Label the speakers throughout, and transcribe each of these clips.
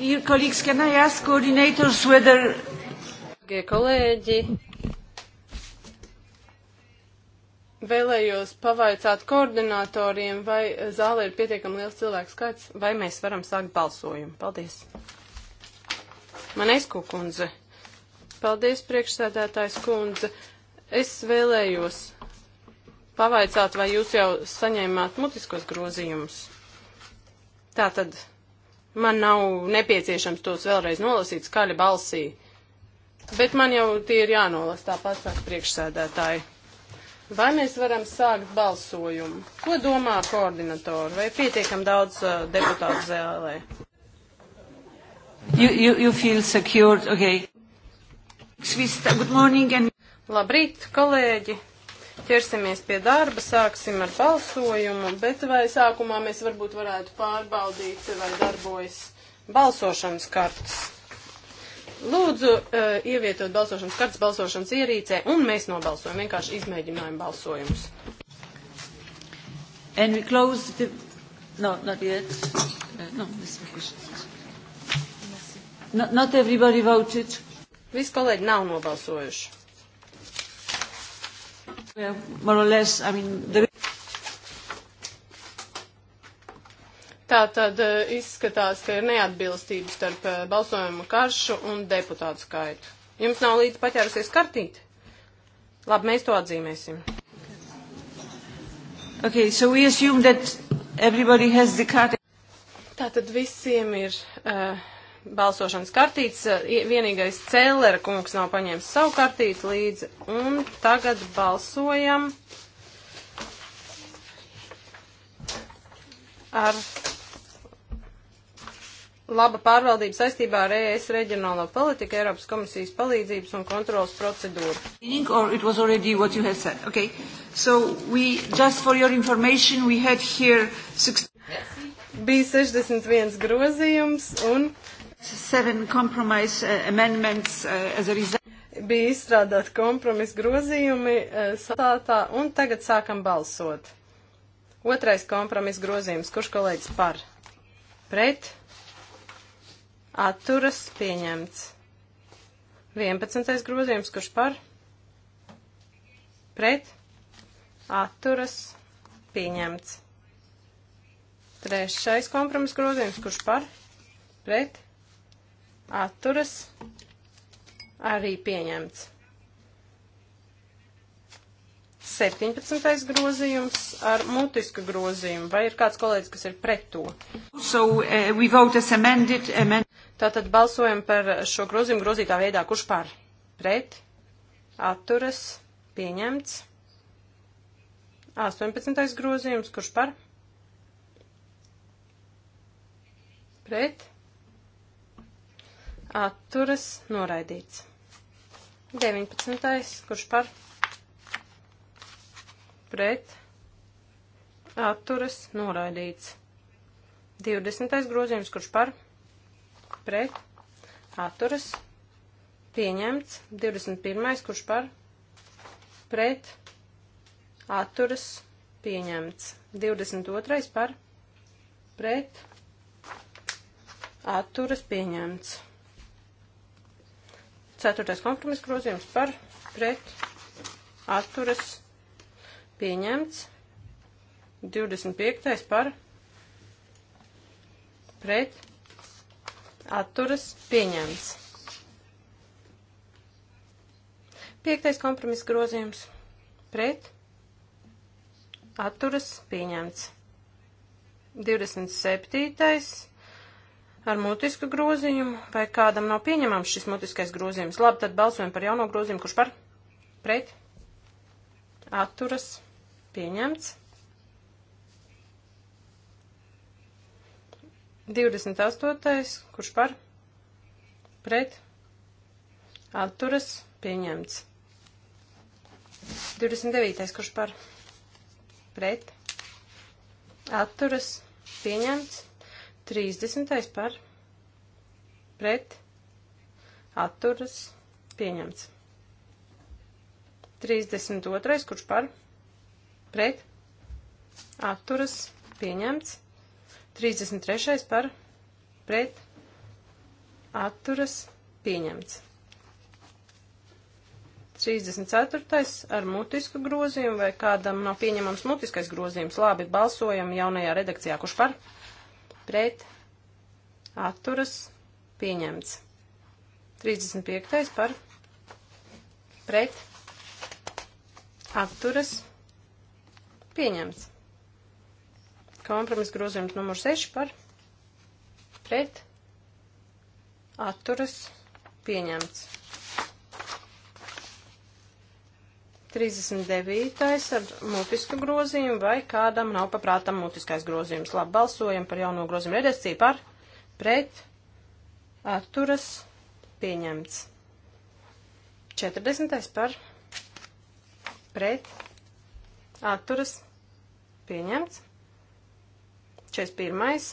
Speaker 1: Dear colleagues, can I ask coordinators whether...
Speaker 2: Gie kolēģi, vēlējos pavaicāt koordinatoriem, vai zāle ir pietiekami liels cilvēku skaits, vai mēs varam sākt balsojumu. Paldies. Manesku kundze. Paldies, priekšsēdētājs kundze. Es vēlējos pavaicāt, vai jūs jau saņēmāt mutiskos grozījumus. Tātad Man nav nepieciešams tos vēlreiz nolasīt skaļi balsī. Bet man jau tie ir jānolas, tāpat saka priekšsēdētāji. Vai mēs varam sākt balsojumu? Ko domā koordinatori? Vai pietiekam daudz uh, deputātu zēlē?
Speaker 3: You,
Speaker 1: you, you feel secured, okay.
Speaker 2: Good morning and... Labrīt, kolēģi! ķersimies pie darba, sāksim ar balsojumu, bet vai sākumā mēs varbūt varētu pārbaudīt, vai darbojas balsošanas kartes. Lūdzu, uh, ievietot balsošanas kartes balsošanas ierīcē, un mēs nobalsojam, vienkārši izmēģinājam balsojumus. And we close the... No, not yet. Uh, no, this is not, not everybody voted. Visi kolēģi nav nobalsojuši. Yeah,
Speaker 1: less, I mean, there...
Speaker 2: Tā tad eh, izskatās, ka ir neatbilstība starp eh, balsojumu karšu un deputātu skaitu. Jums nav līdz paķērusies kartīti? Labi, mēs to atzīmēsim.
Speaker 1: Okay, so we assume that everybody has the card.
Speaker 2: Tātad visiem ir uh, balsošanas kartītes. Vienīgais cēlera kungs nav paņēmis savu kartīti līdzi. Un tagad balsojam ar laba pārvaldība saistībā ar ES reģionālo politiku, Eiropas komisijas palīdzības un kontrolas procedūru. Okay. So we, just for your information, we had here 60... Bija 61 grozījums un Uh, uh, Bija izstrādāt kompromis grozījumi uh, satātā, un tagad sākam balsot. Otrais kompromis grozījums. Kurš kolēģis par? Pret? Atturas pieņemts. 11. grozījums. Kurš par? Pret? Atturas pieņemts. Trešais kompromis grozījums. Kurš par? Pret? atturas arī pieņemts. 17. grozījums ar mutisku grozījumu. Vai ir kāds kolēģis, kas ir pret to? So, uh, we vote as amended, amend... Tātad balsojam par šo grozījumu grozītā veidā. Kurš par? Pret? Atturas? Pieņemts? 18. grozījums. Kurš par? Pret? atturas noraidīts. 19. kurš par pret atturas noraidīts. 20. grozījums, kurš par pret atturas pieņemts. 21. kurš par pret atturas pieņemts. 22. par pret atturas pieņemts. Ceturtais kompromiss grozījums par pret atturas pieņemts. 25. par pret atturas pieņemts. Piektais kompromiss grozījums pret atturas pieņemts. 27 ar mutisku grozījumu, vai kādam nav pieņemams šis mutiskais grozījums. Labi, tad balsojam par jauno grozījumu, kurš par pret atturas pieņemts. 28. kurš par pret atturas pieņemts. 29. kurš par pret atturas pieņemts. 30. par pret atturas pieņemts. 32. kurš par pret atturas pieņemts. 33. par pret atturas pieņemts. 34. ar mutisku grozījumu vai kādam nav pieņemams mutiskais grozījums. Labi, balsojam jaunajā redakcijā. Kurš par? pret atturas pieņemts. 35. par pret atturas pieņemts. Kompromis grozījums numur 6 par pret atturas pieņemts. 39. ar mutisku grozījumu vai kādam nav paprātam mutiskais grozījums. Labi, balsojam par jauno grozījumu. Redescija par, pret, atturas, pieņemts. 40. par, pret, atturas, pieņemts. 41.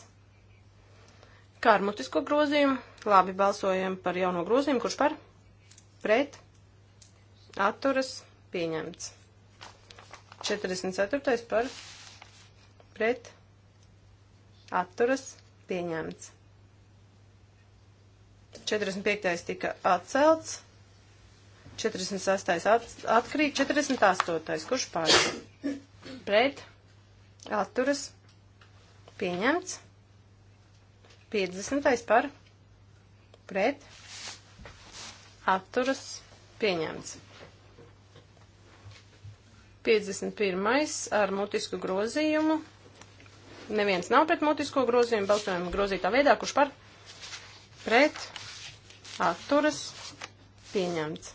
Speaker 2: kā ar mutisko grozījumu. Labi, balsojam par jauno grozījumu. Kurš par, pret, atturas, pieņemts pieņemts. 44. par pret atturas pieņemts. 45. tika atcelts. 46. At, atkrīt. 48. kurš pār pret atturas pieņemts. 50. par pret atturas pieņemts. 51. ar mutisku grozījumu. Neviens nav pret mutisko grozījumu. Balsojam grozītā veidā, kurš par pret atturas pieņemts.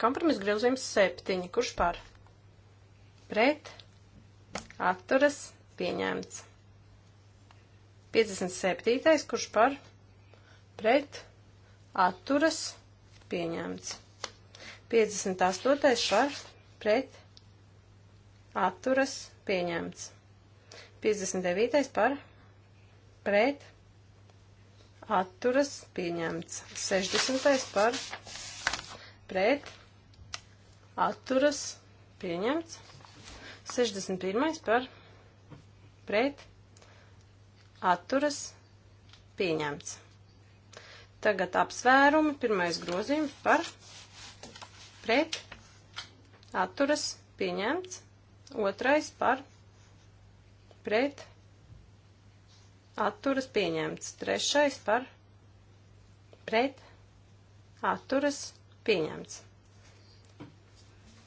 Speaker 2: Kompromis grozījums 7. Kurš par pret atturas pieņemts. 57. kurš par pret atturas pieņemts. 58. par pret atturas pieņemts. 59. par pret atturas pieņemts. 60. par pret atturas pieņemts. 61. par pret atturas pieņemts. Tagad apsvērumi, pirmais grozījums par pret atturas pieņemts, otrais par pret atturas pieņemts, trešais par pret atturas pieņemts.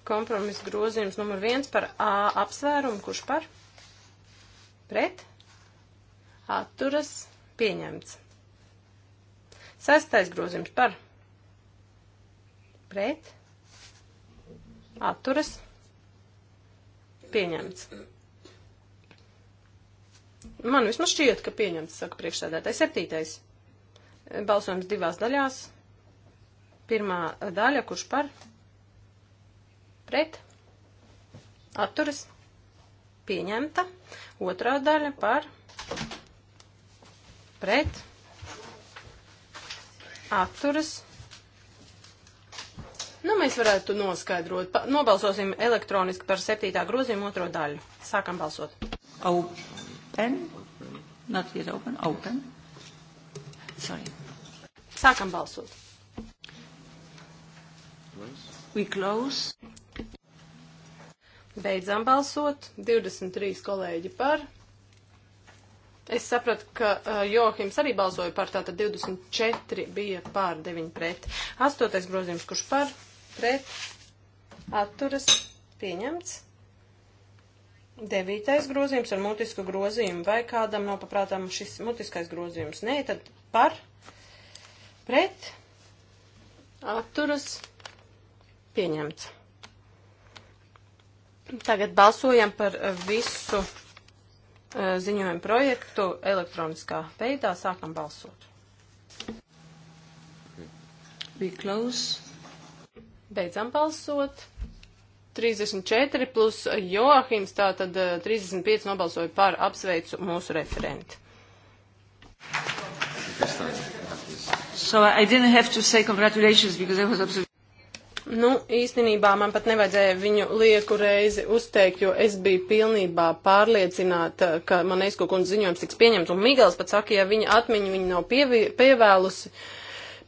Speaker 2: Kompromis grozījums numur viens par A apsvērumu, kurš par pret atturas pieņemts. Sestais grozījums par pret atturas pieņemts atturas pieņemts. Man vismaz šķiet, ka pieņemts, saka priekšsēdētājs. Septītais. Balsojums divās daļās. Pirmā daļa, kurš par? Pret? Atturas? Pieņemta. Otrā daļa par? Pret? Atturas? Pieņemta Nu, mēs varētu noskaidrot. Pa, nobalsosim elektroniski par septītā grozījuma otro daļu. Sākam balsot.
Speaker 1: Open. Not yet open. Open. Sorry.
Speaker 2: Sākam balsot. We close. Beidzam balsot. 23 kolēģi par. Es sapratu, ka uh, Johims arī balsoja par, tātad 24 bija pār 9 pret. Astotais grozījums, kurš par? pret atturas pieņemts. Devītais grozījums ar mutisku grozījumu. Vai kādam nav paprātām šis mutiskais grozījums? Nē, tad par pret atturas pieņemts. Tagad balsojam par visu eh, ziņojumu projektu elektroniskā veidā. Sākam balsot. We close. Beidzam balsot. 34 plus Joahims, tātad 35 eh, nobalsoja par apsveicu mūsu referenti. So I didn't have to say congratulations because I was absolutely. Nu, īstenībā man pat nevajadzēja viņu lieku reizi uzteikt, jo es biju pilnībā pārliecināta, ka man aizkokums ziņojums tiks pieņemts, un Migels pat saka, ja viņa atmiņu viņa nav pievēlusi. Uh,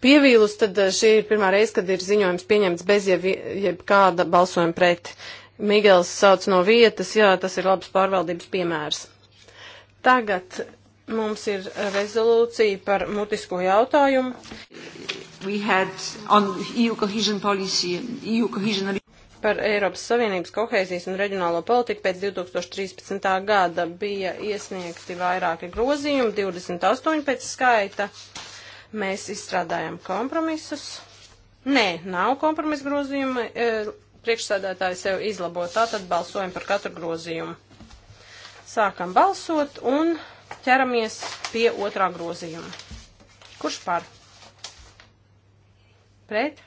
Speaker 2: pievīlus, tad eh, šī ir pirmā reize, kad ir ziņojums pieņemts bez jeb, jeb kāda balsojuma pret. Migels sauc no vietas, jā, tas ir labs pārvaldības piemērs. Tagad mums ir rezolūcija par mutisko jautājumu. EU e policy, EU cohesion... Par Eiropas Savienības kohēzijas un reģionālo politiku pēc 2013. gada bija iesniegti vairāki grozījumi, 28 pēc skaita. Uh, Mēs izstrādājam kompromisus. Nē, nav kompromisa grozījuma. E, Priekšsēdētāji sev izlabo. Tātad balsojam par katru grozījumu. Sākam balsot un ķeramies pie otrā grozījuma. Kurš par? Pret?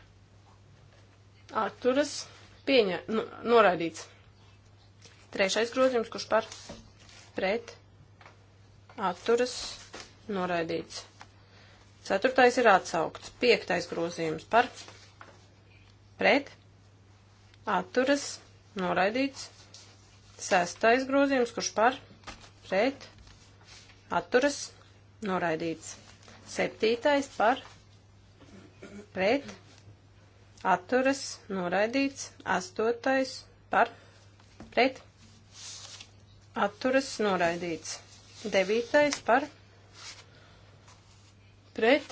Speaker 2: Atturas? Pieņa, nu, noraidīts. Trešais grozījums, kurš par? Pret? Atturas? Noraidīts. Ceturtais ir atsaukts. Piektais grozījums par pret, atturas, noraidīts. Sestais grozījums, kurš par pret, atturas, noraidīts. Septītais par pret, atturas, noraidīts. Astotais par pret, atturas, noraidīts. Devītais par pret pret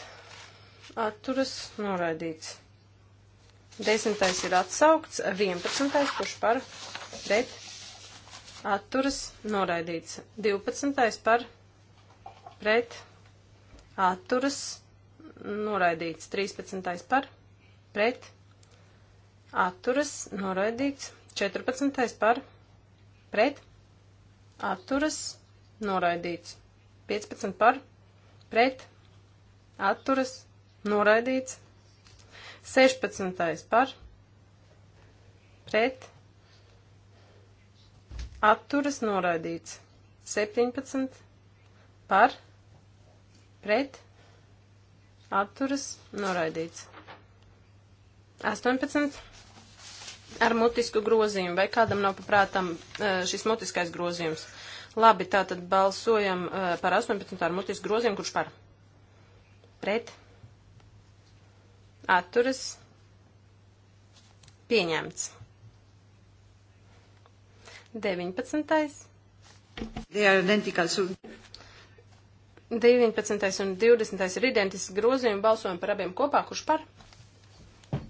Speaker 2: atturas noraidīts. Desmitais ir atsaukts, vienpadsmitais, kurš par pret atturas noraidīts. Divpadsmitais par pret atturas noraidīts. Trīspadsmitais par pret atturas noraidīts. Četrpadsmitais par pret atturas noraidīts. Piecpadsmit par pret atturas noraidīts atturas, noraidīts. 16. par, pret, atturas, noraidīts. 17. par, pret, atturas, noraidīts. 18. Ar mutisku grozījumu. Vai kādam nav paprātam eh, šis mutiskais grozījums? Labi, tātad balsojam eh, par 18. ar mutisku grozījumu. Kurš par? pret atturas pieņemts. 19. 19. un 20. ir identiski grozījumi, balsojam par abiem kopā, kurš par,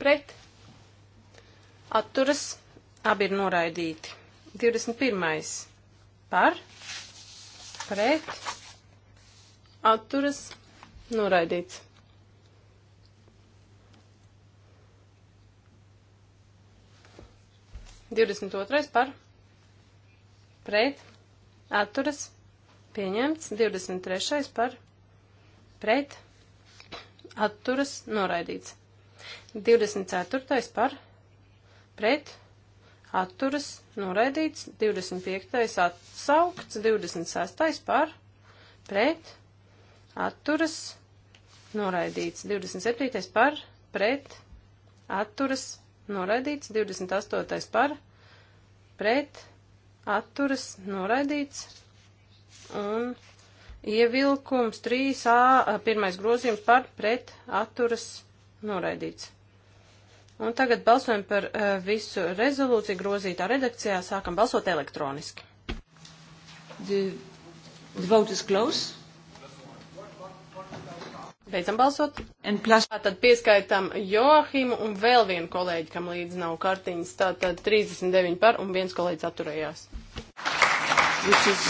Speaker 2: pret, atturas, abi ir noraidīti. 21. par, pret, atturas, Noraidīts. Divdesmit otrais par pret atturas pieņemts. Divdesmit trešais par pret atturas noraidīts. Divdesmit ceturtais par pret atturas noraidīts. Divdesmit piektais atsaukts. Divdesmit sestais par pret atturas atturas, noraidīts. 27. par, pret, atturas, noraidīts. 28. par, pret, atturas, noraidīts. Un ievilkums 3a, pirmais grozījums par, pret, atturas, noraidīts. Un tagad balsojam par uh, visu rezolūciju grozītā redakcijā. Sākam balsot elektroniski. The, the vote is closed. Beidzam balsot. Tad pieskaitām Joahimu un vēl vienu kolēģi, kam līdz nav kartiņas. Tātad 39 par un viens kolēģis atturējās. Which is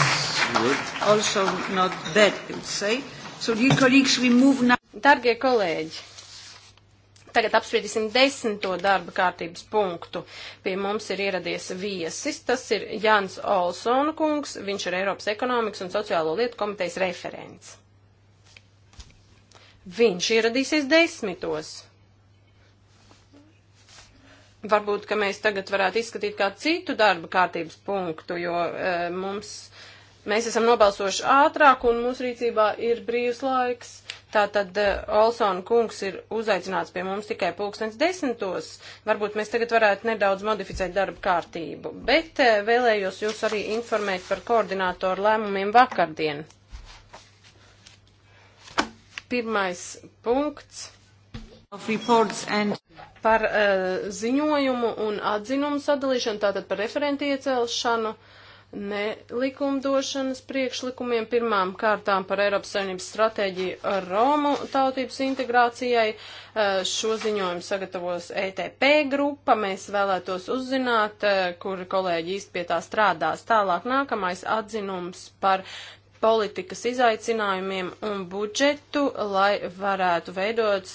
Speaker 2: also not bad, I would say. So, dear colleagues, we move now. Dargie kolēģi, tagad apspriedīsim desmito darba kārtības punktu. Pie mums ir ieradies viesis, tas ir Jans Olsona kungs, viņš ir Eiropas ekonomikas un sociālo lietu komitejas referents. Viņš ieradīsies desmitos. Varbūt, ka mēs tagad varētu izskatīt kādu citu darba kārtības punktu, jo e, mums, mēs esam nobalsojuši ātrāk un mūsu rīcībā ir brīvs laiks. Tātad e, Olsona kungs ir uzaicināts pie mums tikai pulkstens desmitos. Varbūt mēs tagad varētu nedaudz modificēt darba kārtību, bet e, vēlējos jūs arī informēt par koordinātoru lēmumiem vakardien. Pirmais punkts and... par uh, ziņojumu un atzinumu sadalīšanu, tātad par referentu iecelšanu nelikumdošanas priekšlikumiem, pirmām kārtām par Eiropas Savienības stratēģiju Romu tautības integrācijai. Eh, šo ziņojumu sagatavos ETP grupa. Mēs vēlētos uzzināt, eh, kur kolēģi īsti pie tā strādās. Tālāk nākamais atzinums par politikas izaicinājumiem un budžetu, lai varētu veidot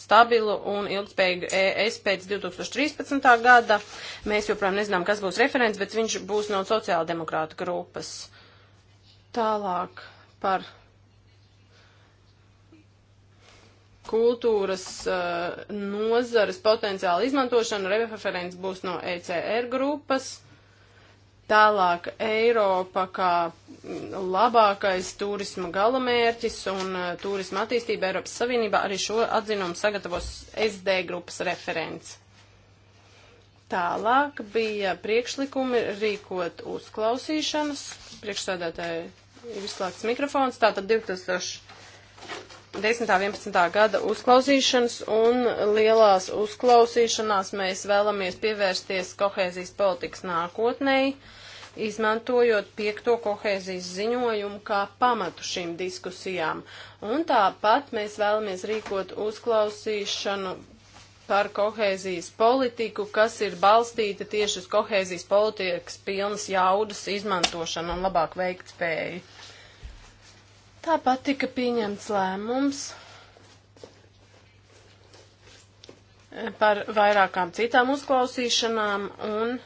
Speaker 2: stabilu un ilgspējīgu ES pēc 2013. gada. Mēs joprojām nezinām, kas būs referents, bet viņš būs no sociāldemokrāta grupas. Tālāk par kultūras uh, nozares potenciālu izmantošanu referents būs no ECR grupas. Uh, Tālāk Eiropa kā labākais turisma galamērķis un uh, turisma attīstība Eiropas Savienībā arī šo atzinumu sagatavos SD grupas referents. Tālāk bija priekšlikumi rīkot uzklausīšanas. Priekšsēdētāji ir izslēgts mikrofons. Tātad 2000. 10. un 11. gada uzklausīšanas, un lielās uzklausīšanās mēs vēlamies pievērsties kohēzijas politikas nākotnēji, izmantojot piekto kohēzijas ziņojumu kā pamatu šīm diskusijām. Un tāpat mēs vēlamies rīkot uzklausīšanu par kohēzijas politiku, kas ir balstīta tieši uz kohēzijas politikas pilnas jaudas izmantošanu un labāk veiktspēju. Tāpat tika pieņemts lēmums par vairākām citām uzklausīšanām un e,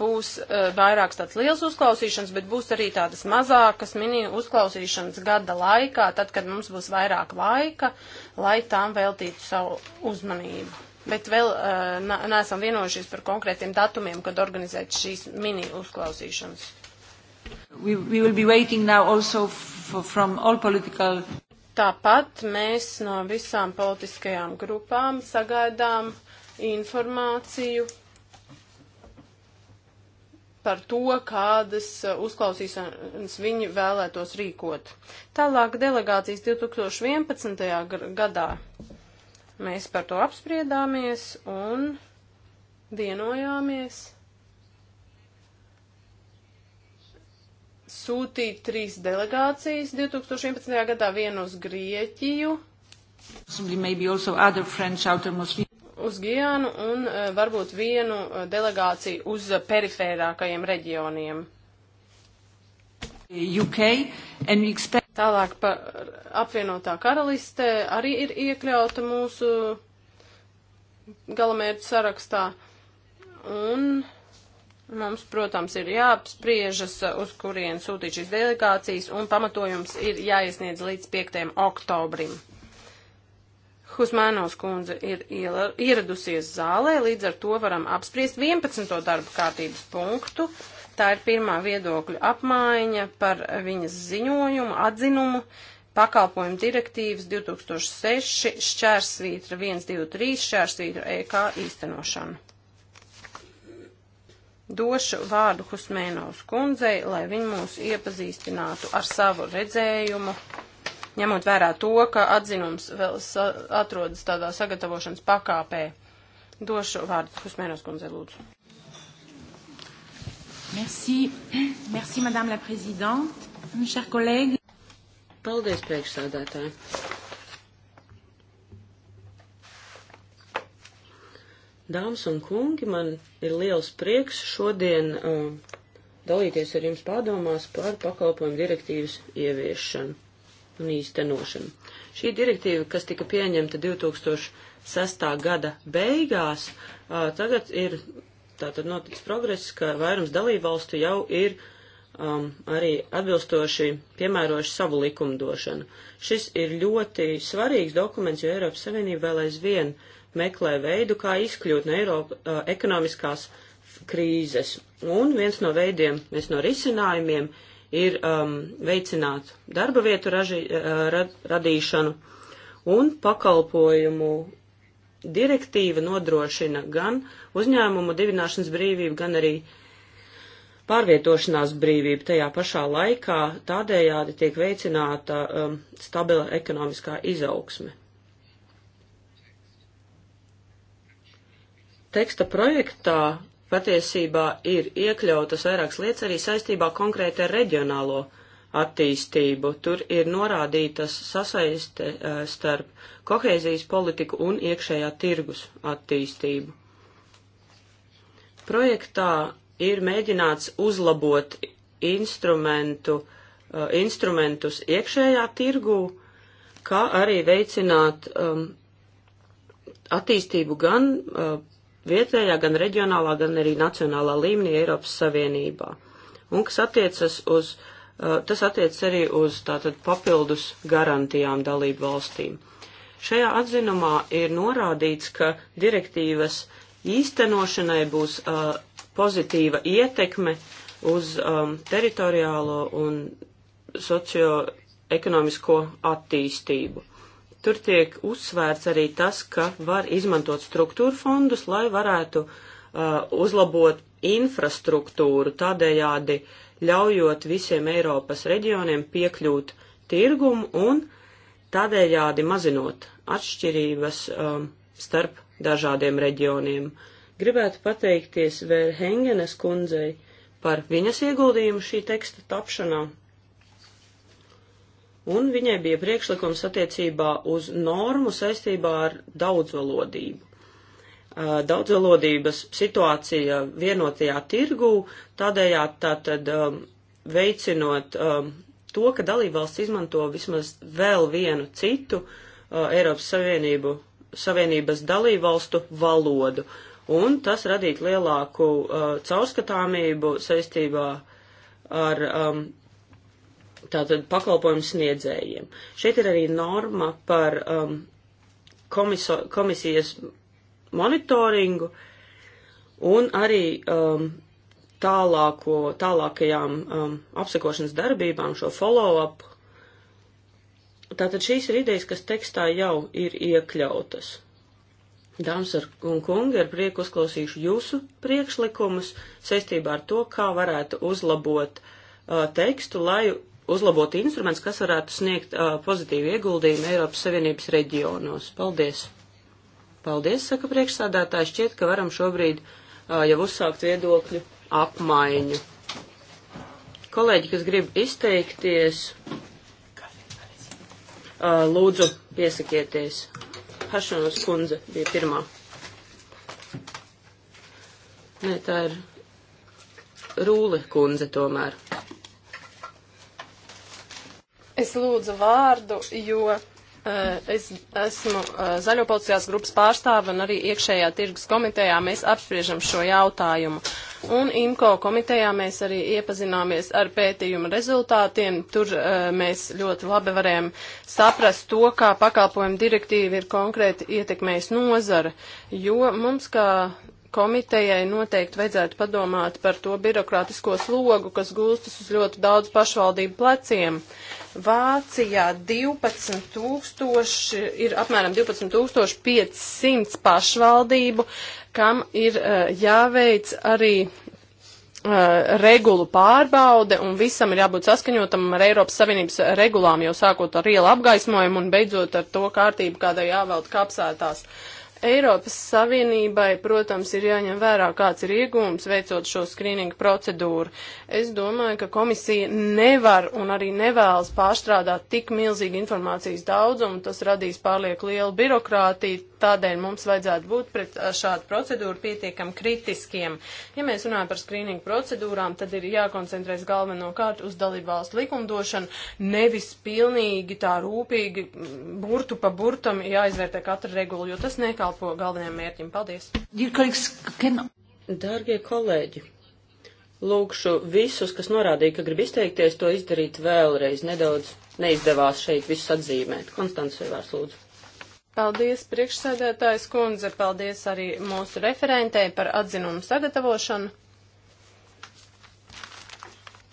Speaker 2: būs e, vairākas tādas liels uzklausīšanas, bet būs arī tādas mazākas mini uzklausīšanas gada laikā, tad, kad mums būs vairāk laika, lai tām veltītu savu uzmanību. Bet vēl e, neesam vienojušies par konkrētiem datumiem, kad organizēt šīs mini uzklausīšanas. We, we
Speaker 1: will be waiting now also from all political.
Speaker 2: Tāpat mēs no visām politiskajām grupām sagaidām informāciju par to, kādas uzklausīšanas viņi vēlētos rīkot. Tālāk delegācijas 2011. gadā mēs par to apspriedāmies un vienojāmies sūtīt trīs delegācijas 2011. gadā, vienu uz Grieķiju, uz Gijānu un e, varbūt vienu e, delegāciju uz perifērākajiem reģioniem. UK, expect... Tālāk par apvienotā karaliste arī ir iekļauta mūsu galamērķu sarakstā. Un Mums, protams, ir jāapspriežas, uz kurien sūtīt šīs delegācijas, un pamatojums ir jāiesniedz līdz 5. oktobrim. Husmēnos kundze ir ieradusies zālē, līdz ar to varam apspriest 11. darba kārtības punktu. Tā ir pirmā viedokļa apmaiņa par viņas ziņojumu, atzinumu, pakalpojumu direktīvas 2006 šķērsvītra 123 šķērsvītra EK īstenošanu. Došu vārdu Husmēnovs kundzei, lai viņi mūs iepazīstinātu ar savu redzējumu, ņemot vērā to, ka atzinums vēl atrodas tādā sagatavošanas pakāpē. Došu vārdu Husmēnovs kundzei, lūdzu. Merci, merci, madame la
Speaker 1: présidente, chers collègues. Paldies, priekšsādātāji. Dāmas un kungi, man ir liels prieks šodien uh, dalīties ar jums pārdomās par pakalpojumu direktīvas ieviešanu un īstenošanu. Šī direktīva, kas tika pieņemta 2006. gada beigās, uh, tagad ir tātad noticis progress, ka vairums dalībvalstu jau ir um, arī atbilstoši piemērojuši savu likumdošanu. Šis ir ļoti svarīgs dokuments, jo Eiropas Savienība vēl aizvien uh, meklē veidu, kā izkļūt no Eiropa, uh, ekonomiskās krīzes. Un viens no veidiem, viens no risinājumiem ir um, veicināt darba vietu raži, uh, rad, radīšanu un pakalpojumu direktīva nodrošina gan uzņēmumu dibināšanas brīvību, gan arī pārvietošanās brīvību tajā pašā laikā, tādējādi tiek veicināta um, stabila ekonomiskā izaugsme. teksta projektā patiesībā ir iekļautas vairākas lietas arī saistībā konkrēti ar reģionālo attīstību. Tur ir norādītas sasaiste eh, starp kohēzijas politiku un iekšējā tirgus attīstību. Projektā ir mēģināts uzlabot instrumentu, eh, instrumentus iekšējā tirgū, kā arī veicināt um, attīstību gan uh, vietējā, gan reģionālā, gan arī nacionālā līmenī Eiropas Savienībā. Un kas attiecas uz, uh, tas attiecas arī uz tātad papildus garantijām dalību valstīm. Šajā atzinumā ir norādīts, ka direktīvas īstenošanai būs uh, pozitīva ietekme uz um, teritoriālo un socioekonomisko attīstību. Tur tiek uzsvērts arī tas, ka var izmantot struktūra fondus, lai varētu uh, uzlabot infrastruktūru, tādējādi ļaujot visiem Eiropas reģioniem piekļūt tirgumu un tādējādi mazinot atšķirības um, starp dažādiem reģioniem. Gribētu pateikties Vērhengenes kundzei par viņas ieguldījumu šī teksta tapšanā un viņai bija priekšlikums attiecībā uz normu saistībā ar daudzvalodību. Daudzvalodības situācija vienotajā tirgū, tādējādi tātad veicinot to, ka dalībvalsts izmanto vismaz vēl vienu citu Eiropas Savienību, Savienības dalībvalstu valodu, un tas radīt lielāku caurskatāmību saistībā ar um, tātad pakalpojumu sniedzējiem. Šeit ir arī norma par um, komiso, komisijas monitoringu un arī um, tālāko, tālākajām um, apsekošanas darbībām, šo follow-up. Tātad šīs ir idejas, kas tekstā jau ir iekļautas. Dāmas un kungi, ar prieku uzklausīšu jūsu priekšlikumus saistībā ar to, kā varētu uzlabot uh, tekstu, lai uzlabot instruments, kas varētu sniegt uh, pozitīvu ieguldījumu Eiropas Savienības reģionos. Paldies! Paldies, saka priekšsādātājs, šķiet, ka varam šobrīd uh, jau uzsākt viedokļu apmaiņu. Kolēģi, kas grib izteikties, uh, lūdzu piesakieties. Hašanos kundze bija pirmā. Nē, tā ir Rūle kundze tomēr.
Speaker 2: Es lūdzu vārdu, jo uh, es esmu uh, zaļo policijās grupas pārstāve un arī iekšējā tirgus komitejā mēs apspriežam šo jautājumu. Un IMCO komitejā mēs arī iepazināmies ar pētījuma rezultātiem. Tur uh, mēs ļoti labi varējām saprast to, kā pakalpojumu direktīva ir konkrēti ietekmējis nozara, jo mums kā komitejai noteikti vajadzētu padomāt par to birokrātisko slogu, kas gulstas uz ļoti daudz pašvaldību pleciem. Uh, Vācijā 12 tūkstoši, ir apmēram 12 500 pašvaldību, kam ir uh, jāveic arī Uh, regulu pārbaude un visam ir jābūt saskaņotam ar Eiropas Savienības regulām, jau sākot ar ielu apgaismojumu un beidzot ar to kārtību, kādai jāvelt kapsētās. Uh, Eiropas Savienībai, protams, ir jāņem vērā, kāds ir iegūms veicot šo skrīningu procedūru. Es domāju, ka komisija nevar un arī nevēlas pārstrādāt tik milzīgu informācijas daudzumu, tas radīs pārlieku lielu birokrātiju, Tādēļ mums vajadzētu būt pret šādu procedūru pietiekam kritiskiem. Ja mēs runājam par skrīningu procedūrām, tad ir jākoncentrēs galvenokārt uz dalību valstu likumdošanu, nevis pilnīgi tā rūpīgi burtu pa burtam jāizvērtē katra regula, jo tas nekalpo galvenajam mērķim. Paldies!
Speaker 1: Dārgie kolēģi! Lūkšu visus, kas norādīja, ka grib izteikties, to izdarīt vēlreiz. Nedaudz neizdevās šeit visus atzīmēt. Konstants Vēvārs, lūdzu.
Speaker 2: Paldies priekšsēdētājs kundze, paldies arī mūsu referentei par atzinumu sagatavošanu.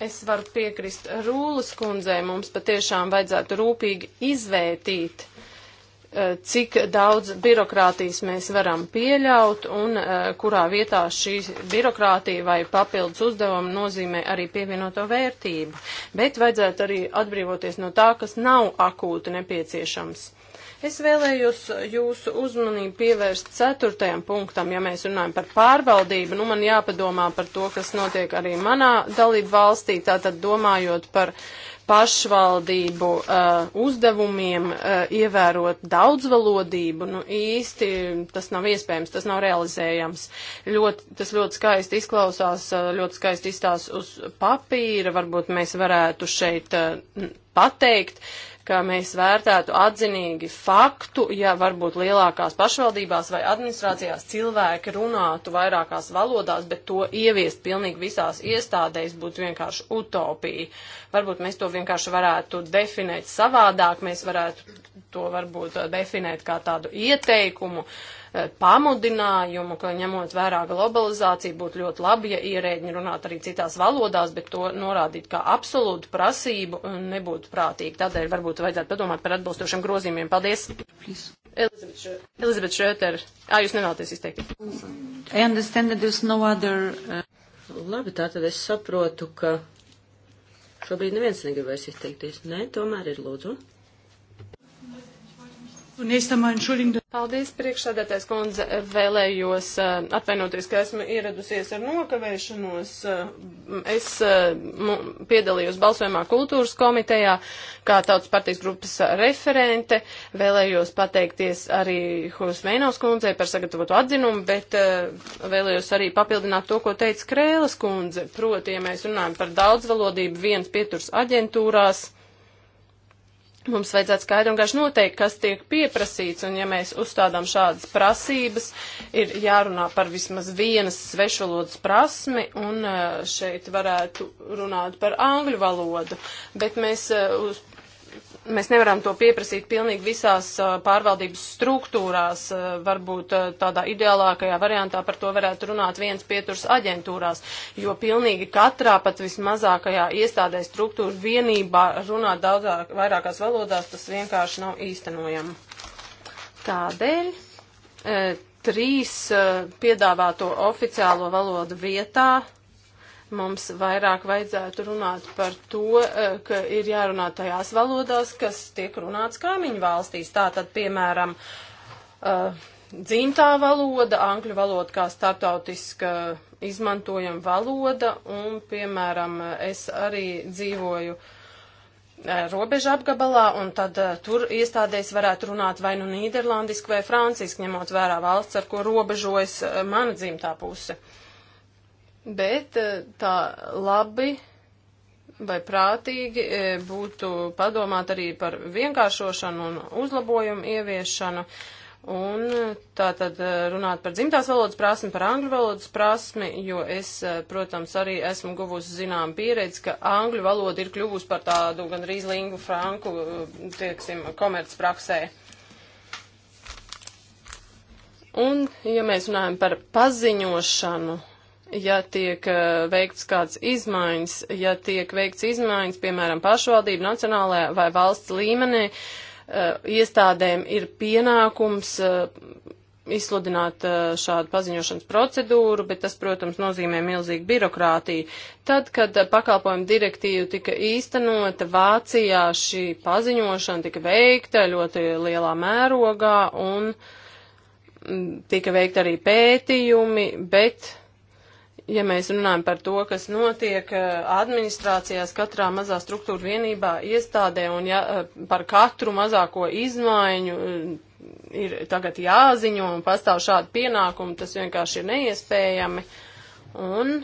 Speaker 2: Es varu piekrist Rūlas kundzei, mums patiešām vajadzētu rūpīgi izvērtīt, eh, cik daudz birokrātijas mēs varam pieļaut un eh, kurā vietā šī birokrātija vai papildus uzdevumi nozīmē arī pievienoto vērtību. Bet vajadzētu arī atbrīvoties no tā, kas nav akūti nepieciešams. Es vēlējos jūsu uzmanību pievērst ceturtajam punktam, ja mēs runājam par pārvaldību. Nu, man jāpadomā par to, kas notiek arī manā dalību valstī, tātad domājot par pašvaldību uh, uzdevumiem, uh, ievērot daudzvalodību, nu īsti tas nav iespējams, tas nav realizējams. Ļot, tas ļoti skaisti izklausās, uh, ļoti skaisti izstās uz papīra, varbūt mēs varētu šeit uh, pateikt, ka mēs vērtētu atzinīgi faktu, ja varbūt lielākās pašvaldībās vai administrācijās cilvēki runātu vairākās valodās, bet to ieviest pilnīgi visās iestādēs būtu vienkārši utopija. Varbūt mēs to vienkārši varētu definēt savādāk, mēs varētu to varbūt definēt kā tādu ieteikumu. Uh, Eh, pamudinājumu, ka ņemot vērā globalizāciju būtu ļoti labi, ja ierēģi runātu arī citās valodās, bet to norādīt kā absolūtu prasību nebūtu prātīgi. Tādēļ varbūt vajadzētu padomāt par atbilstošiem grozījumiem. Paldies! Elizabeth Šrēter, ā, jūs nevēlaties izteikties.
Speaker 1: No other, uh... Labi, tātad es saprotu, ka šobrīd neviens negrib vairs izteikties. Nē, tomēr ir lūdzu.
Speaker 2: Paldies, priekšsādātais kundze. Vēlējos eh, atvainoties, ka esmu ieradusies ar nokavēšanos. Eh, es eh, piedalījos balsojumā kultūras komitejā kā tautas partijas grupas referente. Vēlējos pateikties arī Husmēnaus kundzei par sagatavotu atzinumu, bet vēlējos arī papildināt to, ko teica Krēlas kundze. Proti, ja mēs runājam par daudzvalodību viens pieturs aģentūrās Mums vajadzētu skaidri un gaiši noteikt, kas tiek pieprasīts, un ja mēs uzstādām šādas prasības, ir jārunā par vismaz vienas svešvalodas prasmi, un eh, šeit varētu runāt par angļu valodu, bet mēs eh, uz mēs nevaram to pieprasīt pilnīgi visās pārvaldības struktūrās. Varbūt tādā ideālākajā variantā par to varētu runāt viens pieturs aģentūrās, jo pilnīgi katrā pat vismazākajā iestādē struktūra vienībā runāt daudzāk, vairākās valodās, tas vienkārši nav īstenojami. Tādēļ e, trīs e, piedāvāto oficiālo valodu vietā Mums vairāk vajadzētu runāt par to, e, ka ir jārunā tajās valodās, kas tiek runāts kaimiņu valstīs. Tātad, piemēram, e, dzimtā valoda, angļu valoda kā startautiska izmantojama valoda, un, piemēram, es arī dzīvoju uh, robeža apgabalā, un tad uh, tur iestādēs varētu runāt vai nu nīderlandiski vai franciski, ņemot vērā valsts, ar ko robežojas uh, mana dzimtā puse. Uh, bet eh, tā labi vai prātīgi eh, būtu padomāt arī par vienkāršošanu un uzlabojumu ieviešanu. Un eh, tā tad runāt par dzimtās valodas prasmi, par angļu valodas prasmi, jo es, protams, arī esmu guvusi zinām pieredzi, ka angļu valoda ir kļuvusi par tādu gan rīzlingu franku, tieksim, komercpraksē. Un, ja mēs runājam par paziņošanu ja tiek uh, veikts kāds izmaiņas, ja tiek veikts izmaiņas, piemēram, pašvaldību nacionālajā vai valsts līmenī, uh, iestādēm ir pienākums uh, izsludināt šādu paziņošanas procedūru, bet tas, protams, nozīmē milzīgu birokrātiju. Tad, kad pakalpojumu direktīva tika īstenota, Vācijā šī paziņošana tika veikta ļoti lielā mērogā un mm, tika veikta arī pētījumi, bet ja mēs runājam par to, kas notiek eh, administrācijās katrā mazā struktūra vienībā iestādē un ja, eh, par katru mazāko izmaiņu eh, ir tagad jāziņo un pastāv šādi pienākumi, tas vienkārši ir neiespējami. Un,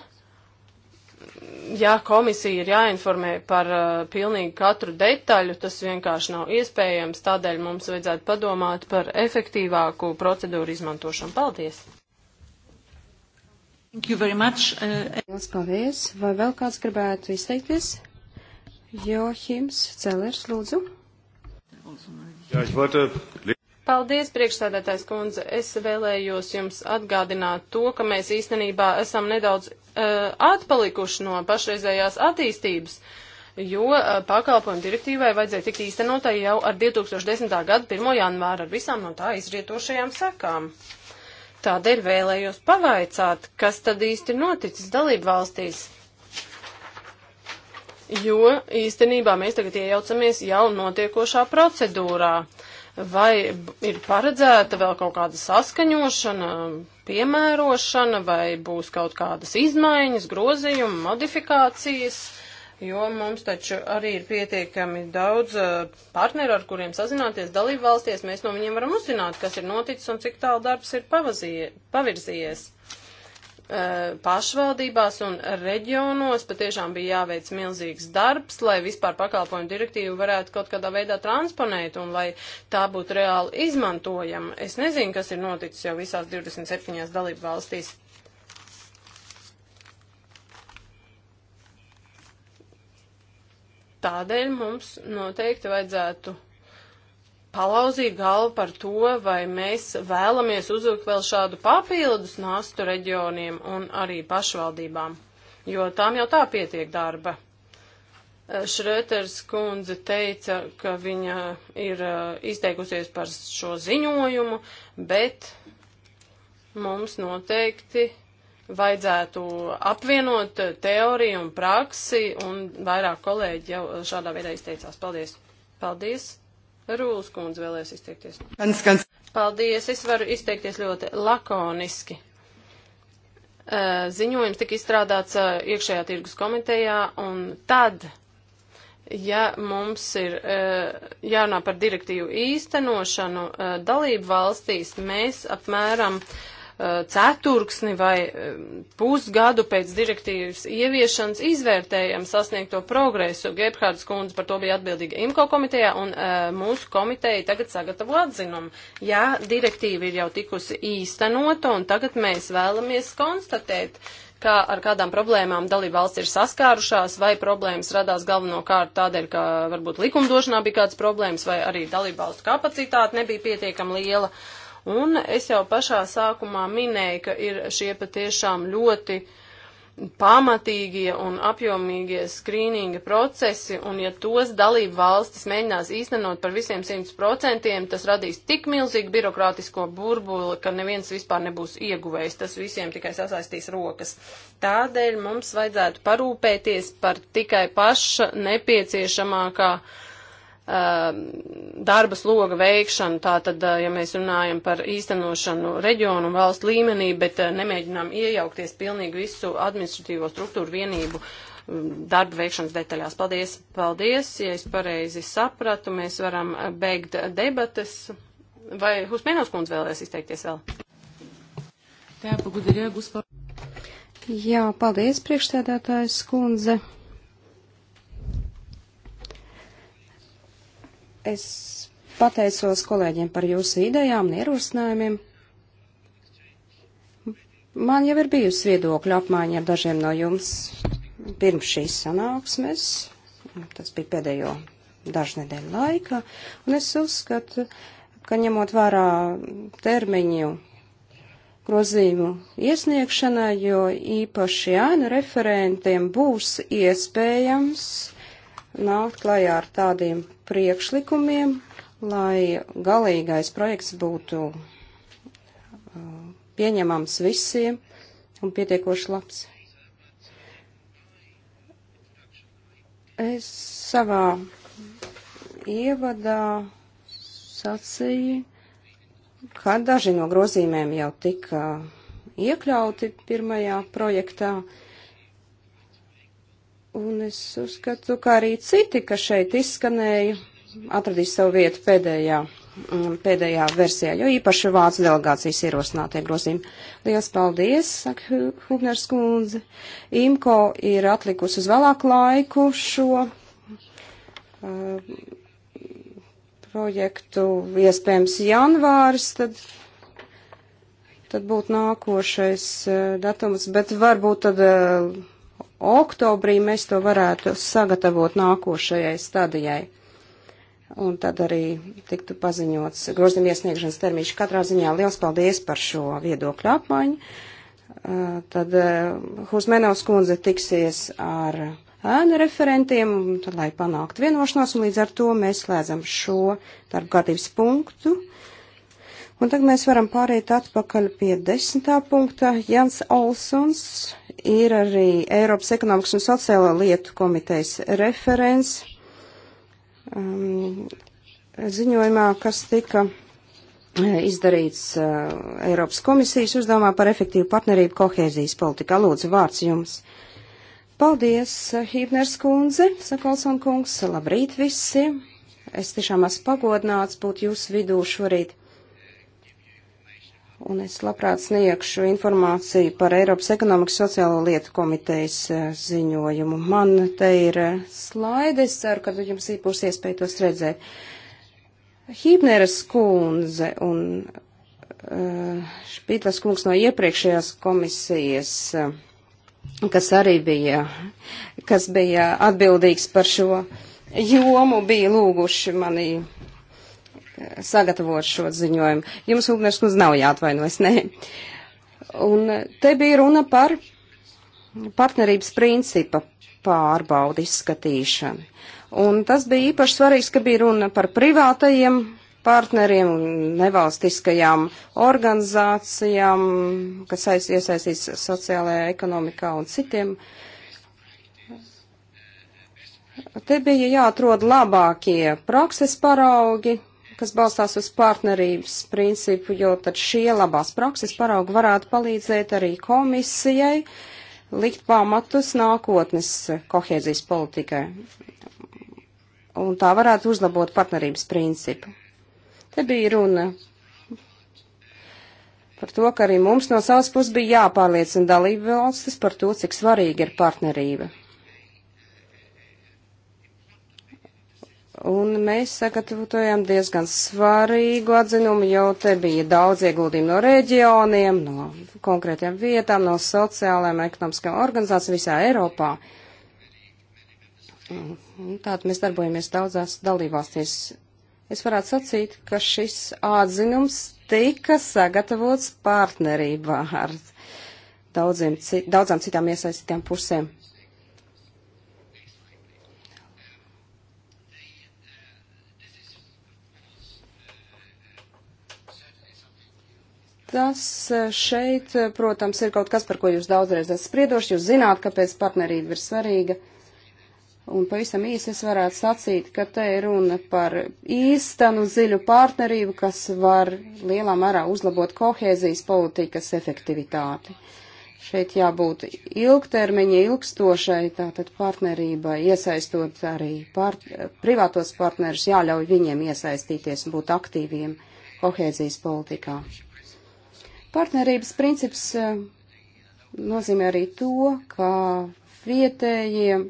Speaker 2: ja komisija ir jāinformē par uh, pilnīgi katru detaļu, tas vienkārši nav iespējams, tādēļ mums vajadzētu padomāt par efektīvāku procedūru izmantošanu. Paldies!
Speaker 3: Uh, Lielas paldies. Vai vēl kāds gribētu izteikties? Johims Celers, lūdzu.
Speaker 2: Paldies, priekšstādātājs kundze. Es vēlējos jums atgādināt to, ka mēs īstenībā esam nedaudz uh, atpalikuši no pašreizējās attīstības, jo uh, pakalpojumu direktīvai vajadzēja tikt īstenotai jau ar 2010. gadu 1. janvāru ar visām no tā izrietošajām sekām. Uh, Tādēļ vēlējos pavaicāt, kas tad īsti noticis dalību valstīs. Jo īstenībā mēs tagad iejaucamies jau notiekošā procedūrā. Vai ir paredzēta vēl kaut kāda saskaņošana, piemērošana, vai būs kaut kādas izmaiņas, grozījumi, modifikācijas? jo mums taču arī ir pietiekami daudz eh, partneru, ar kuriem sazināties dalību valstīs. Mēs no viņiem varam uzzināt, kas ir noticis un cik tālu darbs ir pavazie, pavirzījies. Eh, pašvaldībās un reģionos patiešām bija jāveic milzīgs darbs, lai vispār pakalpojumu direktīvu varētu kaut kādā veidā transponēt un lai tā būtu reāli izmantojama. Es nezinu, kas ir noticis jau visās 27 dalību valstīs. Tādēļ mums noteikti vajadzētu palauzīt galvu par to, vai mēs vēlamies uzvilkt vēl šādu papildus nastu reģioniem un arī pašvaldībām, jo tām jau tā pietiek darba. Eh, Šreters kundze teica, ka viņa ir eh, izteikusies par šo ziņojumu, bet mums noteikti vajadzētu apvienot teoriju un praksi, un vairāk kolēģi jau šādā veidā izteicās. Paldies! Paldies! Rūlas kundze vēlēs izteikties. Skans, skans. Paldies! Es varu izteikties ļoti lakoniski. Ziņojums tika izstrādāts iekšējā tirgus komitejā, un tad ja mums ir jārunā par direktīvu īstenošanu dalību valstīs, mēs apmēram uh, ceturksni vai eh, pusgadu pēc direktīvas ieviešanas izvērtējam sasniegto progresu. Gebhārds kundze par to bija atbildīga IMCO komitejā un eh, mūsu komiteja tagad sagatavo atzinumu. Jā, direktīva ir jau tikusi īstenota un tagad mēs vēlamies konstatēt, kā ar kādām problēmām dalībvalsts ir saskārušās, vai problēmas radās galvenokārt tādēļ, ka varbūt likumdošanā bija kādas problēmas, vai arī dalībvalstu kapacitāte nebija pietiekami liela. Uh, Un es jau pašā sākumā minēju, ka ir šie patiešām ļoti pamatīgie un apjomīgie skrīninga procesi, un ja tos dalību valstis mēģinās īstenot par visiem 100%, tas radīs tik milzīgu birokrātisko burbuli, ka neviens vispār nebūs ieguvējis, tas visiem tikai sasaistīs rokas. Tādēļ mums vajadzētu parūpēties par tikai paša nepieciešamākā uh, Um, darba sloga veikšanu, tātad, uh, ja mēs runājam par īstenošanu reģionu un valstu līmenī, bet uh, nemēģinām iejaukties pilnīgi visu administratīvo struktūru vienību um, darba veikšanas detaļās. Paldies, paldies, ja es pareizi sapratu, mēs varam uh, beigt debates. Vai Husmēnos kundze vēlēs izteikties vēl?
Speaker 3: Jā, paldies, priekšstādātājs kundze. Es pateicos kolēģiem par jūsu idejām un ierosinājumiem. Man jau ir bijusi viedokļa apmaiņa ar dažiem no jums pirms šīs sanāksmes. Tas bija pēdējo dažu nedēļu laikā. Un es uzskatu, ka ņemot vērā termiņu grozījumu iesniegšanai, jo īpaši ēnu referentiem būs iespējams nākt klajā ar tādiem priekšlikumiem, lai galīgais projekts būtu uh, pieņemams visiem un pietiekoši labs. Es savā ievadā sacīju, ka daži no grozīmēm jau tika iekļauti pirmajā projektā. Uh, Un es uzskatu, kā arī citi, kas šeit izskanēja, atradīs savu vietu pēdējā, mm, pēdējā versijā, jo īpaši Vācu delegācijas ierosinātie grozījumi. Lielas paldies, saka Hubners kundze. IMKO ir atlikusi uz vēlāku laiku šo. Uh, projektu iespējams janvāris, tad, tad būtu nākošais uh, datums, bet varbūt tad uh, oktobrī mēs to varētu sagatavot nākošajai stadijai. Un tad arī tiktu paziņots grozījuma iesniegšanas termiņš. Katrā ziņā liels paldies par šo viedokļu apmaiņu. Uh, tad uh, Husmenovs kundze tiksies ar ēnu referentiem, tad, lai panāktu vienošanos, un līdz ar to mēs slēdzam šo darba kārtības punktu. Un tagad mēs varam pārēt atpakaļ pie desmitā punkta. Jans Olsons ir arī Eiropas ekonomikas un sociālā lietu komitejas referents um, ziņojumā, kas tika eh, izdarīts uh, Eiropas komisijas uzdevumā par efektīvu partnerību kohēzijas politikā. Lūdzu, vārds jums. Paldies, Hībners kundze, Sakolson kungs, labrīt visi. Es tiešām esmu pagodināts būt jūsu vidū šorīt un es labprāt sniegšu informāciju par Eiropas ekonomikas sociālo lietu komitejas eh, ziņojumu. Man te ir eh, slaidi, es ceru, ka jums būs iespēja tos redzēt. Hībneres kundze un eh, Špītlas kungs no iepriekšējās komisijas, kas arī bija, kas bija atbildīgs par šo jomu, bija lūguši mani sagatavot šo ziņojumu. Jums, Ugnēs, mums nav jāatvainojas, nē. Un te bija runa par partnerības principa pārbaudu izskatīšanu. Un tas bija īpaši svarīgs, ka bija runa par privātajiem partneriem un nevalstiskajām organizācijām, kas iesaistīs sociālajā ekonomikā un citiem. Te bija jāatrod labākie prakses paraugi, kas balstās uz partnerības principu, jo tad šie labās prakses paraugi varētu palīdzēt arī komisijai likt pamatus nākotnes kohēzijas politikai. Un tā varētu uzlabot partnerības principu. Te bija runa par to, ka arī mums no savas puses bija jāpārliecina dalību valstis par to, cik svarīga ir partnerība. Un mēs sagatavojam diezgan svarīgu atzinumu, jo te bija daudz ieguldījumu no reģioniem, no konkrētiem vietām, no sociālajām, ekonomiskajām organizācijām visā Eiropā. Tātad mēs darbojamies daudzās dalībvalstīs. Es varētu sacīt, ka šis atzinums tika sagatavots partnerībā ar daudziem, daudzām citām iesaistītām pusēm. Tas e, šeit, e, protams, ir kaut kas, par ko jūs daudzreiz esat spriedoši. Jūs zināt, kāpēc partnerība ir svarīga. Un pavisam īsi es varētu sacīt, ka te ir runa par īstenu ziļu partnerību, kas var lielā mērā uzlabot kohēzijas politikas efektivitāti. Šeit jābūt ilgtermiņa ilgstošai, tātad partnerībai, iesaistot arī part, privātos partnerus, jāļauj viņiem iesaistīties un būt aktīviem kohēzijas politikā. Partnerības princips eh, nozīmē arī to, ka vietējiem,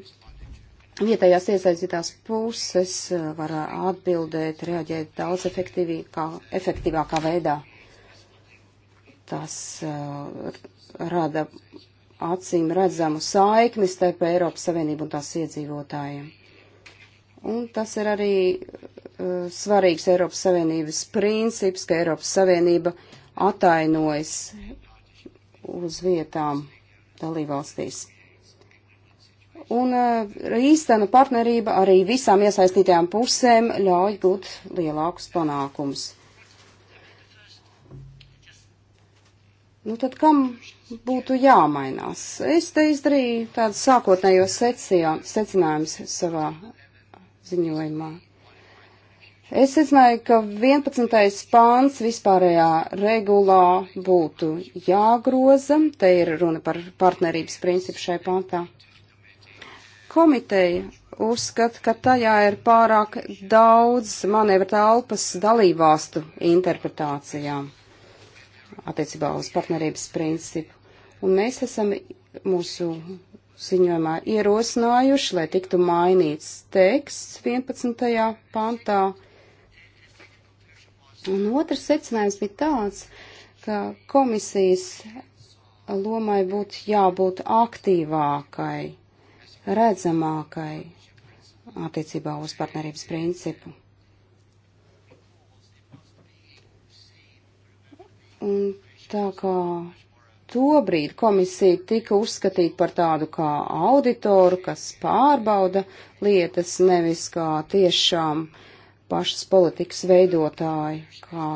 Speaker 3: vietējās iesaistītās puses eh, var atbildēt, reaģēt daudz efektīvākā, efektīvākā veidā. Tas uh, rada acīm redzamu saikni starp Eiropas Savienību un tās iedzīvotājiem. Un tas ir arī uh, svarīgs Eiropas Savienības princips, ka Eiropas Savienība uh, atainojas uz vietām dalībvalstīs. Un eh, īstena partnerība arī visām iesaistītajām pusēm ļauj gūt lielākus panākumus. Nu tad kam būtu jāmainās? Es te izdarīju tādu sākotnējo secinājumus savā ziņojumā. Es izmēju, ka 11. pāns vispārējā regulā būtu jāgroza. Te ir runa par partnerības principu šai pāntā. Komiteja uzskata, ka tajā ir pārāk daudz manevra telpas dalībvalstu interpretācijām attiecībā uz partnerības principu. Un mēs esam mūsu ziņojumā ierosinājuši, lai tiktu mainīts teksts 11. pantā Un otrs secinājums bija tāds, ka komisijas lomai būtu jābūt aktīvākai, redzamākai attiecībā uz partnerības principu. Un tā kā tobrīd komisija tika uzskatīta par tādu kā auditoru, kas pārbauda lietas, nevis kā tiešām uh, pašas politikas veidotāji, kā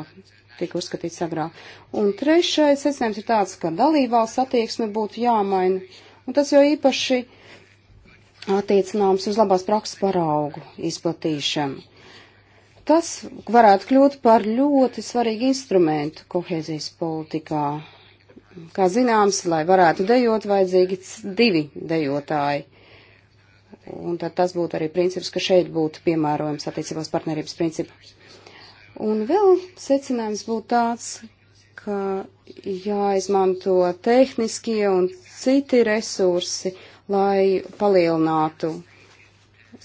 Speaker 3: tika uzskatīts agrāk. Un trešais secinājums ir tāds, ka dalībvalsts attieksme būtu jāmaina, un tas jau īpaši attiecināms uz labās prakses paraugu izplatīšanu. Tas varētu kļūt par ļoti svarīgu instrumentu kohēzijas politikā. Kā zināms, lai varētu dejot, vajadzīgi divi dejotāji Un tad tas būtu arī princips, ka šeit būtu piemērojams attiecībās partnerības princips. Un vēl secinājums būtu tāds, ka jāizmanto tehniskie un citi resursi, lai palielinātu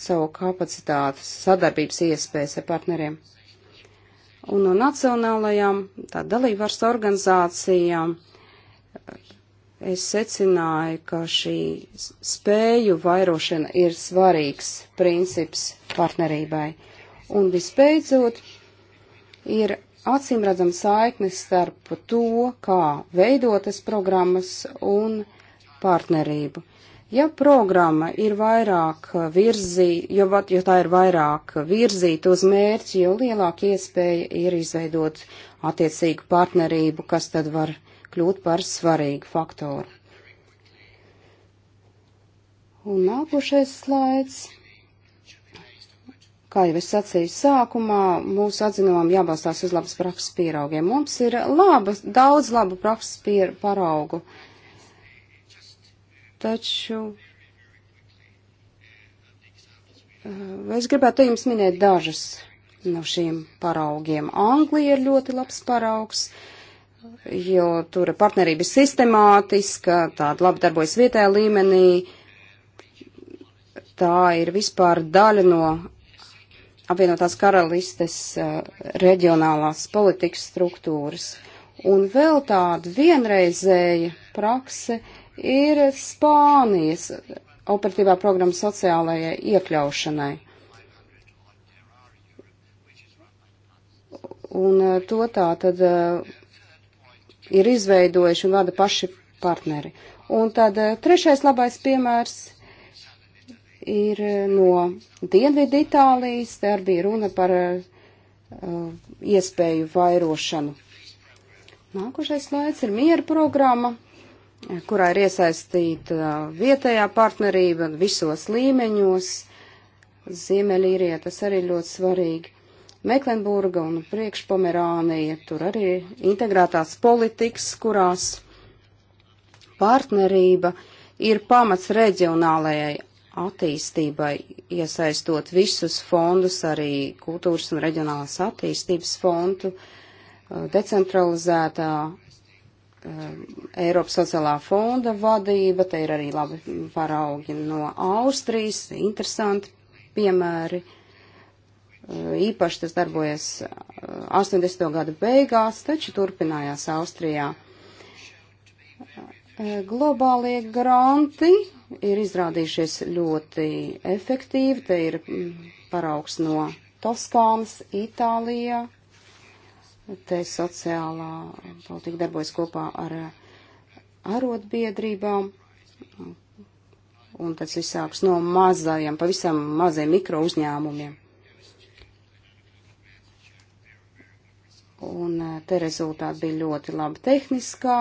Speaker 3: savu kapacitātu, sadarbības iespējas ar partneriem. Un no nacionālajām, tā dalībvarstu organizācijām es secināju, ka šī spēju vairošana ir svarīgs princips partnerībai. Un visbeidzot, ir acīmredzama saikne starp to, kā veidotas programmas un partnerību. Ja programma ir vairāk virzīta, jo, jo tā ir vairāk virzīta uz mērķi, jo lielāka iespēja ir izveidot attiecīgu partnerību, kas tad var kļūt par svarīgu faktoru. Un nākošais slaids. Kā jau es sacīju sākumā, mūsu atzinumam jābalstās uz labas prakses pieraugiem. Mums ir labas, daudz labu prakses pier, paraugu. Taču eh, es gribētu jums minēt dažas no šiem paraugiem. Anglija ir ļoti labs paraugs. Uh, jo tur partnerība ir sistemātiska, tāda labi darbojas vietējā līmenī. Tā ir vispār daļa no apvienotās karalistes uh, reģionālās politikas struktūras. Un vēl tāda vienreizēja prakse ir Spānijas operatīvā programma sociālajai iekļaušanai. Un uh, to tā tad uh, ir izveidojuši un vada paši partneri. Un tad eh, trešais labais piemērs ir eh, no Dienvidu Itālijas, te arī bija runa par uh, iespēju vairošanu. Nākošais slaids ir miera programma, kurā ir iesaistīta vietējā partnerība visos līmeņos. Ziemeļīrijā tas arī ļoti svarīgi. Meklenburga un Priekšpomerānija, tur arī integrētās politikas, kurās partnerība ir pamats reģionālajai attīstībai, iesaistot visus fondus, arī kultūras un reģionālās attīstības fondu, uh, decentralizētā um, Eiropas sociālā fonda vadība, te ir arī labi paraugi no Austrijas, interesanti piemēri. Īpaši tas darbojas 80. gadu beigās, taču turpinājās Austrijā. Globālie granti ir izrādījušies ļoti efektīvi. Te ir mm, paraugs no Toskānas, Itālijā. Te sociālā politika darbojas kopā ar arotbiedrībām. Un tas viss sāks no mazajiem, pavisam maziem mikro uzņēmumiem. un e, te rezultāti bija ļoti labi tehniskā.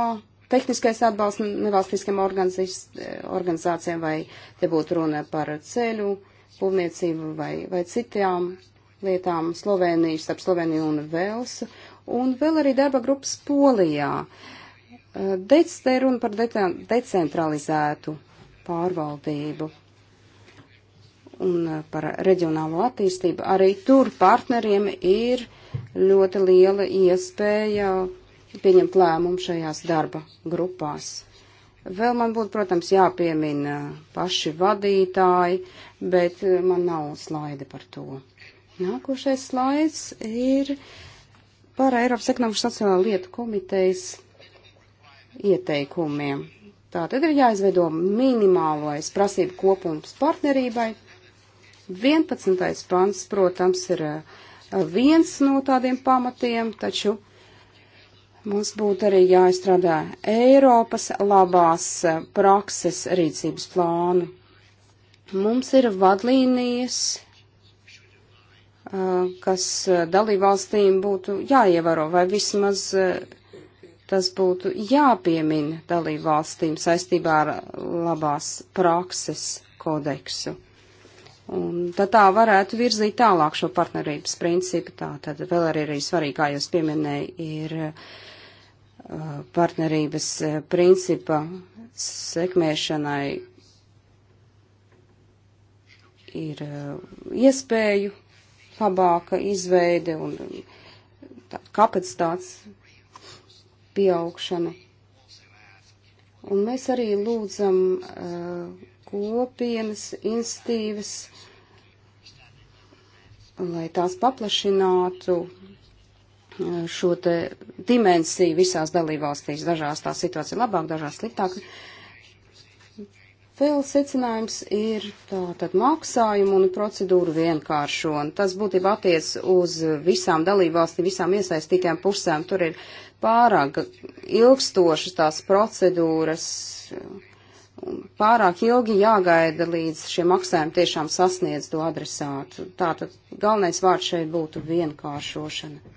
Speaker 3: Tehniskais atbalsts nevalstiskiem e, organizācijām vai te būtu runa par ceļu, būvniecību vai, vai citām lietām Sloveniju, starp Sloveniju un Velsu, un vēl arī darba grupas Polijā. E, dec te runa par de decentralizētu pārvaldību un uh, par reģionālo attīstību. Arī tur partneriem ir ļoti liela iespēja pieņemt lēmumu šajās darba grupās. Vēl man būtu, protams, jāpiemina paši vadītāji, bet uh, man nav slaida par to. Nākošais slaids ir par Eiropas ekonomikas sociālā lietu komitejas ieteikumiem. Tātad ir jāizveido minimālais prasību kopums partnerībai 11. pants, protams, ir eh, viens no tādiem pamatiem, taču mums būtu arī jāizstrādā Eiropas labās eh, prakses rīcības plānu. Mums ir vadlīnijas, eh, kas dalībvalstīm būtu jāievēro, vai vismaz tas būtu jāpiemina dalībvalstīm saistībā ar labās prakses kodeksu. Un tad tā varētu virzīt tālāk šo partnerības principu. Tā tad vēl arī ir svarīgi, kā jūs pieminēja, ir uh, partnerības uh, principa sekmēšanai ir uh, iespēju labāka izveide un kapacitātes pieaugšana. Un mēs arī lūdzam uh, kopienas institīvas, lai tās paplašinātu uh, šo te dimensiju visās dalībvalstīs. Dažās tā situācija labāk, dažās sliktāk. Vēl secinājums ir tātad maksājumu un procedūru vienkāršošana. Tas būtībā attiec uz visām dalībvalstīm, visām iesaistītajām pusēm. Tur ir pārāk ilgstošas tās procedūras. Uh, pārāk ilgi jāgaida, līdz šie maksājumi tiešām sasniedz to adresātu. Tātad galvenais vārds šeit būtu vienkāršošana.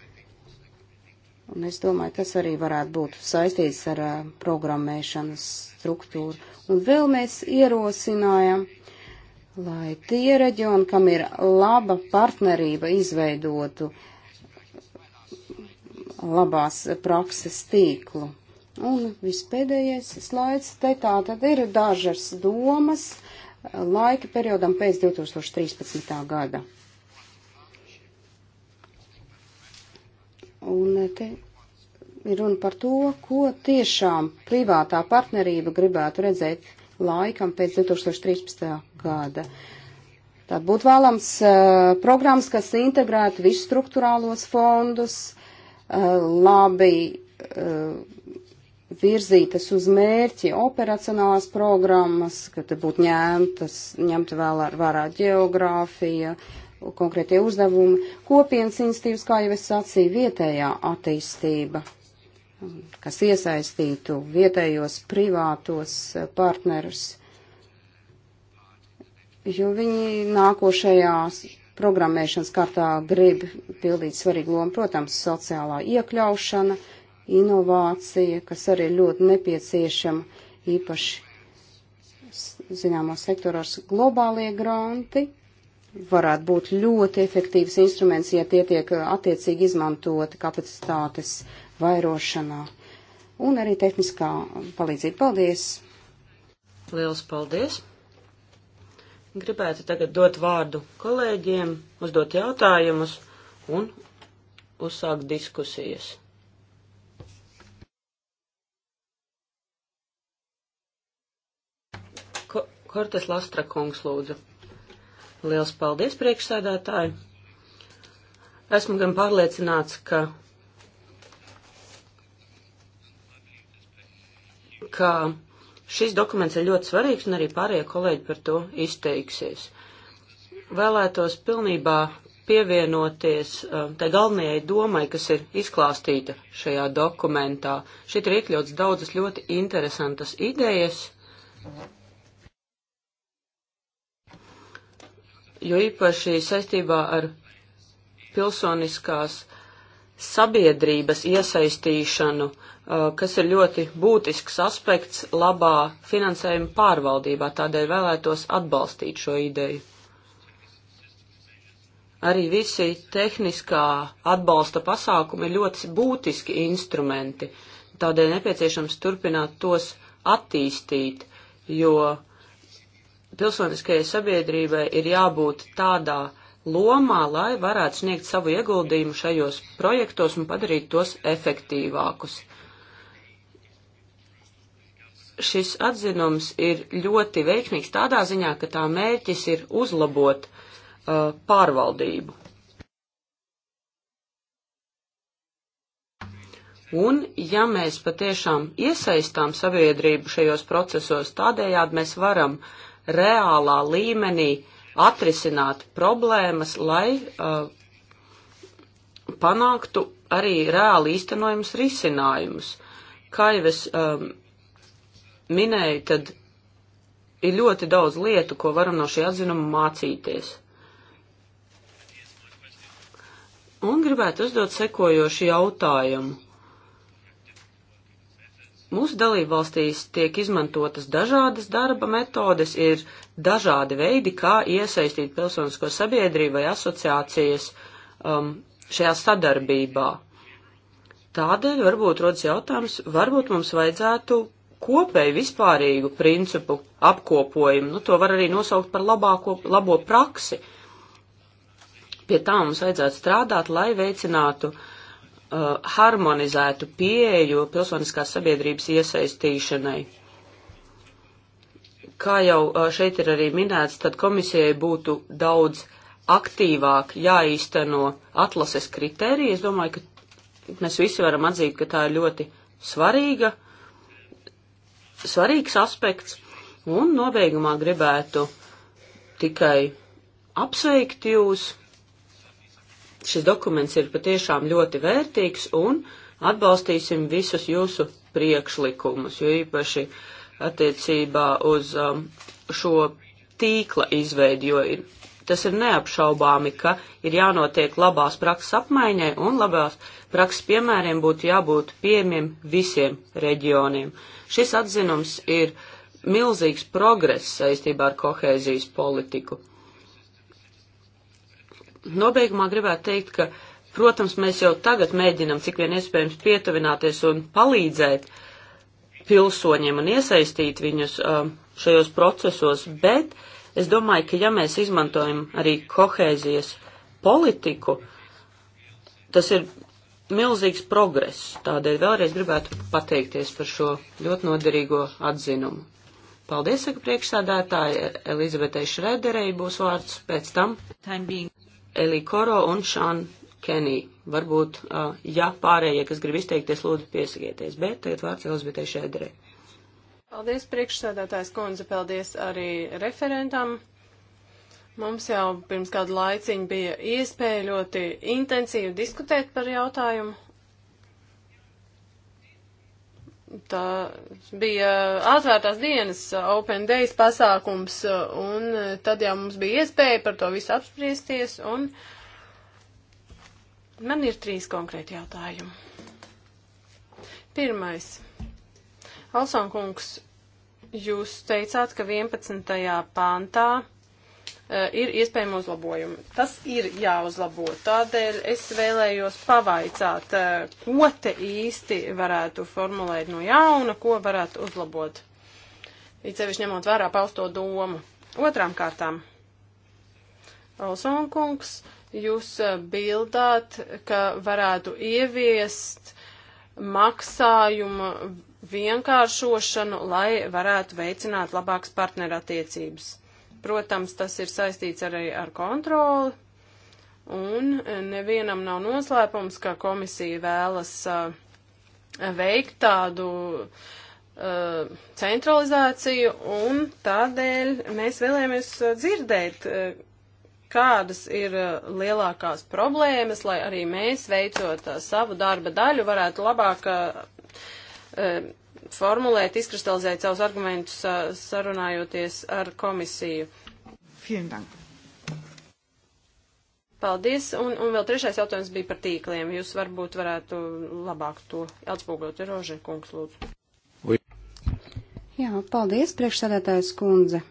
Speaker 3: Un es domāju, tas arī varētu būt saistīts ar uh, programmēšanas struktūru. Un vēl mēs ierosinājam, lai tie reģioni, kam ir laba partnerība, izveidotu labās prakses tīklu. Un vispēdējais slaids, te tā tad ir dažas domas laika periodam pēc 2013. gada. Un te ir runa par to, ko tiešām privātā partnerība gribētu redzēt laikam pēc 2013. gada. Tad būtu vēlams uh, programmas, kas integrētu visus struktūrālos fondus, uh, labi uh, virzītas uz mērķi operacionālās programmas, ka te būtu ņemtas, ņemta vēl ar vērā geogrāfija, konkrētie uzdevumi, kopienas institīvas, kā jau es sacīju, vietējā attīstība, kas iesaistītu vietējos privātos eh, partnerus, jo viņi nākošajās programmēšanas kārtā grib pildīt svarīgu lomu, protams, sociālā iekļaušana inovācija, kas arī ir ļoti nepieciešama, īpaši zināmos sektoros globālie granti varētu būt ļoti efektīvs instruments, ja tie tiek uh, attiecīgi izmantoti kapacitātes vairošanā. Un arī tehniskā palīdzība. Paldies!
Speaker 1: Liels paldies! Gribētu tagad dot vārdu kolēģiem, uzdot jautājumus un uzsākt diskusijas. Kortes Lastra kungs lūdzu. Liels paldies, priekšsēdētāji! Esmu gan pārliecināts, ka, ka šis dokuments ir ļoti svarīgs, un arī pārējie kolēģi par to izteiksies. Vēlētos pilnībā pievienoties um, tai galvenajai domai, kas ir izklāstīta šajā dokumentā. Šeit ir iekļauts daudzas ļoti interesantas idejas. Mm -hmm jo īpaši saistībā ar pilsoniskās sabiedrības iesaistīšanu, uh, kas ir ļoti būtisks aspekts labā finansējuma pārvaldībā, tādēļ vēlētos atbalstīt šo ideju. Arī visi tehniskā atbalsta pasākumi ir ļoti būtiski instrumenti, tādēļ nepieciešams turpināt tos attīstīt, jo pilsoniskajai sabiedrībai ir jābūt tādā lomā, lai varētu sniegt savu ieguldījumu šajos projektos un padarīt tos efektīvākus. Šis atzinums ir ļoti veiksmīgs tādā ziņā, ka tā mērķis ir uzlabot uh, pārvaldību. Un, ja mēs patiešām iesaistām sabiedrību šajos procesos, tādējādi mēs varam uh, reālā līmenī atrisināt problēmas, lai uh, panāktu arī reāli īstenojumus risinājumus. Kā jau es um, minēju, tad ir ļoti daudz lietu, ko varam no šī atzinuma mācīties. Un gribētu uzdot sekojošu jautājumu. Mūsu dalībvalstīs tiek izmantotas dažādas darba metodes, ir dažādi veidi, kā iesaistīt pilsonisko sabiedrību vai asociācijas um, šajā sadarbībā. Tādēļ varbūt rodas jautājums, varbūt mums vajadzētu kopēju vispārīgu principu apkopojumu, nu to var arī nosaukt par labāko, labo praksi. Pie tā mums vajadzētu strādāt, lai veicinātu uh, uh, harmonizētu pieeju pilsoniskās sabiedrības iesaistīšanai. Kā jau uh, šeit ir arī minēts, tad komisijai būtu daudz aktīvāk jāīsteno atlases kritērija. Es domāju, ka mēs visi varam atzīt, ka tā ir ļoti svarīga, svarīgs aspekts. Un nobeigumā gribētu tikai apsveikt jūs Šis dokuments ir patiešām ļoti vērtīgs un atbalstīsim visus jūsu priekšlikumus, jo īpaši attiecībā uz um, šo tīkla izveidi, jo ir, tas ir neapšaubāmi, ka ir jānotiek labās prakses apmaiņai un labās prakses piemēriem būtu jābūt pieejamiem visiem reģioniem. Šis atzinums ir milzīgs progress saistībā ar kohēzijas politiku nobeigumā gribētu teikt, ka, protams, mēs jau tagad mēģinam cik vien iespējams pietuvināties un palīdzēt pilsoņiem un iesaistīt viņus um, šajos procesos, bet es domāju, ka ja mēs izmantojam arī kohēzijas politiku, tas ir milzīgs progress. Tādēļ vēlreiz gribētu pateikties par šo ļoti noderīgo atzinumu. Paldies, saka priekšsādātāja Elizabetei Šrederei būs vārds pēc tam. Elī Koro un Šān Kenī. Varbūt, uh, ja pārējie, kas grib izteikties, lūdzu piesakieties, bet tagad vārds Elizabetei Šēderei.
Speaker 2: Paldies, priekšsēdētājs kundze, paldies arī referentam. Mums jau pirms kādu laiciņu bija iespēja ļoti intensīvi diskutēt par jautājumu. Tā bija atvērtās dienas Open Days pasākums, un tad jau mums bija iespēja par to visu apspriesties, un man ir trīs konkrēti jautājumi. Pirmais. Alsonkungs, jūs teicāt, ka 11. pāntā Eh, ir iespējami uzlabojumi. Tas ir jāuzlabo. Tādēļ es vēlējos pavaicāt, eh, ko te īsti varētu formulēt no jauna, ko varētu uzlabot. It sevišķi ņemot vērā pausto domu. Otrām kārtām. Olsonkungs, jūs eh, bildāt, ka varētu ieviest maksājumu vienkāršošanu, lai varētu veicināt labākas partnerattiecības. Protams, tas ir saistīts arī ar kontroli, un nevienam nav noslēpums, ka komisija vēlas uh, veikt tādu uh, centralizāciju, un tādēļ mēs vēlējamies uh, dzirdēt, kādas ir lielākās problēmas, lai arī mēs, veicot savu darba daļu, varētu labāk formulēt, izkristalizēt savus argumentus, sarunājoties ar komisiju. Paldies, un, un vēl trešais jautājums bija par tīkliem. Jūs varbūt varētu labāk to atspūgot, Rožē, kungs, lūdzu.
Speaker 3: Uj. Jā, paldies, priekšsēdētājs kundze.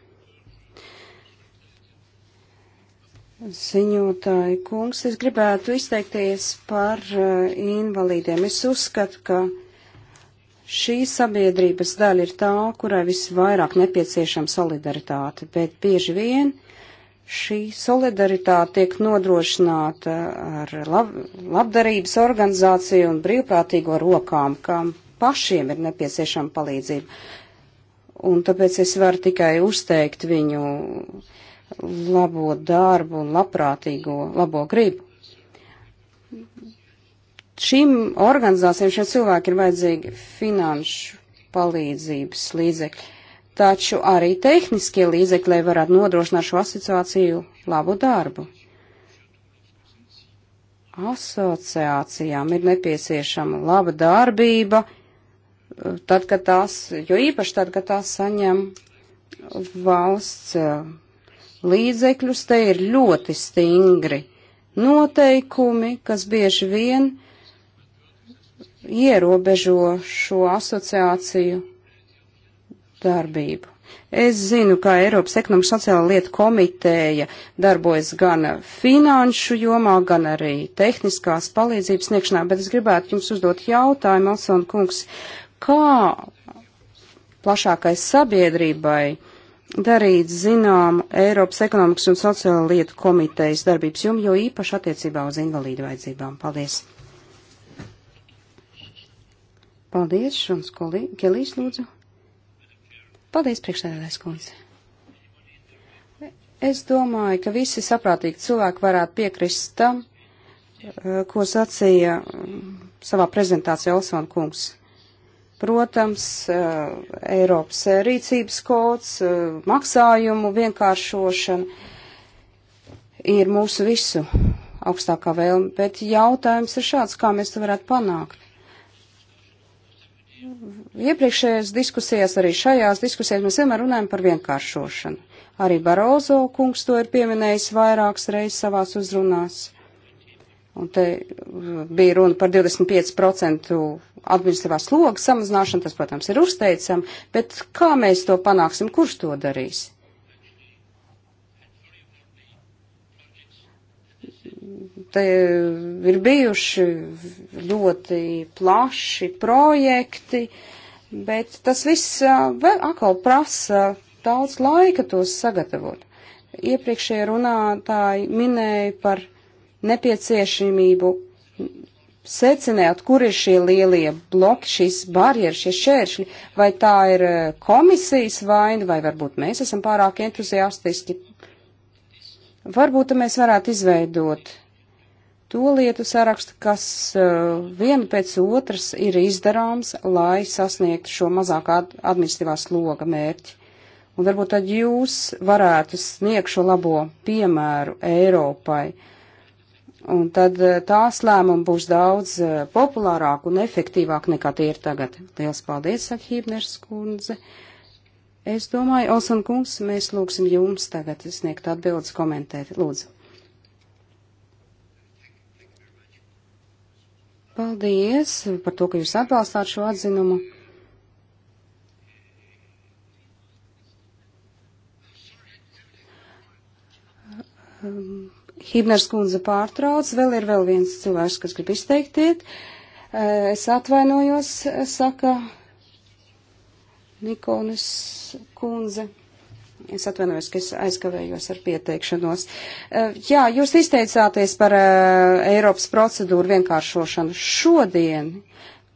Speaker 3: Ziņotāji kungs, es gribētu izteikties par uh, invalīdiem. Es uzskatu, ka Šī sabiedrības daļa ir tā, kurai visvairāk nepieciešama solidaritāte, bet bieži vien šī solidaritāte tiek nodrošināta ar lab labdarības organizāciju un brīvprātīgo rokām, kam pašiem ir nepieciešama palīdzība. Un tāpēc es varu tikai uzteikt viņu labo darbu un labprātīgo labo gribu šīm organizācijām, šiem cilvēkiem ir vajadzīgi finanšu palīdzības līdzekļi, taču arī tehniskie līdzekļi, lai varētu nodrošināt šo asociāciju labu darbu. Asociācijām ir nepieciešama laba darbība, tad, kad tās, jo īpaši tad, kad tās saņem valsts eh, līdzekļus, te ir ļoti stingri noteikumi, kas bieži vien uh, ierobežo šo asociāciju darbību. Es zinu, ka Eiropas ekonomikas sociāla lieta komiteja darbojas gan finanšu jomā, gan arī tehniskās palīdzības sniegšanā, bet es gribētu jums uzdot jautājumu, Alson kungs, kā plašākai sabiedrībai darīt zinām Eiropas ekonomikas un sociāla lietu komitejas darbības jums, jo īpaši attiecībā uz invalīdu vajadzībām. Paldies! Paldies, Šuns Kelīs, lūdzu. Paldies, priekšsēdētājs kundze. Es domāju, ka visi saprātīgi cilvēki varētu piekrist tam, eh, ko sacīja mm, savā prezentācijā Olsona kungs. Protams, eh, Eiropas eh, rīcības kods, maksājumu vienkāršošana ir mūsu visu augstākā vēlme, bet jautājums ir šāds, kā mēs to varētu panākt. Iepriekšējās diskusijās, arī šajās diskusijās mēs vienmēr runājam par vienkāršošanu. Arī Barozo kungs to ir pieminējis vairākas reizes savās uzrunās. Un te uh, bija runa par 25% administratīvā sloga samazināšanu, tas, protams, ir uzteicam, bet kā mēs to panāksim, kurš to darīs? te uh, ir bijuši ļoti plaši projekti, uh, bet tas viss vēl atkal prasa daudz laika tos sagatavot. Iepriekšējie runātāji minēja par nepieciešamību secināt, kur ir šie lielie bloki, šīs barjeras, šie šēršļi, vai tā ir komisijas vaina, vai varbūt mēs esam pārāk entuziastiski. Varbūt mēs varētu izveidot to lietu sarakstu, kas uh, viena pēc otras ir izdarāms, lai sasniegtu šo mazāk ad administratīvā sloga mērķi. Un varbūt tad jūs varētu sniegt šo labo piemēru Eiropai. Un tad uh, tās lēmumi būs daudz uh, populārāk un efektīvāk nekā tie ir tagad. Liels paldies, saka Hībners kundze. Es domāju, Olsan kungs, mēs lūgsim jums tagad sniegt atbildes komentēt. Lūdzu. Paldies par to, ka jūs atbalstāt šo atzinumu. Hibners kundze pārtrauc, vēl ir vēl viens cilvēks, kas grib izteikties. Es atvainojos, saka Nikonis kundze. Es atvainojos, ka es aizkavējos ar pieteikšanos. Eh, jā, jūs izteicāties par eh, Eiropas procedūru vienkāršošanu šodien.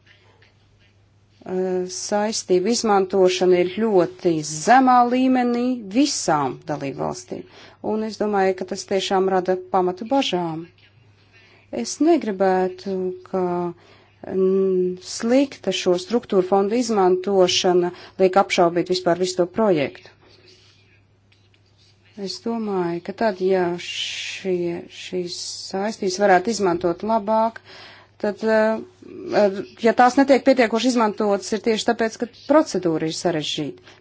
Speaker 3: Eh, saistību izmantošana ir ļoti zemā līmenī visām dalību valstīm. Un es domāju, ka tas tiešām rada pamatu bažām. Es negribētu, ka slikta šo struktūru fondu izmantošana liek apšaubīt vispār visu to projektu. Es domāju, ka tad, ja šie, šīs saistības varētu izmantot labāk, tad, eh, ja tās netiek pietiekoši izmantotas, ir tieši tāpēc, ka procedūra ir sarežģīta.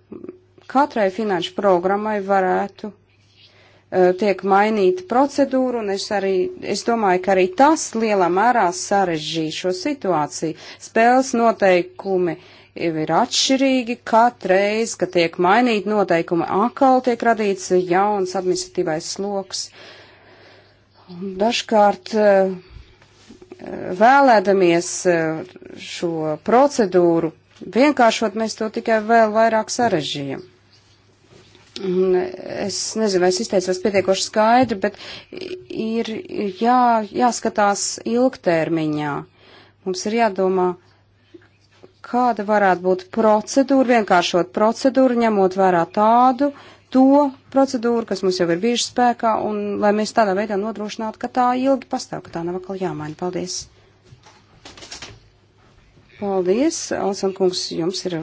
Speaker 3: Katrai finanšu programmai varētu eh, tiek mainīta procedūra, un es arī, es domāju, ka arī tas lielā mērā sarežģīja šo situāciju. Spēles noteikumi uh, ir atšķirīgi. Katreiz, kad tiek mainīti noteikumi, atkal tiek radīts jauns administratīvais sloks. Dažkārt eh, vēlēdamies eh, šo procedūru vienkāršot, mēs to tikai vēl vairāk sarežģījam. Un es nezinu, vai es izteicos pietiekoši skaidri, bet ir jā, jāskatās ilgtermiņā. Mums ir jādomā Kāda varētu būt procedūra, vienkāršot procedūru, ņemot vērā tādu, to procedūru, kas mums jau ir bijuši spēkā, un lai mēs tādā veidā nodrošinātu, ka tā ilgi pastāv, ka tā nav atkal jāmaina. Paldies! Paldies, Alsan kungs, jums ir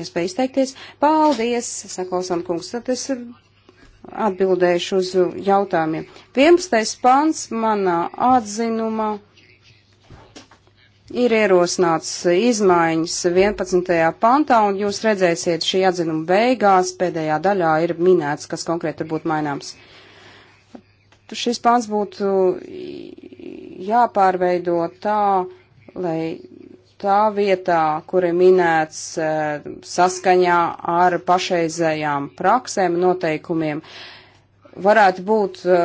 Speaker 3: iespēja izteikties. Paldies, saka Alsan kungs, tad es atbildēšu uz jautājumiem. 11. pants manā atzinumā ir ierosināts izmaiņas 11. pantā, un jūs redzēsiet šī atzinuma beigās, pēdējā daļā ir minēts, kas konkrēti tur būtu maināms. Šis pants būtu jāpārveido tā, lai tā vietā, kur ir minēts e, saskaņā ar pašreizējām praksēm, noteikumiem, varētu būt e,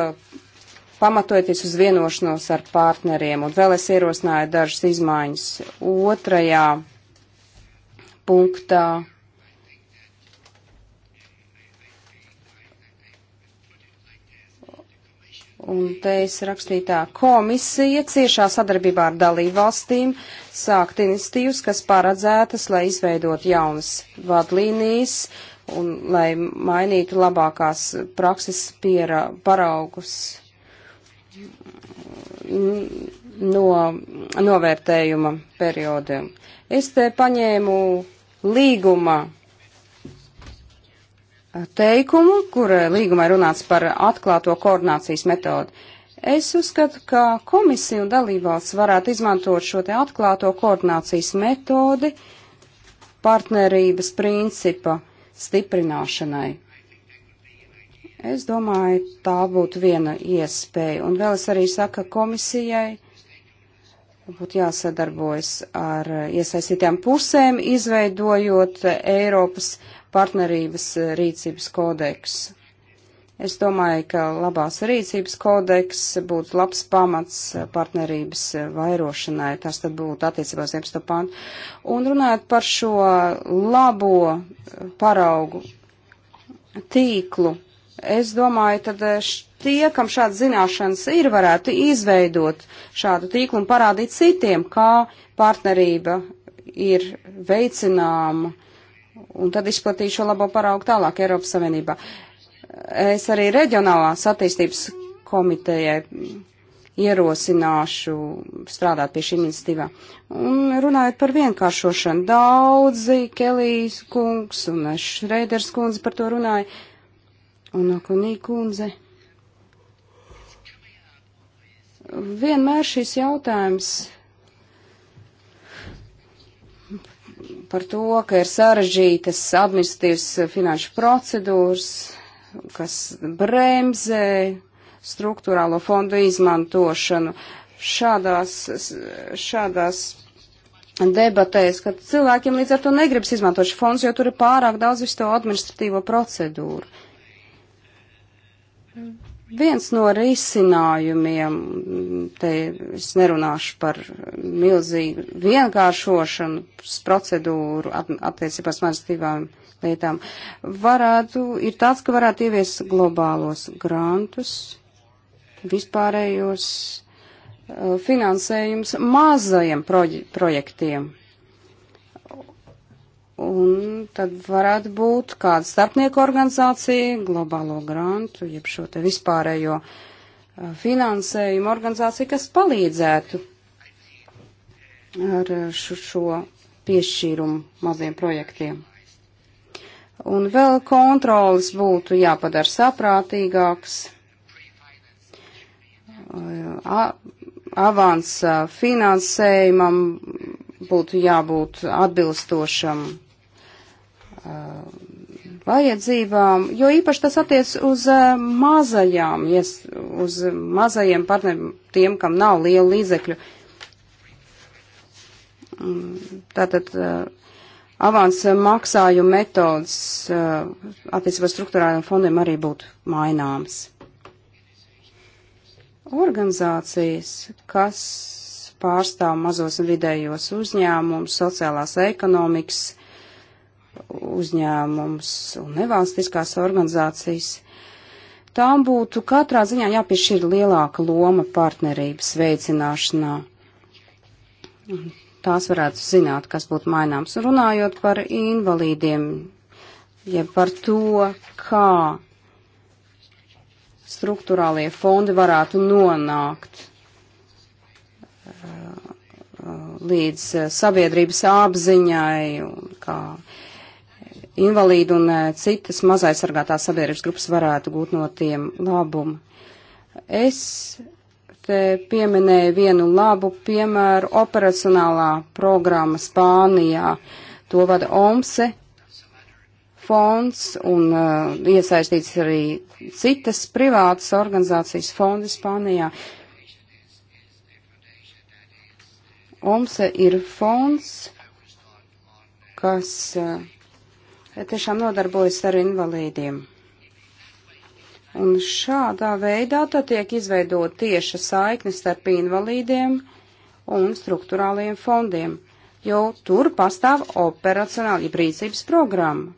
Speaker 3: pamatojoties uz vienošanos ar partneriem. Un vēl es ierosināju dažas izmaiņas otrajā punktā. Un te es rakstīju tā, komisija ciešā sadarbībā ar dalībvalstīm sākt iniciatīvas, kas paredzētas, lai izveidot jaunas vadlīnijas un lai mainītu labākās prakses piera, paraugus no novērtējuma periodiem. Es te paņēmu līguma teikumu, kur eh, līgumā runāts par atklāto koordinācijas metodu. Es uzskatu, ka komisija un dalībvalsts varētu izmantot šo te atklāto koordinācijas metodi partnerības principa stiprināšanai Es domāju, tā būtu viena iespēja. Un vēl es arī saku komisijai, būtu jāsadarbojas ar iesaistītām pusēm, izveidojot Eiropas partnerības rīcības kodeksu. Es domāju, ka labās rīcības kodeks būtu labs pamats partnerības vairošanai. Tas tad būtu attiecībā uz 11. pantu. Un runājot par šo labo paraugu tīklu, Es domāju, tad eh, tie, kam šāda zināšanas ir, varētu izveidot šādu tīklu un parādīt citiem, kā partnerība ir veicināma un tad izplatīt šo labo paraugu tālāk Eiropas Savienībā. Es arī reģionālās attīstības komitejai ierosināšu strādāt pie šīm iniciatīvām. Un runājot par vienkāršošanu, daudzi Kelijs kungs un Šreiders kundze par to runāja. Uh, un Akonī kundze. Vienmēr šis jautājums par to, ka ir sarežģītas administratīvas finanšu procedūras, kas bremzē struktūrālo fondu izmantošanu. Šādās, šādās debatēs, ka cilvēkiem līdz ar to negribas izmantot šis fonds, jo tur ir pārāk daudz visu to administratīvo procedūru. Viens no risinājumiem, te es nerunāšu par milzīgu vienkāršošanas procedūru attiecībās mazatīvām lietām, varētu, ir tāds, ka varētu ievies globālos grantus, vispārējos uh, finansējums mazajiem proģi, projektiem. Un tad varētu būt kāda starpnieku organizācija, globālo grantu, jeb šo te vispārējo finansējumu organizāciju, kas palīdzētu ar šo, šo piešķīrumu maziem projektiem. Un vēl kontrolas būtu jāpadara saprātīgāks. Avans finansējumam būtu jābūt atbilstošam Uh, vajadzībām, jo īpaši tas attiec uz uh, mazajām, yes, uz mazajiem partneriem, tiem, kam nav liela līdzekļu. Mm, tātad uh, avans maksāju metodas attiecībā struktūrāliem fondiem arī būtu maināms. Organizācijas, kas pārstāv mazos un vidējos uzņēmumus, sociālās ekonomikas, uzņēmums un nevalstiskās organizācijas. Tām būtu katrā ziņā jāpiešķir lielāka loma partnerības veicināšanā. Tās varētu zināt, kas būtu maināms. Runājot par invalīdiem, ja par to, kā struktūrālie fondi varētu nonākt uh, uh, līdz uh, sabiedrības apziņai, kā invalīdi un eh, citas mazai sargātās sabiedrības grupas varētu gūt no tiem labumu. Es te pieminēju vienu labu piemēru operacionālā programma Spānijā. To vada OMSE fonds un uh, iesaistīts arī citas privātas organizācijas fondi Spānijā. OMSE ir fonds, kas. Uh, tiešām nodarbojas ar invalīdiem. Un šādā veidā tad tiek izveidot tieša saikne starp invalīdiem un struktūrālajiem fondiem, jo tur pastāv operacionāla rīcības programma.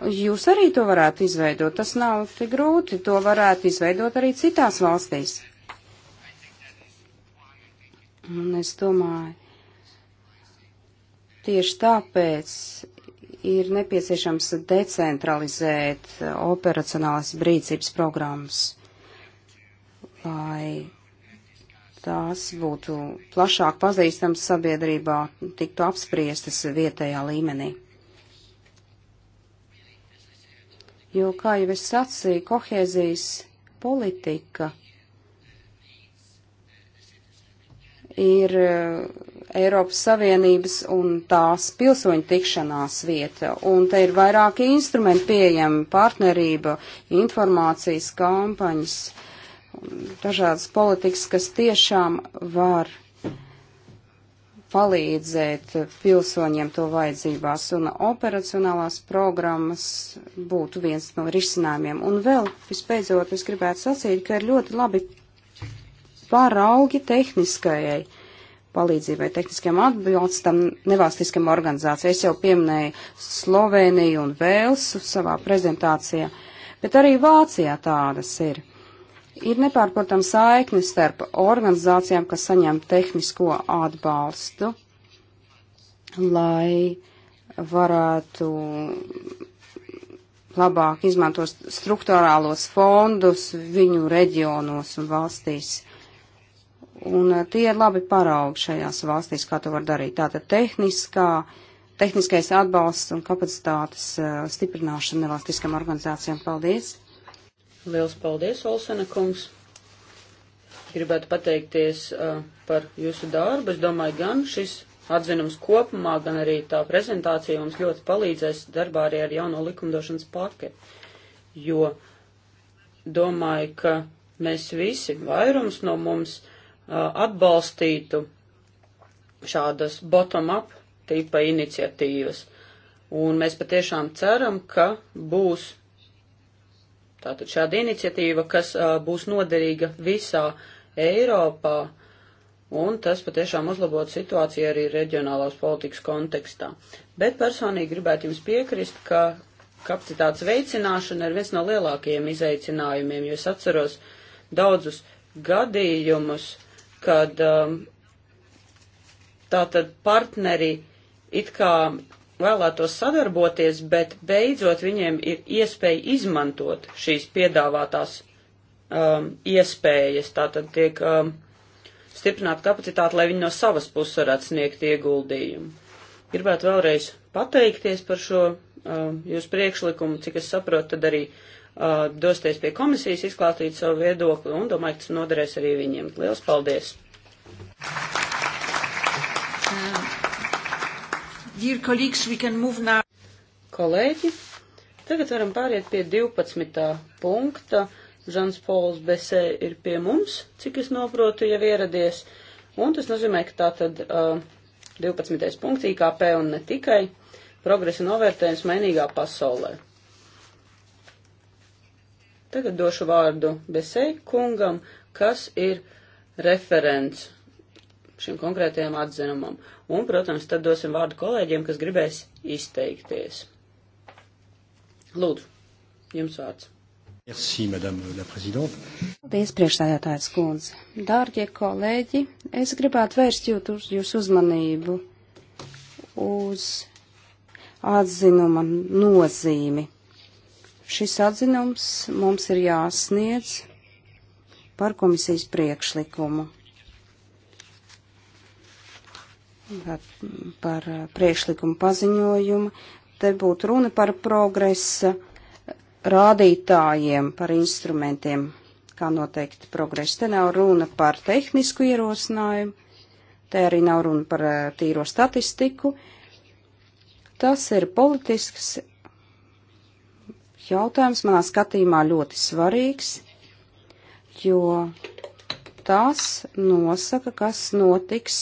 Speaker 3: Jūs arī to varētu izveidot, tas nav tik grūti, to varētu izveidot arī citās valstīs. Un es domāju, tieši tāpēc ir nepieciešams decentralizēt operacionālās brīcības programmas, lai tās būtu plašāk pazīstamas sabiedrībā, tiktu apspriestas vietējā līmenī. Jo, kā jau es sacīju, kohēzijas politika ir Eiropas Savienības un tās pilsoņu tikšanās vieta. Un te ir vairāki instrumenti pieejami - partnerība, informācijas kampaņas, dažādas politikas, kas tiešām var palīdzēt pilsoņiem to vajadzībās. Un operacionālās programmas būtu viens no risinājumiem. Un vēl, vispēcot, es gribētu sacīt, ka ir ļoti labi paraugi tehniskajai palīdzībai tehniskajam atbalstam nevalstiskam organizācijai. Es jau pieminēju Sloveniju un Velsu savā prezentācijā, bet arī Vācijā tādas ir. Ir nepārprotam saikni starp organizācijām, kas saņem tehnisko atbalstu, lai varētu labāk izmantot struktūrālos fondus viņu reģionos un valstīs. Un eh, tie ir labi paraugi šajās valstīs, kā to var darīt. Tātad tehniskā, tehniskais atbalsts un kapacitātes eh, stiprināšana nevalstiskām organizācijām. Paldies!
Speaker 1: Liels paldies, Olsena kungs! Gribētu pateikties uh, par jūsu darbu. Es domāju, gan šis atzinums kopumā, gan arī tā prezentācija mums ļoti palīdzēs darbā arī ar jauno likumdošanas paketu. Jo domāju, ka mēs visi, vairums no mums, uh, atbalstītu šādas bottom-up tipa iniciatīvas. Un mēs patiešām ceram, ka būs tātad šāda iniciatīva, kas uh, būs noderīga visā Eiropā, un tas patiešām uzlabot situāciju arī reģionālās politikas kontekstā. Bet personīgi gribētu jums piekrist, ka kapacitātes veicināšana ir viens no lielākajiem izaicinājumiem, jo es atceros daudzus gadījumus, uh, kad um, tātad partneri it kā vēlētos sadarboties, bet beidzot viņiem ir iespēja izmantot šīs piedāvātās um, iespējas. Tātad tiek um, stiprināta kapacitāte, lai viņi no savas puses varētu sniegt ieguldījumu. Gribētu vēlreiz pateikties par šo um, jūsu priekšlikumu, cik es saprotu, tad arī uh, dosties pie komisijas, izklāstīt savu viedokli un domāju, ka tas noderēs arī viņiem. Lielas paldies! Uh, Kolēģi, tagad varam pāriet pie 12. punkta. Žans Pols Besē ir pie mums, cik es noprotu, jau ieradies. Un tas nozīmē, ka tā tad uh, 12. punkts IKP un ne tikai progresa novērtējums mainīgā pasaulē. Tagad došu vārdu Besei kungam, kas ir referents šim konkrētajam atzinumam. Un, protams, tad dosim vārdu kolēģiem, kas gribēs izteikties. Lūdzu, jums vārds.
Speaker 3: Merci, madame la présidente. Paldies, priekšstādātājs kundze. Dārgie kolēģi, es gribētu vērst jūtu, jūs uzmanību uz atzinuma nozīmi Šis atzinums mums ir jāsniedz par komisijas priekšlikumu. Par priekšlikumu paziņojumu. Te būtu runa par progresa rādītājiem, par instrumentiem, kā noteikt progresu. Te nav runa par tehnisku ierosinājumu, te arī nav runa par eh, tīro statistiku. Tas ir politisks jautājums manā skatījumā ļoti svarīgs, jo tas nosaka, kas notiks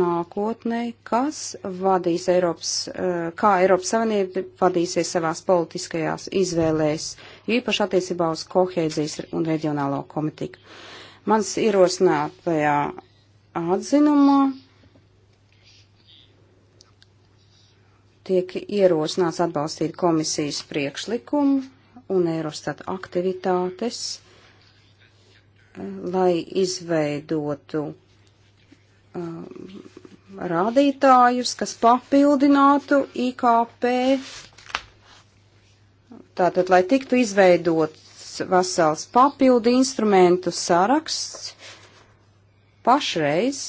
Speaker 3: nākotnē, kas vadīs Eiropas, eh, kā Eiropas Savienība vadīsies savās politiskajās izvēlēs, īpaši attiecībā uz kohēzijas un reģionālo komitiku. Mans ierosinātajā atzinumā tiek ierosināts atbalstīt komisijas priekšlikumu un Eurostat aktivitātes, eh, lai izveidotu um, rādītājus, kas papildinātu IKP. Tātad, lai tiktu izveidots vesels papildu instrumentu saraksts, pašreiz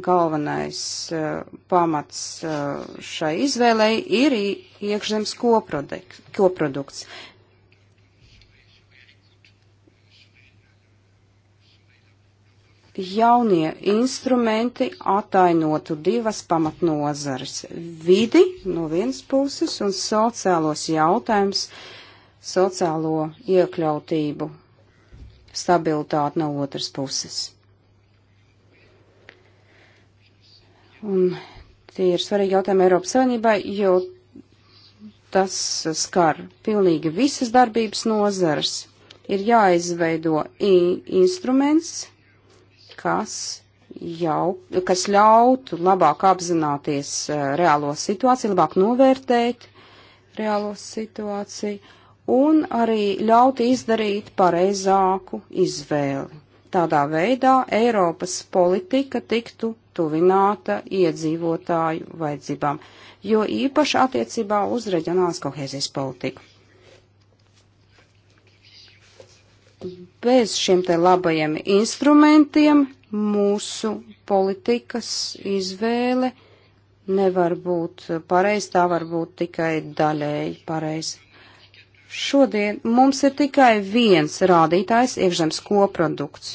Speaker 3: galvenais uh, pamats uh, šai izvēlei ir iekšzemes koprodukts. Jaunie instrumenti atainotu divas pamatnozares - vidi no vienas puses un sociālos jautājums, sociālo iekļautību, stabilitāti no otras puses. Un tie ir svarīgi jautājumi Eiropas Savienībai, jo tas skar pilnīgi visas darbības nozares. Ir jāizveido instruments, kas jau, kas ļautu labāk apzināties eh, reālo situāciju, labāk novērtēt reālo situāciju un arī ļautu izdarīt pareizāku izvēli. Tādā veidā Eiropas politika tiktu tuvināta iedzīvotāju vajadzībām, jo īpaši attiecībā uz reģionālas kohēzijas politiku. Bez šiem te labajiem instrumentiem mūsu politikas izvēle nevar būt pareiz, tā var būt tikai daļēji pareizi. Šodien mums ir tikai viens rādītājs iekšzemes koprodukts.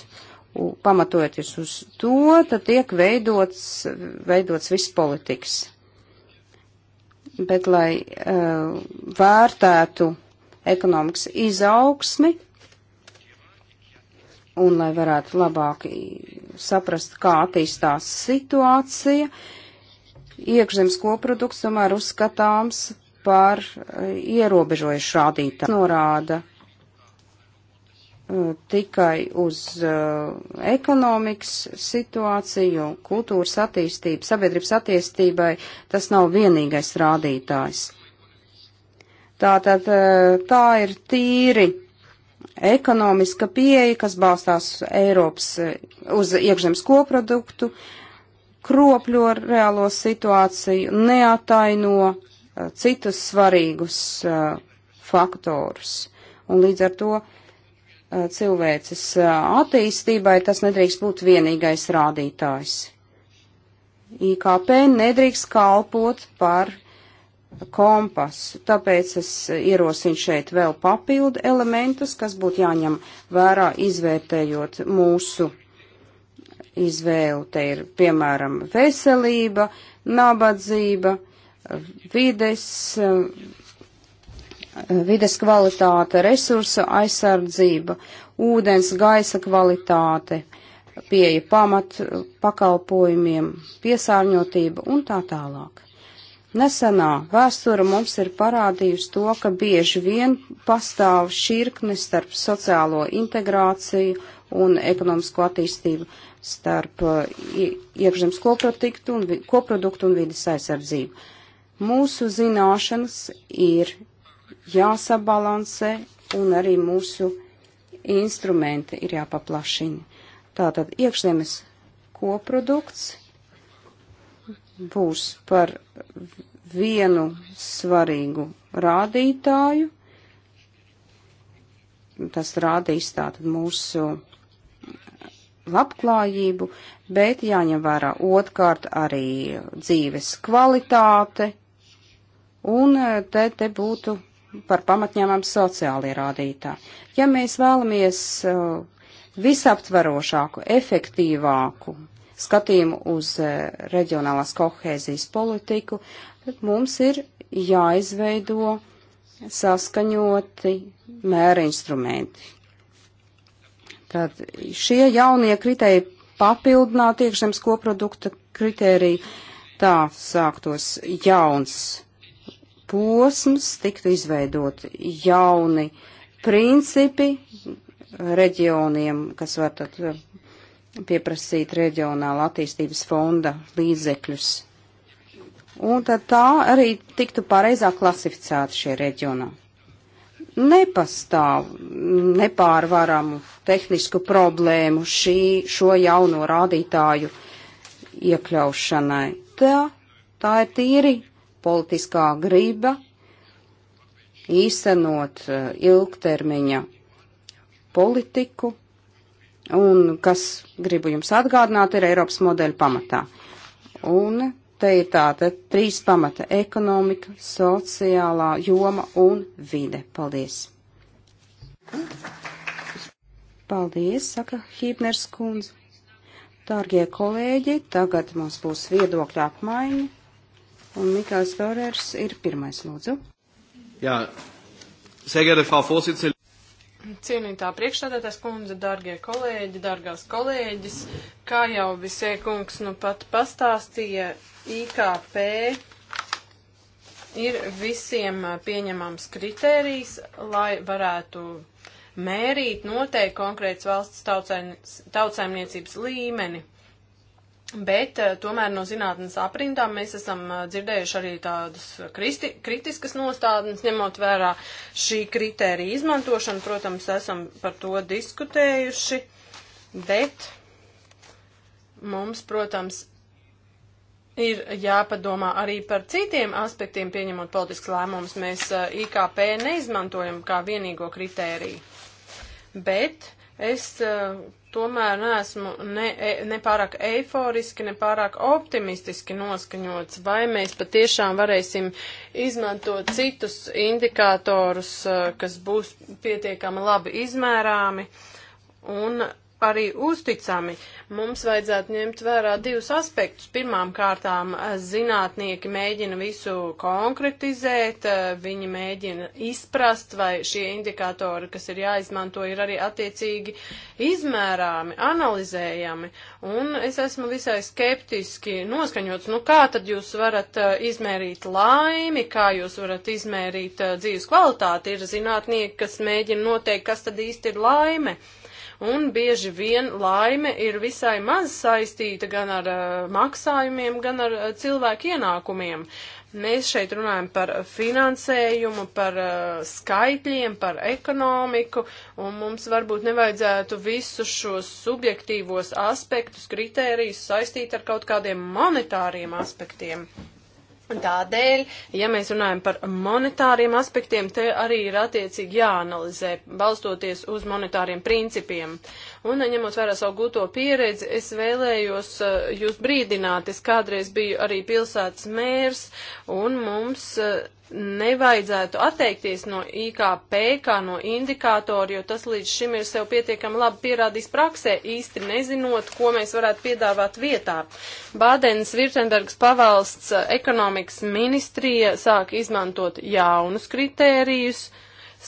Speaker 3: U, pamatojoties uz to, tad tiek veidots, veidots viss politikas. Bet, lai uh, vērtētu ekonomikas izaugsmi un lai varētu labāk saprast, kā attīstās situācija, iekšzemes koprodukts tomēr uzskatāms par e, ierobežojušu rādītāju. Norāda e, tikai uz e, ekonomikas situāciju, kultūras attīstību, sabiedrības attīstībai, tas nav vienīgais rādītājs. Tātad tā ir tīri ekonomiska pieeja, kas balstās Eiropas uz iekšzemes koproduktu, kropļo reālo situāciju, neataino Eh, citus svarīgus eh, faktorus. Un līdz ar to eh, cilvēces attīstībai tas nedrīkst būt vienīgais rādītājs. IKP nedrīkst kalpot par kompasu, tāpēc es ierosinu šeit vēl papildu elementus, kas būtu jāņem vērā izvērtējot mūsu izvēlu. Te ir, piemēram, veselība, nabadzība, uh, vides, vides kvalitāte, resursu aizsardzība, ūdens, gaisa kvalitāte, pieeja pamat pakalpojumiem, piesārņotība un tā tālāk. Nesenā vēstura mums ir parādījusi to, ka bieži vien pastāv šķirkne starp sociālo integrāciju un ekonomisko attīstību, starp uh, iekšzemes koproduktu un, koproduktu un vidas aizsardzību. Mūsu zināšanas ir jāsabalansē un arī mūsu instrumenti ir jāpaplašina. Tātad iekšzemes koprodukts būs par vienu svarīgu rādītāju. Tas rādīs tātad mūsu labklājību, bet jāņem vērā otkārt arī dzīves kvalitāte, un eh, te, te būtu par pamatņēmām sociālie rādītāji. Ja mēs vēlamies eh, visaptverošāku, efektīvāku skatījumu uz eh, reģionālās kohēzijas politiku, tad mums ir jāizveido saskaņoti mēra instrumenti. Tad šie jaunie kritēji papildinātu iekšzemes koprodukta kritēriju, tā sāktos jauns posms, tiktu izveidot jauni principi reģioniem, kas var tad eh, pieprasīt reģionāla attīstības fonda līdzekļus. Un tad tā arī tiktu pareizāk klasificēti šie reģionāli nepastāv nepārvaramu tehnisku problēmu šī, šo jauno rādītāju iekļaušanai. Tā, tā ir tīri politiskā griba īstenot e, ilgtermiņa politiku, un kas, gribu jums atgādināt, ir Eiropas modeļa pamatā. Un te ir tāda trīs pamata - ekonomika, sociālā joma un vide. Paldies! Paldies, saka Hībners kundze. Dārgie kolēģi, tagad mums būs viedokļa apmaiņa. Un Mikāls Torērs ir pirmais, lūdzu.
Speaker 1: Jā, Segēda Frau Vorsitzende.
Speaker 2: Cienītā priekšstādātājs kundze, dargie kolēģi, dargās kolēģis, kā jau visie kungs nu pat pastāstīja, IKP ir visiem pieņemams kritērijs, lai varētu mērīt noteikt konkrēts valsts tautsēm, tautsēmniecības līmeni. Bet eh, tomēr no zinātnes aprindām mēs esam eh, dzirdējuši arī tādas kristi, kritiskas nostādnes, ņemot vērā šī kritērija izmantošanu. Protams, esam par to diskutējuši, bet mums, protams, ir jāpadomā arī par citiem aspektiem, pieņemot politisks lēmums. Mēs eh, IKP neizmantojam kā vienīgo kritēriju, bet Es uh, tomēr neesmu ne, e, ne pārāk eiforiski, ne pārāk optimistiski noskaņots, vai mēs patiešām varēsim izmantot citus indikātorus, eh, kas būs pietiekami labi izmērāmi un arī uzticami. Mums vajadzētu ņemt vērā divus aspektus. Pirmām kārtām eh, zinātnieki mēģina visu konkretizēt, eh, viņi mēģina izprast, vai šie indikatori, kas ir jāizmanto, ir arī attiecīgi izmērāmi, analizējami. Un es esmu visai skeptiski noskaņots, nu kā tad jūs varat eh, izmērīt laimi, kā jūs varat izmērīt dzīves kvalitāti. Ir zinātnieki, kas mēģina noteikt, kas tad īsti ir laime un bieži vien laime ir visai maz saistīta gan ar uh, maksājumiem, gan ar uh, cilvēku ienākumiem. Mēs šeit runājam par finansējumu, par uh, skaitļiem, par ekonomiku, un mums varbūt nevajadzētu visus šos subjektīvos aspektus, kritērijus saistīt ar kaut kādiem monetāriem aspektiem. Tādēļ, ja mēs runājam par monetāriem aspektiem, te arī ir attiecīgi jāanalizē, balstoties uz monetāriem principiem. Un, ņemot vērā savu gūto pieredzi, es vēlējos eh, jūs brīdināt, es kādreiz biju arī pilsētas mērs, un mums eh, nevajadzētu atteikties no IKP kā no indikātoru, jo tas līdz šim ir sev pietiekami labi pierādījis praksē, īsti nezinot, ko mēs varētu piedāvāt vietā. Bādenes Virtenbergs pavalsts eh, ekonomikas ministrija sāk izmantot jaunus kritērijus,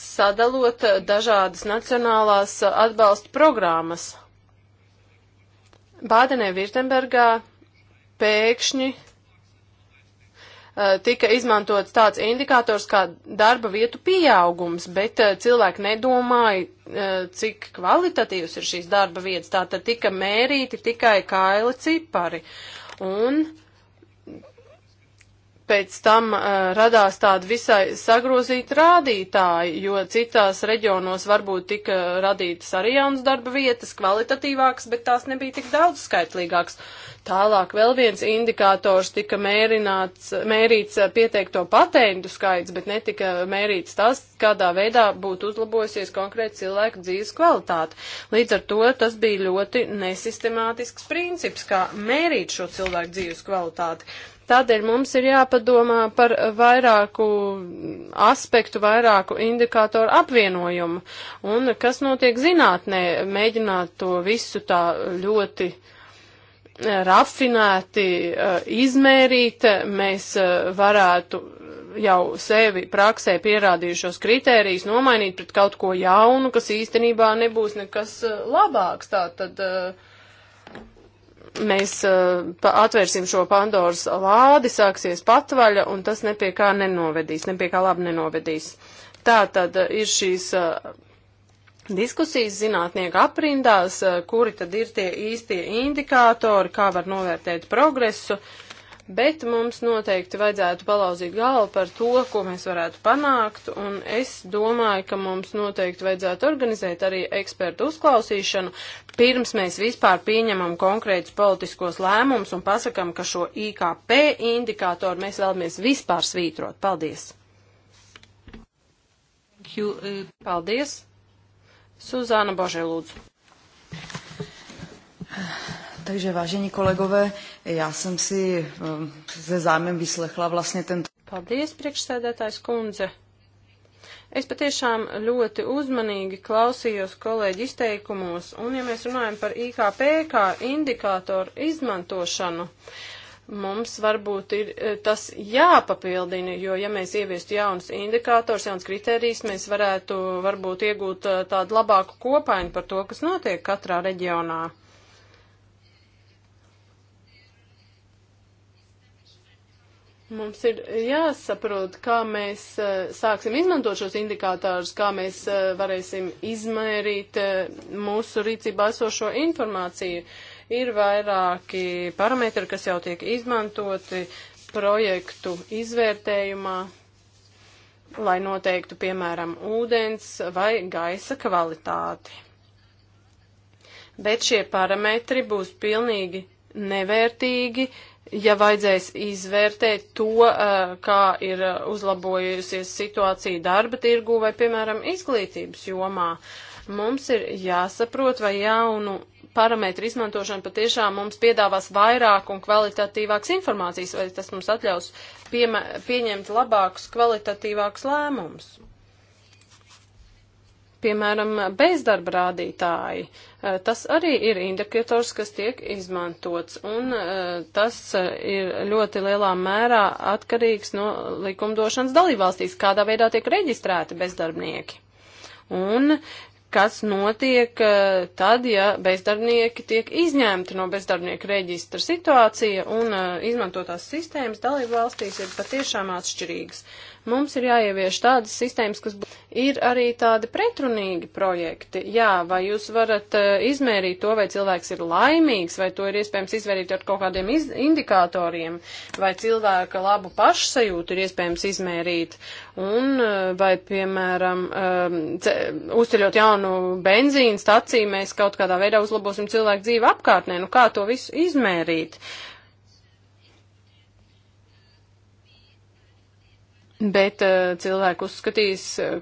Speaker 2: sadalot eh, dažādas nacionālās eh, atbalsta programmas. Bādenē Virtenbergā pēkšņi Eh, tika izmantots tāds indikators kā darba vietu pieaugums, bet eh, cilvēki nedomāja, eh, cik kvalitatīvs ir šīs darba vietas. Tātad tika mērīti tikai kaili cipari. Un uh, pēc tam uh, radās tādi visai sagrozīti rādītāji, jo citās reģionos varbūt tika radītas arī jaunas darba vietas, kvalitatīvākas, bet tās nebija tik daudz skaitlīgākas. Tālāk vēl viens indikators tika mērināts, mērīts eh, pieteikto patentu skaits, bet netika mērīts tas, kādā veidā būtu uzlabojusies konkrēti cilvēku dzīves kvalitāte. Līdz ar to tas bija ļoti nesistemātisks princips, kā mērīt šo cilvēku dzīves kvalitāti. Tādēļ mums ir jāpadomā par vairāku aspektu, vairāku indikātoru apvienojumu. Un kas notiek zinātnē, mēģināt to visu tā ļoti eh, rafinēti eh, izmērīt, mēs eh, varētu jau sevi praksē pierādījušos kritērijus nomainīt pret kaut ko jaunu, kas īstenībā nebūs nekas labāks. Tā tad uh, mēs uh, atvērsim šo Pandoras lādi, sāksies patvaļa, un tas nepie kā nenovedīs, nepie kā labi nenovedīs. Tā tad eh, ir šīs uh, diskusijas zinātnieku aprindās, uh, kuri tad ir tie īstie indikātori, kā var novērtēt progresu, uh, bet mums noteikti vajadzētu palauzīt galvu par to, ko mēs varētu panākt, un es domāju, ka mums noteikti vajadzētu organizēt arī ekspertu uzklausīšanu, pirms mēs vispār pieņemam konkrētus politiskos lēmumus un pasakam, ka šo IKP indikātoru mēs vēlamies vispār svītrot. Paldies! Uh, Paldies! Suzāna Božē, lūdzu.
Speaker 3: Uh, Takže vážení kolegové, já jsem si um, eh, ze zájmem vyslechla vlastně tento.
Speaker 2: Paldies, priekšsēdētājs kundze. Es patiešām ļoti uzmanīgi klausījos kolēģi izteikumos, un ja mēs runājam par IKP kā indikātoru izmantošanu, mums varbūt ir eh, tas jāpapildina, jo ja mēs ieviestu jaunas indikātors, jaunas kritērijas, mēs varētu varbūt iegūt eh, tādu labāku kopainu par to, kas notiek katrā reģionā. Mums ir jāsaprot, kā mēs eh, sāksim izmantot šos indikātārus, kā mēs eh, varēsim izmērīt eh, mūsu rīcībā esošo informāciju. Ir vairāki parametri, kas jau tiek izmantoti projektu izvērtējumā, lai noteiktu, piemēram, ūdens vai gaisa kvalitāti. Bet šie parametri būs pilnīgi nevērtīgi, uh, ja vajadzēs izvērtēt to, kā ir uzlabojusies situācija darba tirgu vai, piemēram, izglītības jomā, mums ir jāsaprot, vai jaunu parametru izmantošana patiešām mums piedāvās vairāk un kvalitatīvāks informācijas, vai tas mums atļaus pieņemt labākus, kvalitatīvākus lēmumus. Piemēram, bezdarba rādītāji. Eh, tas arī ir indikators, kas tiek izmantots, un eh, tas eh, ir ļoti lielā mērā atkarīgs no likumdošanas dalībvalstīs, kādā veidā tiek reģistrēti bezdarbnieki. Un kas notiek tad, ja bezdarbnieki tiek izņemti no bezdarbnieku reģistra. Situācija un izmantotās sistēmas dalību valstīs ir patiešām atšķirīgas. Mums ir jāievieš tādas sistēmas, kas ir arī tādi pretrunīgi projekti. Jā, vai jūs varat eh, izmērīt to, vai cilvēks ir laimīgs, vai to ir iespējams izmērīt ar kaut kādiem iz indikatoriem, vai cilvēka labu pašsajūtu ir iespējams izmērīt, un eh, vai, piemēram, eh, uzceļot jaunu benzīnu staciju, mēs kaut kādā veidā uzlabosim cilvēku dzīvi apkārtnē. Nu, kā to visu izmērīt? Uh, bet uh, cilvēki uzskatīs, eh,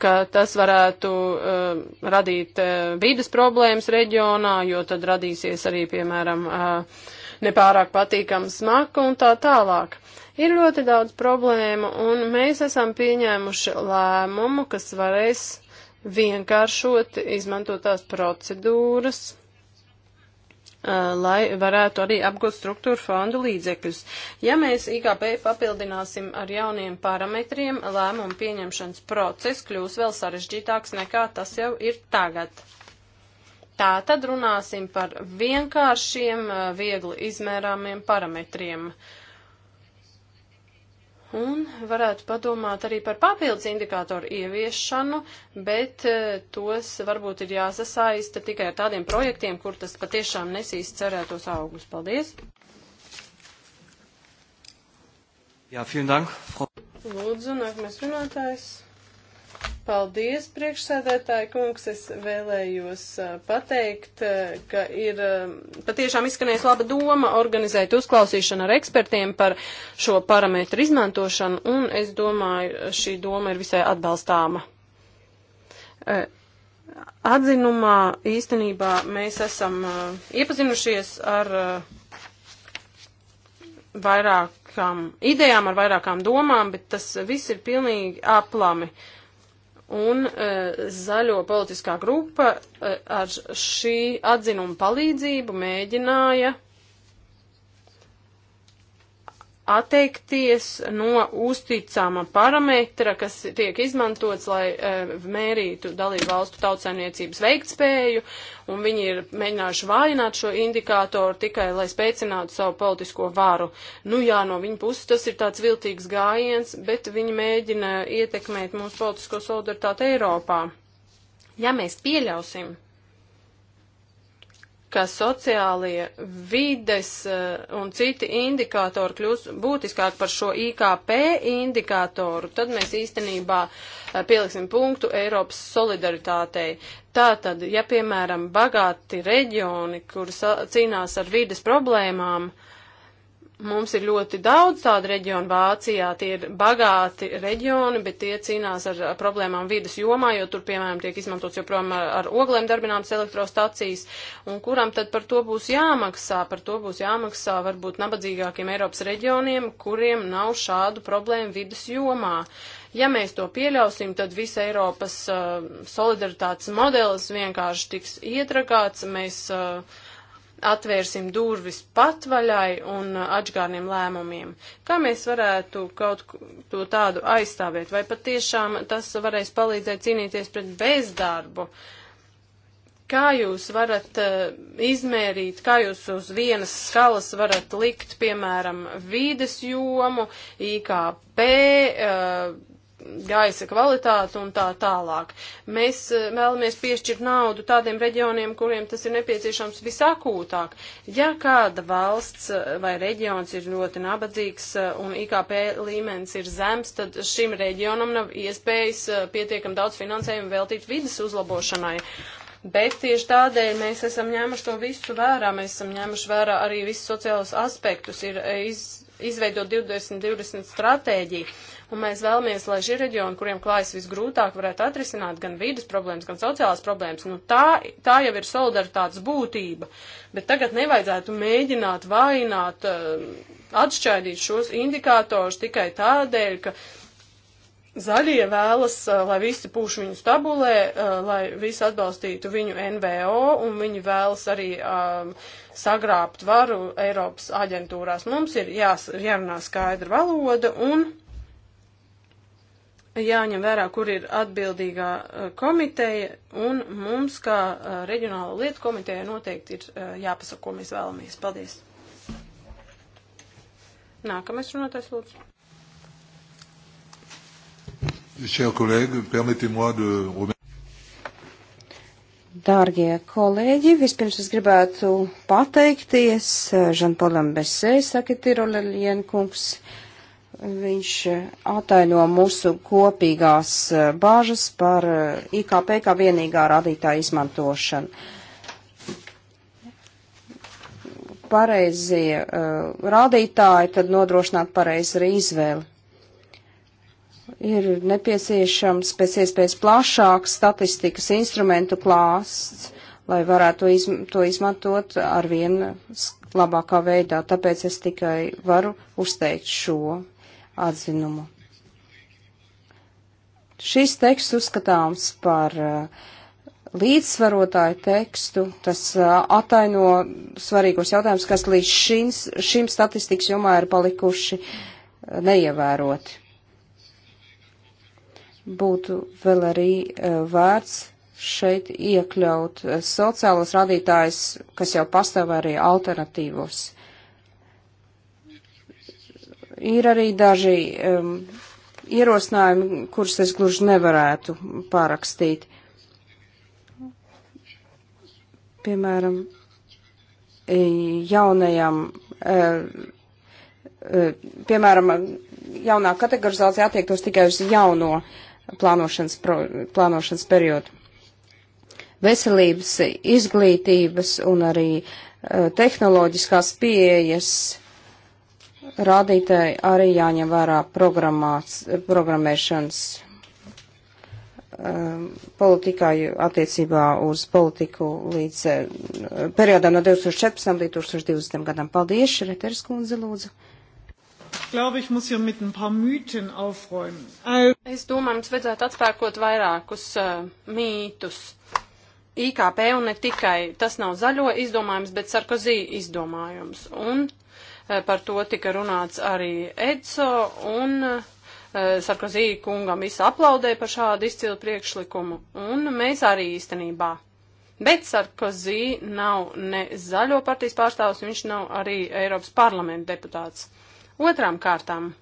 Speaker 2: ka tas varētu uh, radīt uh, vīdes problēmas reģionā, jo tad radīsies arī, piemēram, uh, nepārāk patīkams smaka un tā tālāk. Ir ļoti daudz problēmu, un mēs esam pieņēmuši lēmumu, kas varēs vienkāršot, izmantot tās procedūras, Uh, lai varētu arī apgūt struktūru fondu līdzekļus. Ja mēs IKP papildināsim ar jauniem parametriem, lēmumu pieņemšanas process kļūs vēl sarežģītāks nekā tas jau ir tagad. Tā tad runāsim par vienkāršiem, uh, viegli izmērāmiem parametriem. Uh, Un varētu padomāt arī par papildus indikātoru ieviešanu, bet e, tos varbūt ir jāsasaista tikai ar tādiem projektiem, kur tas patiešām nesīs cerētos augus. Paldies!
Speaker 3: Jā, vielen dank! Frau...
Speaker 2: Lūdzu, nākamais runātājs. Paldies, priekšsēdētāji kungs. Es vēlējos pateikt, ka ir patiešām izskanējis laba doma organizēt uzklausīšanu ar ekspertiem par šo parametru izmantošanu, un es domāju, šī doma ir visai atbalstāma. Atzinumā īstenībā mēs esam iepazinušies ar vairākām idejām, ar vairākām domām, bet tas viss ir pilnīgi aplami. Uh, Un e, zaļo politiskā grupa e, ar šī atzinuma palīdzību mēģināja atteikties no uzticama parametra, kas tiek izmantots, lai e, mērītu dalību valstu tautsaimniecības veiktspēju, un viņi ir mēģinājuši vājināt šo indikātoru tikai, lai spēcinātu savu politisko varu. Nu jā, no viņa puses tas ir tāds viltīgs gājiens, bet viņi mēģina ietekmēt mūsu politisko solidaritāti Eiropā. Ja mēs pieļausim ka sociālie vides eh, un citi indikātori kļūs būtiskāk par šo IKP indikātoru, tad mēs īstenībā eh, pieliksim punktu Eiropas solidaritātei. Tātad, ja piemēram bagāti reģioni, kur cīnās ar vides problēmām, uh, Mums ir ļoti daudz tādu reģionu Vācijā, tie ir bagāti reģioni, bet tie cīnās ar problēmām vidas jomā, jo tur, piemēram, tiek izmantots joprojām ar, ar oglēm darbināmas elektrostacijas, un kuram tad par to būs jāmaksā, par to būs jāmaksā varbūt nabadzīgākiem Eiropas reģioniem, kuriem nav šādu problēmu vidas jomā. Ja mēs to pieļausim, tad visa Eiropas uh, solidaritātes modelis vienkārši tiks ietrakāts, mēs uh, atvērsim durvis patvaļai un atžgārniem lēmumiem. Kā mēs varētu kaut ko tādu aizstāvēt? Vai patiešām tas varēs palīdzēt cīnīties pret bezdarbu? Kā jūs varat eh, izmērīt, kā jūs uz vienas skalas varat likt, piemēram, vīdes jomu, IKP, eh, gaisa kvalitāti un tā tālāk. Mēs eh, vēlamies piešķirt naudu tādiem reģioniem, kuriem tas ir nepieciešams visakūtāk. Ja kāda valsts eh, vai reģions ir ļoti nabadzīgs eh, un IKP līmenis ir zems, tad šim reģionam nav iespējas pietiekam daudz finansējumu veltīt vidas uzlabošanai. Bet tieši tādēļ mēs esam ņēmuši to visu vērā, mēs esam ņēmuši vērā arī visus sociālos aspektus, ir iz, izveidot 2020 stratēģiju, un mēs vēlamies, lai šie reģioni, kuriem klājas visgrūtāk, varētu atrisināt gan vīdas problēmas, gan sociālās problēmas. Nu, tā, tā jau ir solidaritātes būtība, bet tagad nevajadzētu mēģināt vainot, eh, atšķaidīt šos indikātors tikai tādēļ, ka Zaļie vēlas, uh, lai visi pūš viņu stabulē, uh, lai visi atbalstītu viņu NVO, un viņi vēlas arī um, sagrābt varu Eiropas aģentūrās. Mums ir jās, jārunā skaidra valoda un jāņem vērā, kur ir atbildīgā uh, komiteja, un mums, kā reģionāla lieta komiteja, noteikti ir jāpasaka, ko mēs vēlamies. Paldies! Nākamais runātais lūdzu.
Speaker 3: Dārgie kolēģi, vispirms es gribētu pateikties Žanpolam eh, Besē, saka Tirolēlien kungs. Viņš eh, ataino mūsu kopīgās eh, bāžas par IKP kā vienīgā radītāja izmantošanu. Pareizie uh, rādītāji tad nodrošināt pareizi arī izvēli ir nepieciešams pēc iespējas plašāks statistikas instrumentu klāsts, lai varētu izm to izmantot ar vien labākā veidā. Tāpēc es tikai varu uzteikt šo atzinumu. Šis teksts uzskatāms par uh, līdzsvarotāju tekstu, tas uh, ataino svarīgos jautājumus, kas līdz šim, šim statistikas jomā ir palikuši uh, neievēroti būtu vēl arī e, vērts šeit iekļaut e, sociālos rādītājus, kas jau pastāv arī alternatīvos. Ir arī daži um, ierosinājumi, kurus es gluži nevarētu pārakstīt. Piemēram, jaunajam, piemēram, jaunā kategorizācija attiektos tikai uz jauno uh, plānošanas, pro, plānošanas periodu. Veselības, izglītības un arī eh, tehnoloģiskās pieejas rādītāji arī jāņem vērā programmēšanas um, politikā attiecībā uz politiku līdz um, periodam no 2014. līdz 2020. gadam. Paldies, Šreteris kundze, lūdzu
Speaker 2: glaube, ich muss hier mit
Speaker 3: ein paar Mythen aufräumen.
Speaker 2: Es domāju, mums vajadzētu atspērkot vairākus uh, mītus. IKP un ne tikai tas nav zaļo izdomājums, bet Sarkozī izdomājums. Un uh, par to tika runāts arī EDSO un uh, Sarkozī kungam visi aplaudē par šādu izcilu priekšlikumu. Un mēs arī īstenībā Bet Sarkozī nav ne zaļo partijas pārstāvs, viņš nav arī Eiropas parlamenta deputāts. Otrām kārtām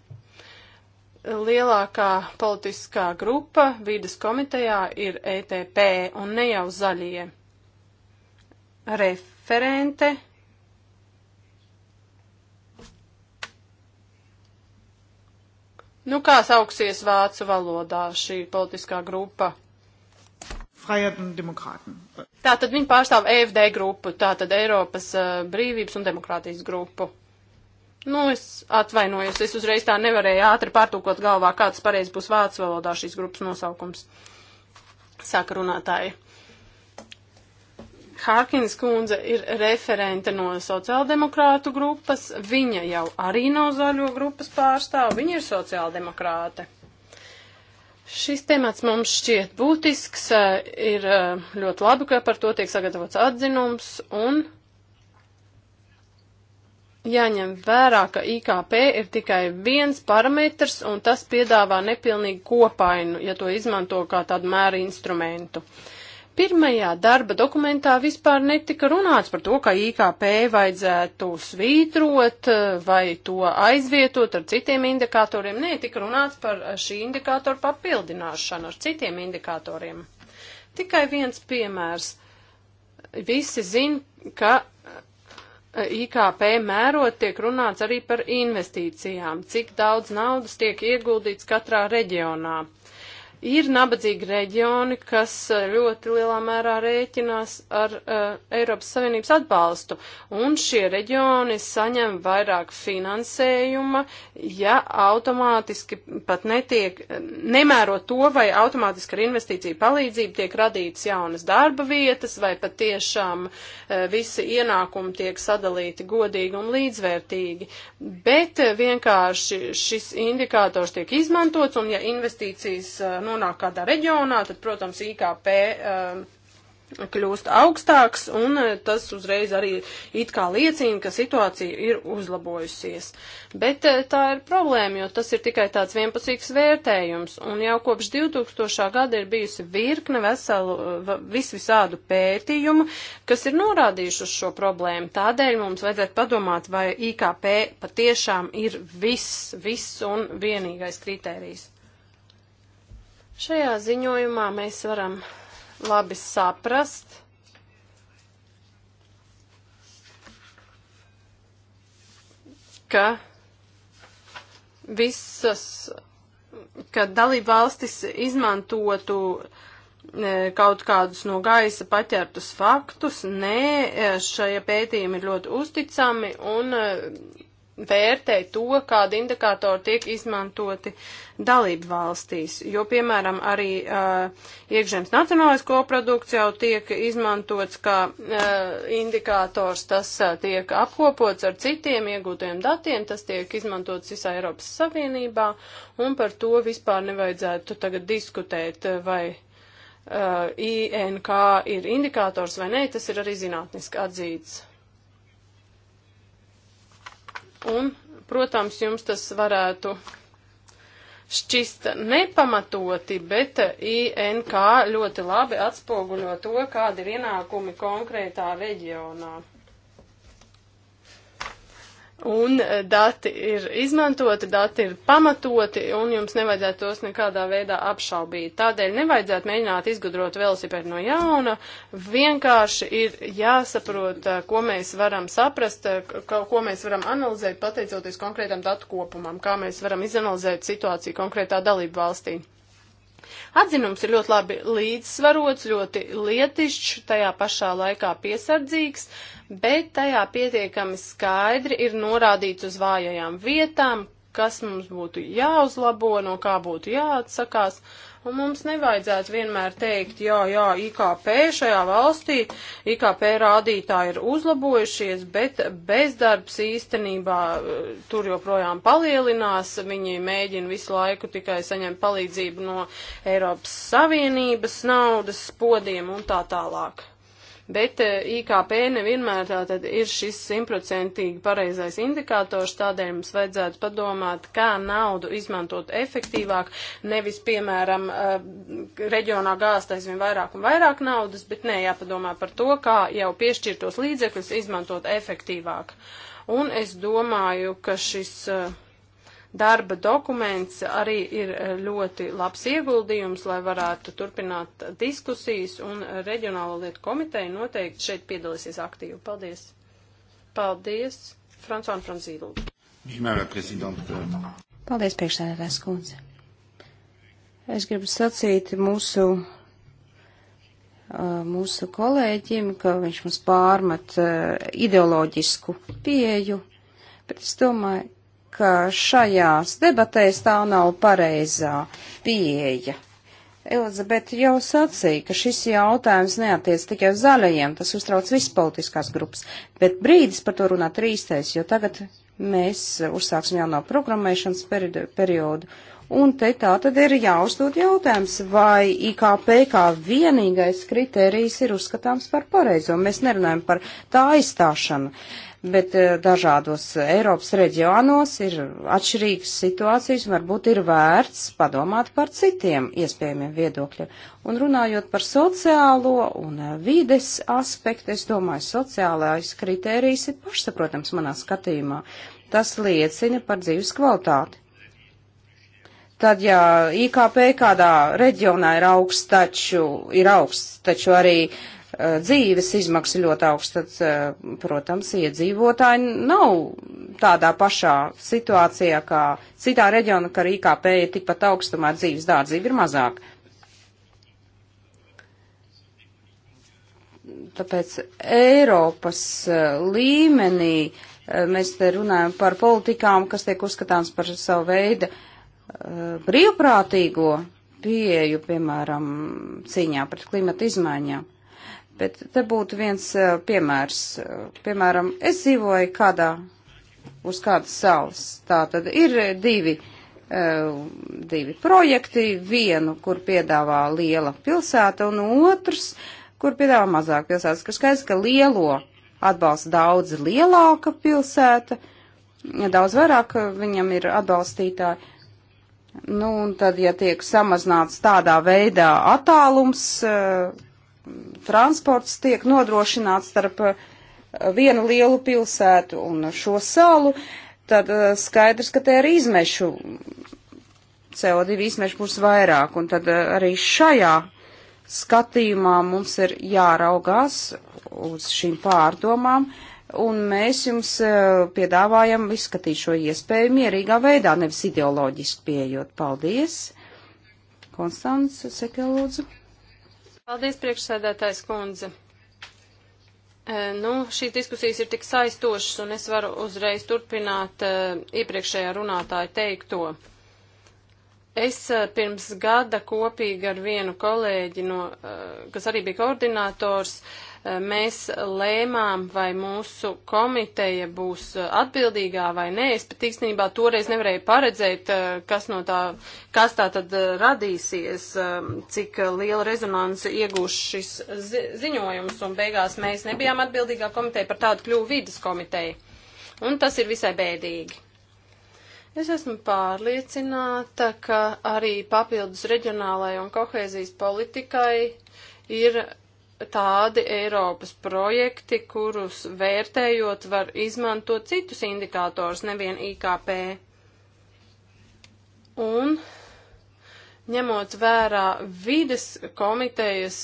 Speaker 2: lielākā politiskā grupa vīdas komitejā ir ETP un ne jau zaļie. Referente Nu, kā sauksies vācu valodā šī politiskā grupa? Tā tad viņi pārstāv EFD grupu, tā tad Eiropas uh, brīvības un demokrātijas grupu. Nu, es atvainojos, es uzreiz tā nevarēju ātri pārtūkot galvā, kāds pareizi būs vācu valodā šīs grupas nosaukums. Saka runātāji. Hārkins kundze ir referente no sociāldemokrātu grupas, viņa jau arī nav zaļo grupas pārstāv, viņa ir sociāldemokrāte. Šis temats mums šķiet būtisks, ir eh, ļoti labi, ka par to tiek sagatavots atzinums un jāņem vērā, ka IKP ir tikai viens parametrs un tas piedāvā nepilnīgu kopainu, ja to izmanto kā tādu mēru instrumentu. Pirmajā darba dokumentā vispār netika runāts par to, ka IKP vajadzētu svītrot eh, vai to aizvietot ar citiem indikatoriem. Nē, tika runāts par eh, šī indikatora papildināšanu ar citiem indikatoriem. Tikai viens piemērs. Visi zin, ka IKP mērot tiek runāts arī par investīcijām, cik daudz naudas tiek ieguldīts katrā reģionā. Ir nabadzīgi reģioni, kas uh, ļoti lielā mērā rēķinās ar uh, Eiropas Savienības atbalstu, un šie reģioni saņem vairāk finansējuma, ja automātiski pat netiek, nemēro to, vai automātiski ar investīciju palīdzību tiek radītas jaunas darba vietas, vai pat tiešām uh, visi ienākumi tiek sadalīti godīgi un līdzvērtīgi. Bet uh, vienkārši šis indikators tiek izmantots, un ja investīcijas uh, nu, nonāk kādā reģionā, tad, protams, IKP um, kļūst augstāks, un uh, tas uzreiz arī it kā liecina, ka situācija ir uzlabojusies. Bet uh, tā ir problēma, jo tas ir tikai tāds vienpusīgs vērtējums, un jau kopš 2000. gada ir bijusi virkne veselu, uh, visvisādu pētījumu, kas ir norādījuši uz šo problēmu. Tādēļ mums vajadzētu padomāt, vai IKP patiešām ir viss, viss un vienīgais kritērijs. Šajā ziņojumā mēs varam labi saprast, ka visas, ka dalībvalstis izmantotu e, kaut kādus no gaisa paķertus faktus. Nē, e, šie pētījumi ir ļoti uzticami un e, vērtē to, kādi indikātori tiek izmantoti dalību valstīs, jo, piemēram, arī uh, iekšzemes nacionālais koprodukts jau tiek izmantots kā uh, indikators, tas uh, tiek apkopots ar citiem iegūtajiem datiem, tas tiek izmantots visā Eiropas Savienībā, un par to vispār nevajadzētu tagad diskutēt, uh, vai uh, INK ir indikators vai nē, tas ir arī zinātniski atzīts. Un, protams, jums tas varētu šķist nepamatoti, bet INK ļoti labi atspoguļo to, kādi ir ienākumi konkrētā reģionā. Un eh, dati ir izmantoti, dati ir pamatoti, un jums nevajadzētu tos nekādā veidā apšaubīt. Tādēļ nevajadzētu mēģināt izgudrot velosipēdu no jauna. Vienkārši ir jāsaprot, eh, ko mēs varam saprast, eh, ko mēs varam analizēt, pateicoties konkrētam datu kopumam, kā mēs varam izanalizēt situāciju konkrētā dalību valstī. Atzinums ir ļoti labi līdzsvarots, ļoti lietišķs, tajā pašā laikā piesardzīgs, bet tajā pietiekami skaidri ir norādīts uz vājajām vietām, kas mums būtu jāuzlabo, no kā būtu jāatsakās. Uh, Un mums nevajadzētu vienmēr teikt, jā, jā, IKP šajā valstī, IKP rādītāji ir uzlabojušies, bet bezdarbs īstenībā eh, tur joprojām palielinās. Viņi mēģina visu laiku tikai saņemt palīdzību no Eiropas Savienības naudas, podiem un tā tālāk bet eh, IKP nevienmēr tātad ir šis simtprocentīgi pareizais indikators, tādēļ mums vajadzētu padomāt, kā naudu izmantot efektīvāk, nevis, piemēram, eh, reģionā gāzt aizvien vairāk un vairāk naudas, bet nē, jāpadomā par to, kā jau piešķirtos līdzekļus izmantot efektīvāk. Un es domāju, ka šis uh, Darba dokuments arī ir eh, ļoti labs ieguldījums, lai varētu turpināt diskusijas, un eh, Reģionālo lietu komiteja noteikti šeit piedalīsies aktīvi. Paldies! Paldies, Franco un Franzīlu!
Speaker 3: Paldies, priekšsēdētājs kundze! Es gribu sacīt mūsu mūsu kolēģim, ka viņš mums pārmet uh, ideoloģisku pieju, bet es domāju, ka šajās debatēs tā nav pareizā pieeja. Elizabete jau sacīja, ka šis jautājums neatiec tikai uz zaļajiem, tas uztrauc visu politiskās grupas, bet brīdis par to runāt ir īstais, jo tagad mēs uzsāksim jauno programmēšanas periodu, periodu Un te tā tad ir jāuzdod jautājums, vai IKP kā vienīgais kriterijs ir uzskatāms par pareizo. Mēs nerunājam par tā aizstāšanu, bet eh, dažādos Eiropas reģionos ir atšķirīgas situācijas un varbūt ir vērts padomāt par citiem iespējamiem viedokļiem. Un runājot par sociālo un eh, vides aspektu, es domāju, sociālais kriterijs ir pašsaprotams manā skatījumā. Tas liecina par dzīves kvalitāti Tad, ja IKP kādā reģionā ir augsts, taču, ir augsts, taču arī uh, dzīves izmaksas ir ļoti augsts, tad, uh, protams, iedzīvotāji nav tādā pašā situācijā kā citā reģiona, kur IKP ir tikpat augsts, tomēr dzīves dārdzība ir mazāk. Tāpēc Eiropas uh, līmenī mēs te runājam par politikām, kas tiek uzskatāms par savu veidu uh, Uh, brīvprātīgo pieeju, piemēram, cīņā pret klimata izmaiņām. Bet te būtu viens uh, piemērs. Uh, piemēram, es dzīvoju kādā, uz kādas salas. Tā tad ir divi, divi projekti. Vienu, kur piedāvā liela pilsēta, un otrs, kur piedāvā mazāk pilsētas. Kas skaidrs, ka lielo atbalsta daudz lielāka pilsēta, daudz vairāk viņam ir atbalstītāji. Nu, un tad, ja tiek samazināts tādā veidā attālums, eh, transports tiek nodrošināts starp eh, vienu lielu pilsētu un šo salu, tad eh, skaidrs, ka te ir izmešu, CO2 izmešu būs vairāk, un tad arī šajā skatījumā mums ir jāraugās uz šīm pārdomām. Uh, un mēs jums eh, piedāvājam izskatīt šo iespēju mierīgā veidā, nevis ideoloģiski pieejot. Paldies! Konstants, saka lūdzu.
Speaker 2: Paldies, priekšsēdētājs kundze. Eh, nu, šīs diskusijas ir tik saistošas, un es varu uzreiz turpināt eh, iepriekšējā runātāja teikto. Es pirms gada kopīgi ar vienu kolēģi, no, kas arī bija koordinators, uh, Eh, mēs lēmām, vai mūsu komiteja būs eh, atbildīgā vai nē. Es pat īstenībā toreiz nevarēju paredzēt, eh, kas no tā, kas tā tad radīsies, cik liela rezonanci iegūs šis zi ziņojums, un beigās mēs nebijām atbildīgā komiteja par tādu kļuvu vidas komiteju. Un tas ir visai bēdīgi. Es esmu pārliecināta, ka arī papildus reģionālajai un kohēzijas politikai ir tādi Eiropas projekti, kurus vērtējot var izmantot citus indikātors, nevien IKP. Un ņemot vērā vides komitejas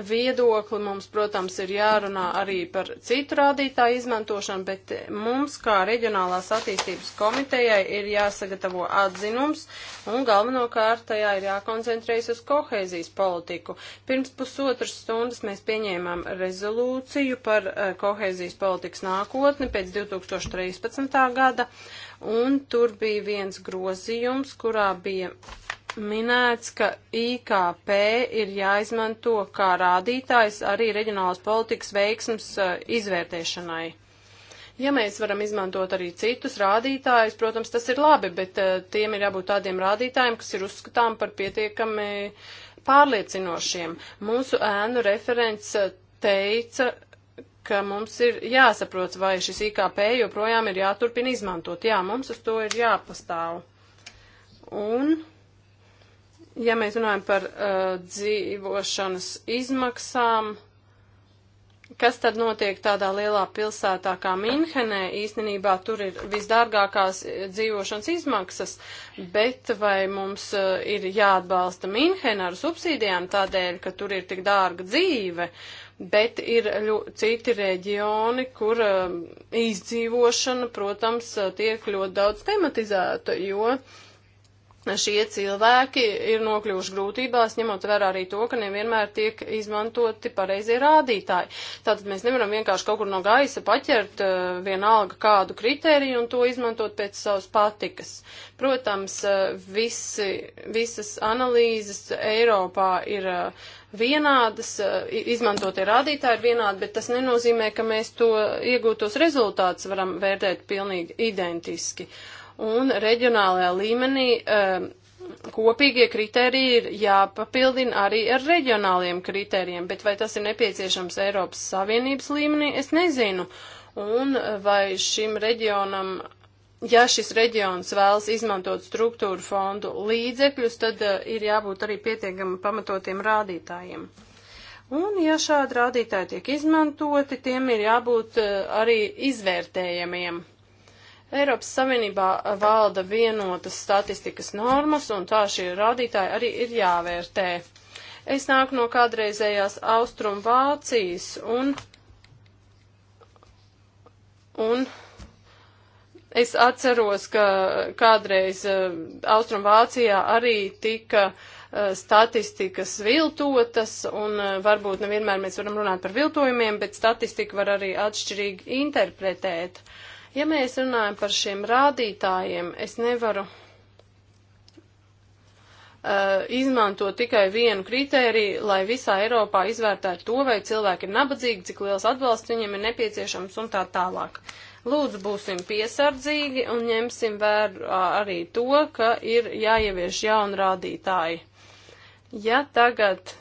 Speaker 2: viedokli. Mums, protams, ir jārunā arī par citu rādītāju izmantošanu, bet mums, kā reģionālās attīstības komitejai, ir jāsagatavo atzinums un galvenokārt tajā ir jākoncentrējas uz kohēzijas politiku. Pirms pusotras stundas mēs pieņēmām rezolūciju par eh, kohēzijas politikas nākotni pēc 2013. gada un tur bija viens grozījums, kurā bija minēts, ka IKP ir jāizmanto kā rādītājs arī reģionālas politikas veiksmas eh, izvērtēšanai. Ja mēs varam izmantot arī citus rādītājus, protams, tas ir labi, bet eh, tiem ir jābūt tādiem rādītājiem, kas ir uzskatām par pietiekami pārliecinošiem. Mūsu ēnu referents eh, teica, ka mums ir jāsaprot, vai šis IKP joprojām ir jāturpina izmantot. Jā, mums uz to ir jāpastāv. Un Ja mēs runājam par uh, dzīvošanas izmaksām, kas tad notiek tādā lielā pilsētā kā Minhenē? Īstenībā tur ir visdārgākās uh, dzīvošanas izmaksas, bet vai mums uh, ir jāatbalsta Minhena ar subsīdijām tādēļ, ka tur ir tik dārga dzīve, bet ir citi reģioni, kur uh, izdzīvošana, protams, uh, tiek ļoti daudz tematizēta, jo uh, šie cilvēki ir nokļuvuši grūtībās, ņemot vērā arī to, ka nevienmēr tiek izmantoti pareizie rādītāji. Tātad mēs nevaram vienkārši kaut kur no gaisa paķert eh, vienalga kādu kritēriju un to izmantot pēc savas patikas. Protams, eh, visi, visas analīzes Eiropā ir eh, vienādas, izmantotie rādītāji ir vienādi, bet tas nenozīmē, ka mēs to iegūtos rezultātus varam vērtēt pilnīgi identiski. Uh, un reģionālajā līmenī um, kopīgie kriteriji ir jāpapildina arī ar reģionāliem kriterijiem, bet vai tas ir nepieciešams Eiropas Savienības līmenī, es nezinu. Un vai šim reģionam ja šis reģions vēlas izmantot struktūru fondu līdzekļus, tad uh, ir jābūt arī pietiekami pamatotiem rādītājiem. Un, ja šādi rādītāji tiek izmantoti, tiem ir jābūt uh, arī izvērtējamiem. Eiropas Savienībā uh, valda vienotas statistikas normas, un tā šie rādītāji arī ir jāvērtē. Es nāku no kādreizējās Austrum Vācijas, un, un es atceros, ka kādreiz uh, Austrum Vācijā arī tika uh, statistikas viltotas, un varbūt nevienmēr mēs varam runāt par viltojumiem, bet statistika var arī atšķirīgi interpretēt. Uh, Ja mēs runājam par šiem rādītājiem, es nevaru Uh, eh, izmanto tikai vienu kritēriju, lai visā Eiropā izvērtētu to, vai cilvēki ir nabadzīgi, cik liels atbalsts viņiem ir nepieciešams un tā tālāk. Lūdzu, būsim piesardzīgi un ņemsim vērā arī to, ka ir jāievieš jauni rādītāji. Ja tagad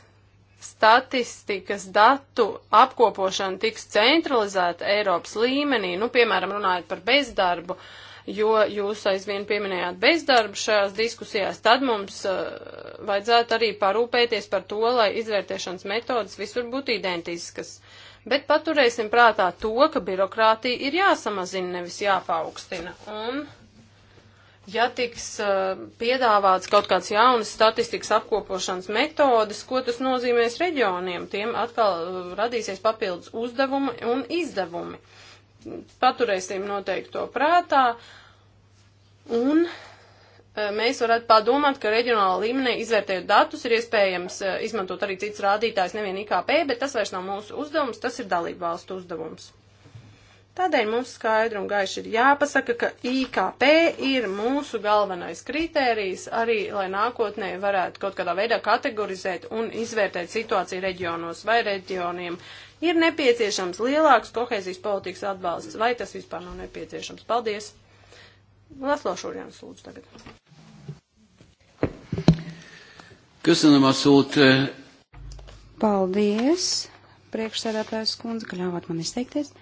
Speaker 2: statistikas datu apkopošana tiks centralizēta Eiropas līmenī, nu, piemēram, runājot par bezdarbu, jo jūs aizvien pieminējāt bezdarbu šajās diskusijās, tad mums uh, vajadzētu arī parūpēties par to, lai izvērtēšanas metodas visur būtu identiskas. Bet paturēsim prātā to, ka birokrātija ir jāsamazina, nevis jāpaukstina. Un ja tiks uh, piedāvāts kaut kāds jaunas statistikas apkopošanas metodas, ko tas nozīmēs reģioniem, tiem atkal uh, radīsies papildus uzdevumi un izdevumi. Paturēsim noteikti to prātā un uh, mēs varētu padomāt, ka reģionāla līmenī izvērtējot datus ir iespējams izmantot arī cits rādītājs, nevien IKP, bet tas vairs nav mūsu uzdevums, tas ir dalību valstu uzdevums. Tādēļ mums skaidri un gaiši ir jāpasaka, ka IKP ir mūsu galvenais kritērijs arī, lai nākotnē varētu kaut kādā veidā kategorizēt un izvērtēt situāciju reģionos vai reģioniem. Ir nepieciešams lielāks kohēzijas politikas atbalsts, vai tas vispār nav nepieciešams. Paldies! Laszlo Sorjans lūdzu tagad.
Speaker 1: Köszönöm a szót. Eh,
Speaker 3: Paldies, priekšsēdētājs kundze, ka ļāvāt man izteikties.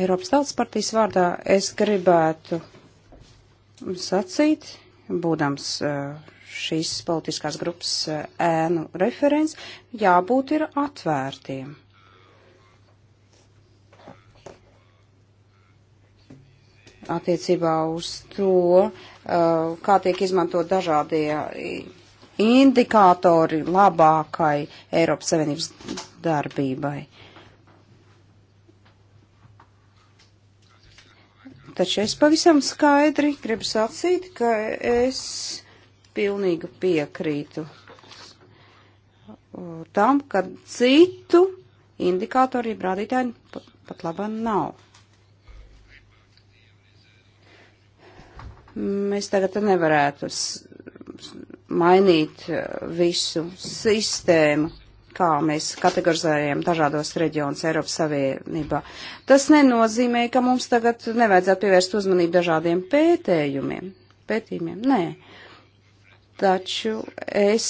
Speaker 3: Eiropas Tautas partijas vārdā es gribētu sacīt, būdams eh, šīs politiskās grupas eh, ēnu referents, jābūt ir atvērtiem. Attiecībā uz to, eh, kā tiek izmantot dažādie indikātori labākai Eiropas Savienības darbībai. Uh, Taču es pavisam skaidri gribu sacīt, ka es pilnīgi piekrītu uh, tam, ka citu indikātori rādītāji pat laba nav. Mēs tagad nevarētu mainīt uh, visu sistēmu kā mēs kategorizējam dažādos reģionos Eiropas Savienībā. Tas nenozīmē, ka mums tagad nevajadzētu pievērst uzmanību dažādiem pētējumiem, pētījumiem. Nē. Taču es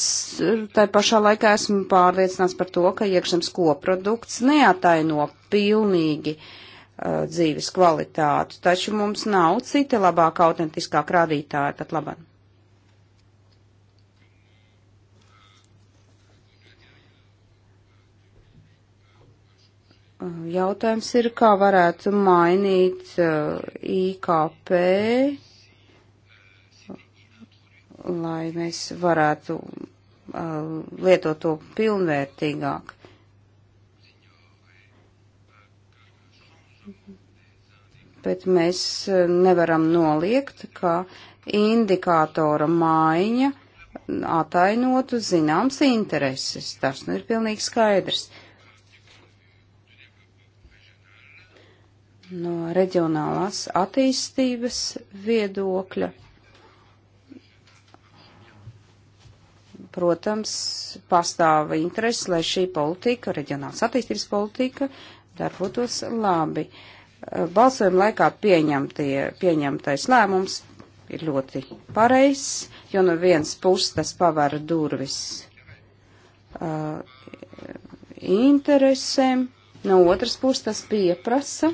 Speaker 3: tai pašā laikā esmu pārliecināts par to, ka iekšzemes koprodukts neataino pilnīgi uh, dzīves kvalitāti, taču mums nav cita labāka autentiskāka rādītāja pat labāk. jautājums ir, kā varētu mainīt uh, IKP, lai mēs varētu uh, lietot to pilnvērtīgāk. Bet mēs uh, nevaram noliegt, ka indikātora maiņa atainotu zināms intereses. Tas nu ir pilnīgi skaidrs. Uh, no reģionālās attīstības viedokļa. Protams, pastāv interesi, lai šī politika, reģionālās attīstības politika, darbotos labi. Balsojuma laikā pieņemtie, pieņemtais lēmums ir ļoti pareizs, jo no vienas puses tas pavēra durvis uh, interesēm, no otras puses tas pieprasa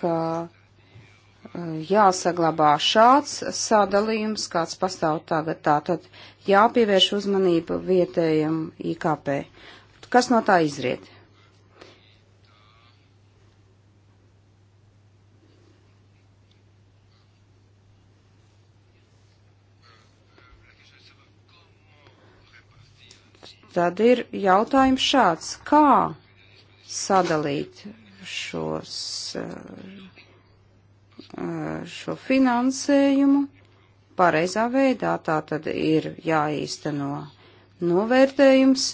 Speaker 3: ka e, jāsaglabā šāds sadalījums, kāds pastāv tagad. Tātad jāpievērš uzmanība vietējiem IKP. Kas no tā izriet? Tad ir jautājums šāds, kā sadalīt šos, šo finansējumu pareizā veidā. Tā tad ir jāīsteno novērtējums.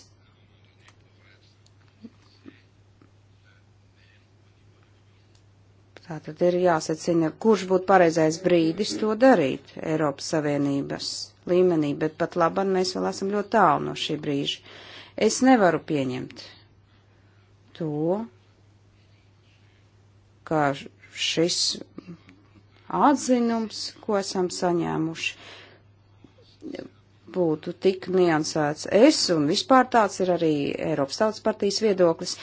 Speaker 3: Tā tad ir jāsacina, kurš būtu pareizais brīdis to darīt Eiropas Savienības līmenī, bet pat labam mēs vēl esam ļoti tālu no šī brīža. Es nevaru pieņemt to, ka šis atzinums, ko esam saņēmuši, būtu tik niansēts. Es un vispār tāds ir arī Eiropas Tautas partijas viedoklis.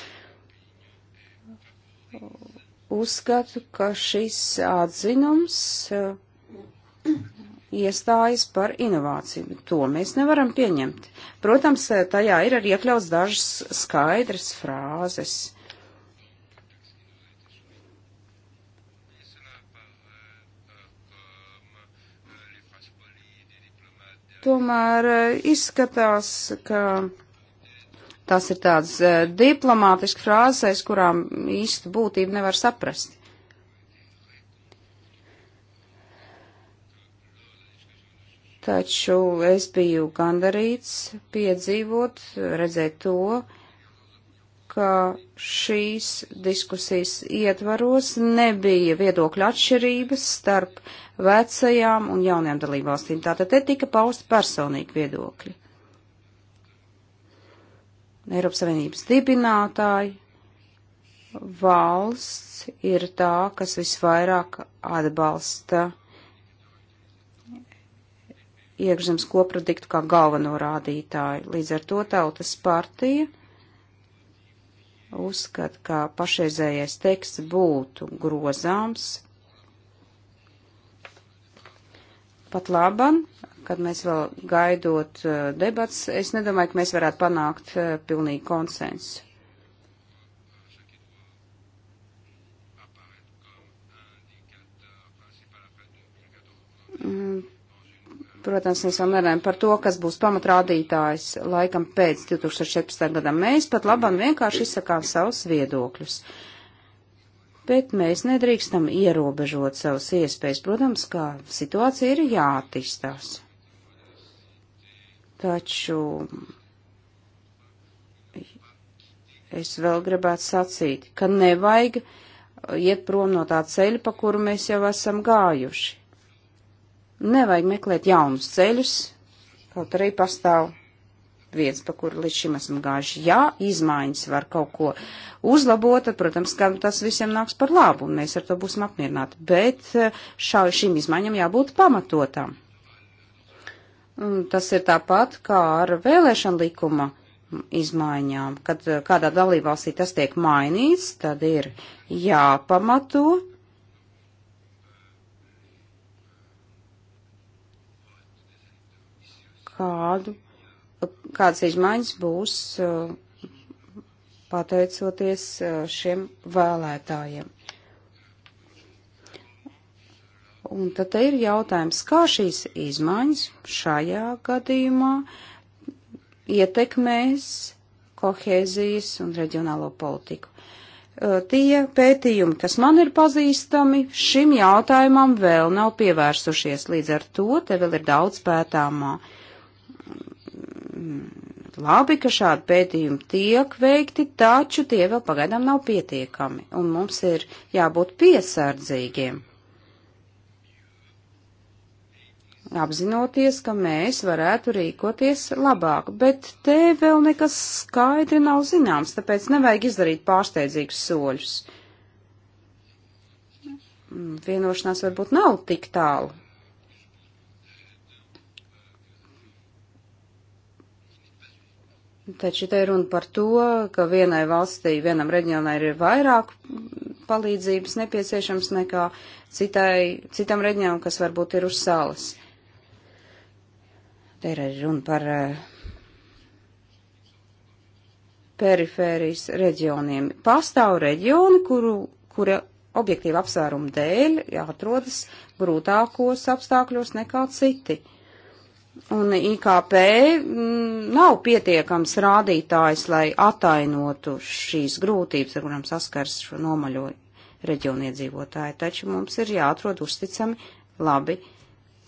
Speaker 3: Uzskatu, ka šis atzinums eh, iestājas par inovāciju. To mēs nevaram pieņemt. Protams, eh, tajā ir arī iekļauts dažas skaidras frāzes Tomēr e, izskatās, ka tas ir tāds e, diplomātiski frāzēs, kurām īstu būtību nevar saprast. Taču es biju gandarīts piedzīvot, redzēt to, ka šīs diskusijas ietvaros nebija viedokļu atšķirības starp vecajām un jaunajām dalībvalstīm. Tātad te tika pausti personīgi viedokļi. Eiropas Savienības dibinātāji, valsts ir tā, kas visvairāk atbalsta iekšzemes koproduktu kā galveno rādītāju. Līdz ar to tautas partija uzskata, ka pašreizējais teksts būtu grozāms. Pat labam, kad mēs vēl gaidot uh, debats, es nedomāju, ka mēs varētu panākt uh, pilnīgi konsensu. Mm, Protams, mēs vēl nerunājam par to, kas būs pamatrādītājs laikam pēc 2014. gadam. Mēs pat labam vienkārši izsakām savus viedokļus. Bet mēs nedrīkstam ierobežot savas iespējas. Protams, kā situācija ir jāattīstās. Taču es vēl gribētu sacīt, ka nevajag iet prom no tā ceļa, pa kuru mēs jau esam gājuši Nevajag meklēt jaunus ceļus, kaut arī pastāv vietas, pa kuru līdz šim esmu gājuši. Jā, izmaiņas var kaut ko uzlabot, protams, ka tas visiem nāks par labu, un mēs ar to būsim apmierināti, bet eh, šā, šīm izmaiņām jābūt pamatotām. Un tas ir tāpat kā ar vēlēšanu likuma izmaiņām. Kad eh, kādā dalībvalstī tas tiek mainīts, tad ir jāpamato kādu, kādas izmaiņas būs pateicoties šiem vēlētājiem. Un tad ir jautājums, kā šīs izmaiņas šajā gadījumā ietekmēs kohēzijas un reģionālo politiku. Tie pētījumi, kas man ir pazīstami, šim jautājumam vēl nav pievērsušies, līdz ar to te vēl ir daudz pētāmā. Uh, Mm, labi, ka šādi pētījumi tiek veikti, taču tie vēl pagaidām nav pietiekami, un mums ir jābūt piesardzīgiem. Apzinoties, ka mēs varētu rīkoties labāk, bet te vēl nekas skaidri nav zināms, tāpēc nevajag izdarīt pārsteidzīgus soļus. Mm, vienošanās varbūt nav tik tālu Taču te ir runa par to, ka vienai valstī, vienam reģionai ir vairāk palīdzības nepieciešams nekā citai, citam reģionam, kas varbūt ir uz salas. Te ir arī runa par eh, perifērijas reģioniem. Pastāv reģioni, kuru, kura objektīva apsvērumu dēļ atrodas grūtākos apstākļos nekā citi. Uh, Un IKP mm, nav pietiekams rādītājs, lai atainotu šīs grūtības, ar kurām saskars šo nomaļoju reģionu iedzīvotāju. Taču mums ir jāatrod uzticami labi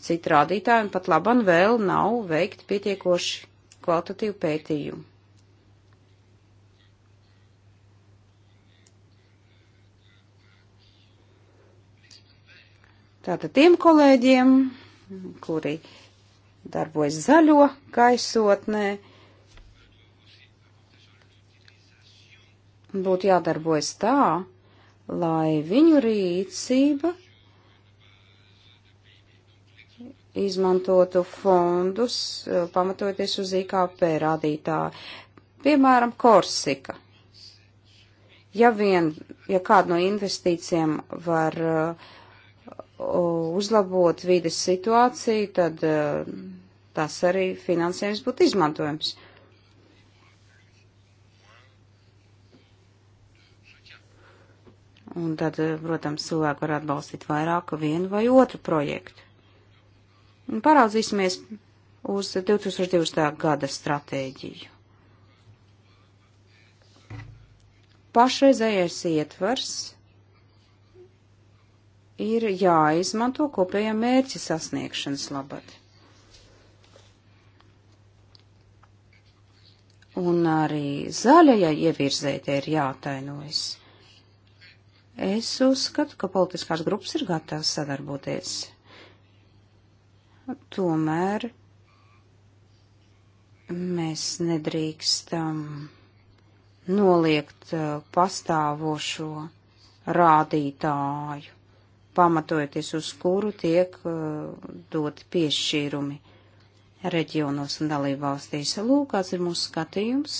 Speaker 3: citi rādītāji, un pat laban vēl nav veikt pietiekoši kvalitatīvu pētījumu. Tātad tiem kolēģiem, kuri darbojas zaļo gaisotnē. Būtu jādarbojas tā, lai viņu rīcība izmantotu fondus, eh, pamatojoties uz IKP rādītāju. Piemēram, Korsika. Ja vien, ja kādu no investīcijiem var uh, uzlabot vides situāciju, tad uh, tas arī finansējums būtu izmantojams. Un tad, eh, protams, cilvēki var atbalstīt vairāk vienu vai otru projektu. Un paraudzīsimies uz 2020. gada stratēģiju. Pašreizējais ietvars ir jāizmanto kopējā mērķa sasniegšanas labad. un arī zaļajai ievirzētie ir jātainojas. Es uzskatu, ka politiskās grupas ir gatavas sadarboties. Tomēr mēs nedrīkstam noliegt uh, pastāvošo rādītāju, pamatojoties uz kuru tiek uh, doti piešķīrumi reģionos un dalībvalstīs. Lūk, kāds ir mūsu skatījums.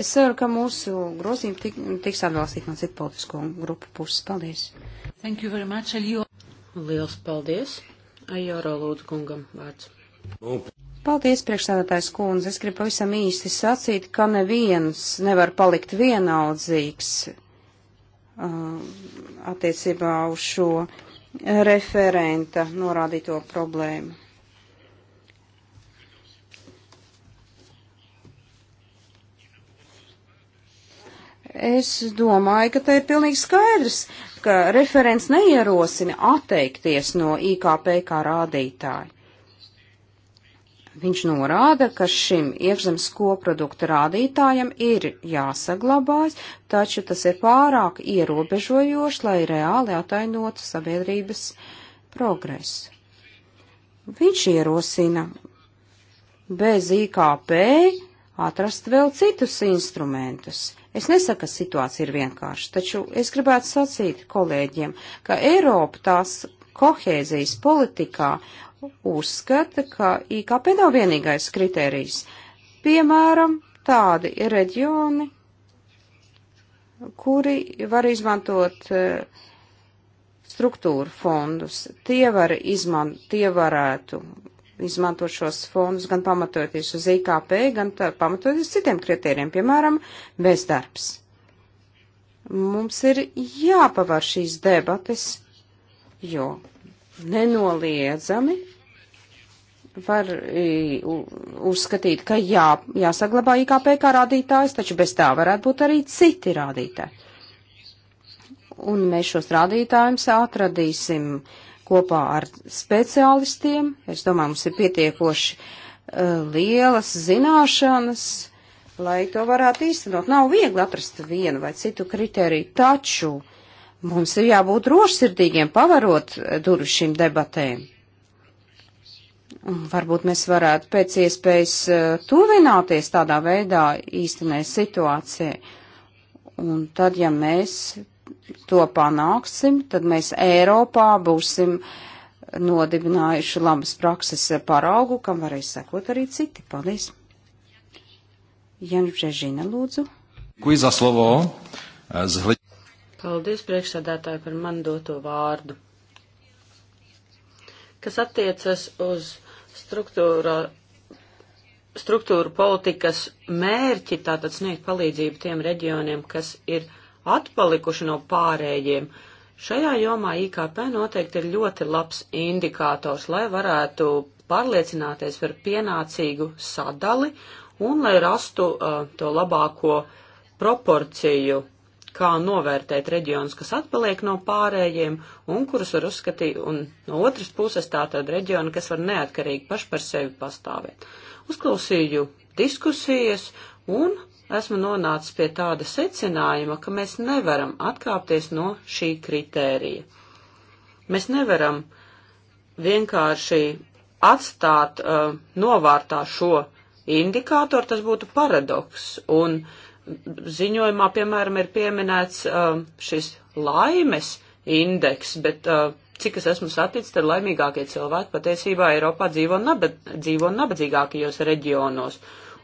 Speaker 3: Es ceru, ka mūsu grozījumi tik, tiks atbalstīti no citu politisko grupu puses. Paldies! Thank you very much, Elio. Liels paldies! Ajoro lūdzu kungam vārds. Paldies, priekšstādātājs kundze. Es gribu pavisam īsti sacīt, ka neviens nevar palikt vienaldzīgs Uh, attiecībā uz šo referenta norādīto problēmu. Es domāju, ka te ir pilnīgi skaidrs, ka referents neierosina atteikties no IKP kā rādītāja. Viņš norāda, ka šim iekšzemes koprodukta rādītājam ir jāsaglabājas, taču tas ir pārāk ierobežojoši, lai reāli atainotu sabiedrības progresu. Viņš ierosina bez IKP atrast vēl citus instrumentus. Es nesaku, ka situācija ir vienkārša, taču es gribētu sacīt kolēģiem, ka Eiropa tās kohēzijas politikā uzskata, ka IKP nav vienīgais kritērijs. Piemēram, tādi reģioni, kuri var izmantot e, struktūru fondus. Tie, var izman, tie varētu izmantot šos fondus gan pamatoties uz IKP, gan tā, pamatoties citiem kritērijiem, piemēram, bezdarbs. Mums ir jāpavar šīs debates, jo nenoliedzami var uzskatīt, ka jā, jāsaglabā IKP kā rādītājs, taču bez tā varētu būt arī citi rādītāji. Un mēs šos rādītājus atradīsim kopā ar speciālistiem. Es domāju, mums ir pietiekoši uh, lielas zināšanas, lai to varētu īstenot. Nav viegli atrast vienu vai citu kriteriju, taču mums ir jābūt drošsirdīgiem pavarot e, durvis šīm debatēm Varbūt mēs varētu pēc iespējas e, tuvināties tādā veidā īstenai situācijai. Un tad, ja mēs to panāksim, tad mēs Eiropā būsim nodibinājuši labas prakses paraugu, kam varēs sekot arī citi. Paldies! Janu Žežina, lūdzu. Kuiz za slovo. E, Zhli... Paldies priekšsēdētāji par man doto vārdu.
Speaker 1: Kas attiecas uz struktūra, struktūra politikas mērķi tātad sniegt palīdzību tiem reģioniem, kas ir atpalikuši no pārējiem. Šajā jomā IKP noteikti ir ļoti labs indikators, lai varētu pārliecināties par pienācīgu sadali un lai rastu uh, to labāko proporciju kā novērtēt reģionus, kas atpaliek no pārējiem un kurus var uzskatīt, un no otras puses tātad reģioni, kas var neatkarīgi paši par sevi pastāvēt. Uzklausīju diskusijas un esmu nonācis pie tāda secinājuma, ka mēs nevaram atkāpties no šī kritērija. Mēs nevaram vienkārši atstāt uh, novārtā šo indikātoru, tas būtu paradoks. Un uh, ziņojumā, piemēram, ir pieminēts uh, šis laimes indeks, bet uh, cik es esmu saticis, tad laimīgākie cilvēki patiesībā Eiropā dzīvo, nabad, dzīvo nabadzīgākajos reģionos.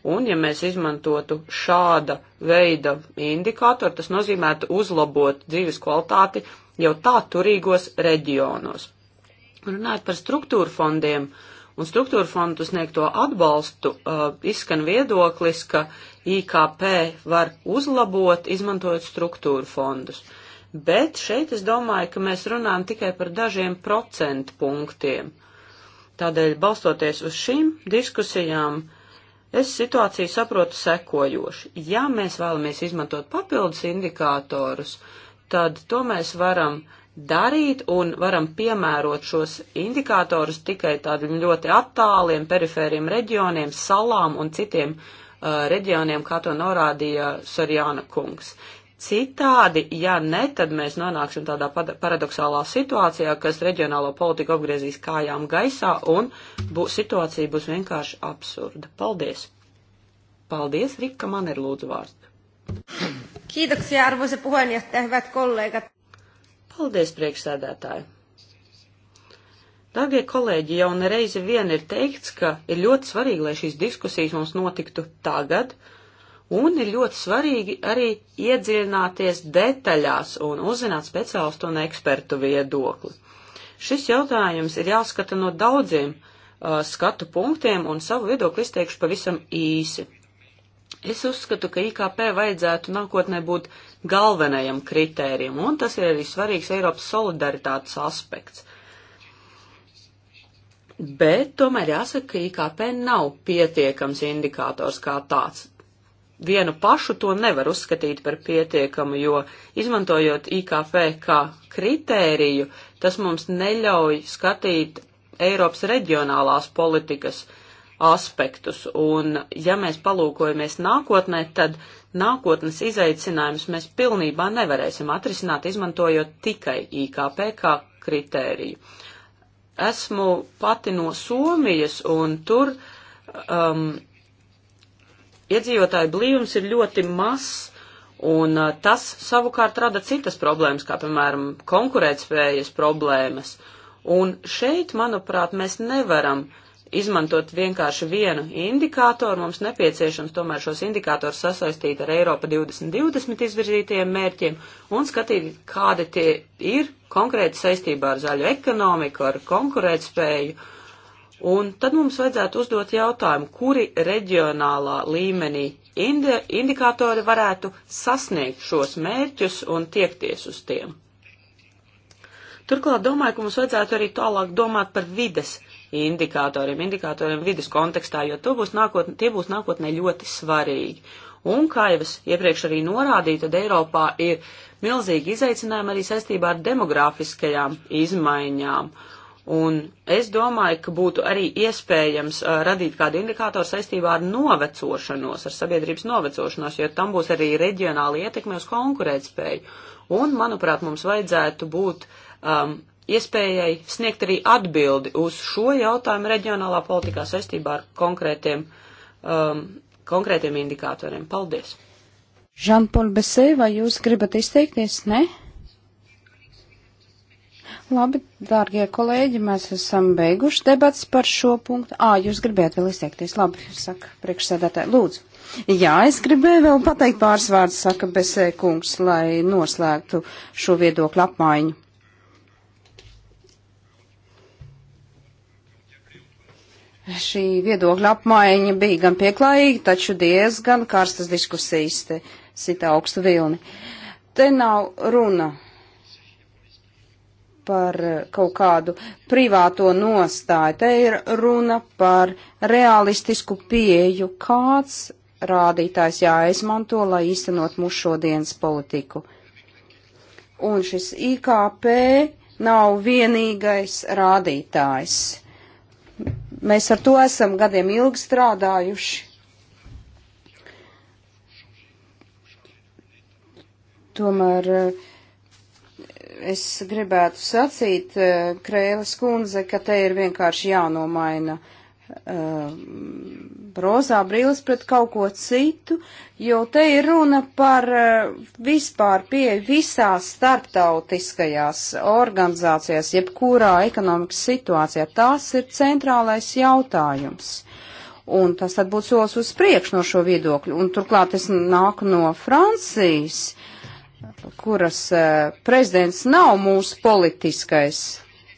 Speaker 1: Un, ja mēs izmantotu šāda veida indikātoru, tas nozīmētu uzlabot dzīves kvalitāti jau tā turīgos reģionos. Runājot par struktūru fondiem, uh, un struktūra fondu sniegto atbalstu uh, izskan viedoklis, ka IKP var uzlabot, izmantojot struktūra fondus. Bet šeit es domāju, ka mēs runājam tikai par dažiem procentu punktiem. Tādēļ, balstoties uz šīm diskusijām, es situāciju saprotu sekojoši. Ja mēs vēlamies izmantot papildus indikātorus, tad to mēs varam darīt un varam piemērot šos indikātorus tikai tādiem ļoti attāliem, perifēriem reģioniem, salām un citiem uh, reģioniem, kā to norādīja Sorjāna kungs. Citādi, ja ne, tad mēs nonāksim tādā paradoxālā situācijā, kas reģionālo politiku apgriezīs kājām gaisā un bū, situācija būs vienkārši absurda. Paldies! Paldies, Rika, man ir lūdzu vārds. Kiitoksia, arvoisa puheenjohtaja, hyvät kollegat. Paldies, priekšsēdētāji! Dārgie kolēģi, jau nereizi vien ir teikts, ka ir ļoti svarīgi, lai šīs diskusijas mums notiktu tagad, un ir ļoti svarīgi arī iedziļināties detaļās un uzzināt speciālistu un ekspertu viedokli. Šis jautājums ir jāskata no daudziem uh, skatu punktiem, un savu viedokli izteikšu pavisam īsi. Es uzskatu, ka IKP vajadzētu nākotnē būt galvenajam kritērijam, un tas ir arī svarīgs Eiropas solidaritātes aspekts. Bet tomēr jāsaka, ka IKP nav pietiekams indikators kā tāds. Vienu pašu to nevar uzskatīt par pietiekamu, jo izmantojot IKP kā kritēriju, tas mums neļauj skatīt Eiropas reģionālās politikas aspektus. Un ja mēs palūkojamies nākotnē, tad uh, nākotnes izaicinājumus mēs pilnībā nevarēsim atrisināt, izmantojot tikai IKP kā kritēriju. Esmu pati no Somijas, un tur um, iedzīvotāju blīvums ir ļoti mazs, un uh, tas savukārt rada citas problēmas, kā piemēram konkurētspējas problēmas. Un šeit, manuprāt, mēs nevaram uh, izmantot vienkārši vienu indikātoru, mums nepieciešams tomēr šos indikātorus sasaistīt ar Eiropa 2020 izvirzītajiem mērķiem un skatīt, kādi tie ir konkrēti saistībā ar zaļu ekonomiku, ar konkurētspēju. Un tad mums vajadzētu uzdot jautājumu, kuri reģionālā līmenī indi indikātori varētu sasniegt šos mērķus un tiekties uz tiem. Turklāt domāju, ka mums vajadzētu arī tālāk domāt par vides indikatoriem, indikatoriem vidas kontekstā, jo būs nākotne, tie būs nākotnē ļoti svarīgi. Un, kā jau es iepriekš arī norādīju, tad Eiropā ir milzīgi izaicinājumi arī saistībā ar demografiskajām izmaiņām. Un es domāju, ka būtu arī iespējams uh, radīt kādu indikātoru saistībā ar novecošanos, ar sabiedrības novecošanos, jo tam būs arī reģionāla ietekme uz konkurētspēju. Un, manuprāt, mums vajadzētu būt um, iespējai sniegt arī atbildi uz šo jautājumu reģionālā politikā saistībā ar konkrētiem, um, konkrētiem indikatoriem. Paldies!
Speaker 3: Žanpol Besē, vai jūs gribat izteikties? Ne? Labi, dārgie kolēģi, mēs esam beiguši debats par šo punktu. Ā, jūs gribējāt vēl izteikties. Labi, saka priekšsēdētāji. Lūdzu. Jā, es gribēju vēl pateikt pāris vārdus, saka Besē kungs, lai noslēgtu šo viedokļu apmaiņu. Šī viedokļa apmaiņa bija gan pieklājīga, taču diezgan karstas diskusijas te sita augstu vilni. Te nav runa par kaut kādu privāto nostāju, te ir runa par realistisku pieju, kāds rādītājs jāizmanto, lai īstenot mūsu šodienas politiku. Un šis IKP nav vienīgais rādītājs Mēs ar to esam gadiem ilgi strādājuši. Tomēr eh, es gribētu sacīt, eh, Krēvas kundze, ka te ir vienkārši jānomaina uh, rozā brīlis pret kaut ko citu, jo te ir runa par eh, vispār pieeju visās starptautiskajās organizācijās, jebkurā ekonomikas situācijā. Tās ir centrālais jautājums. Un tas tad būtu solis uz priekšu no šo viedokļu. Un turklāt es nāku no Francijas, kuras eh, prezidents nav mūsu politiskais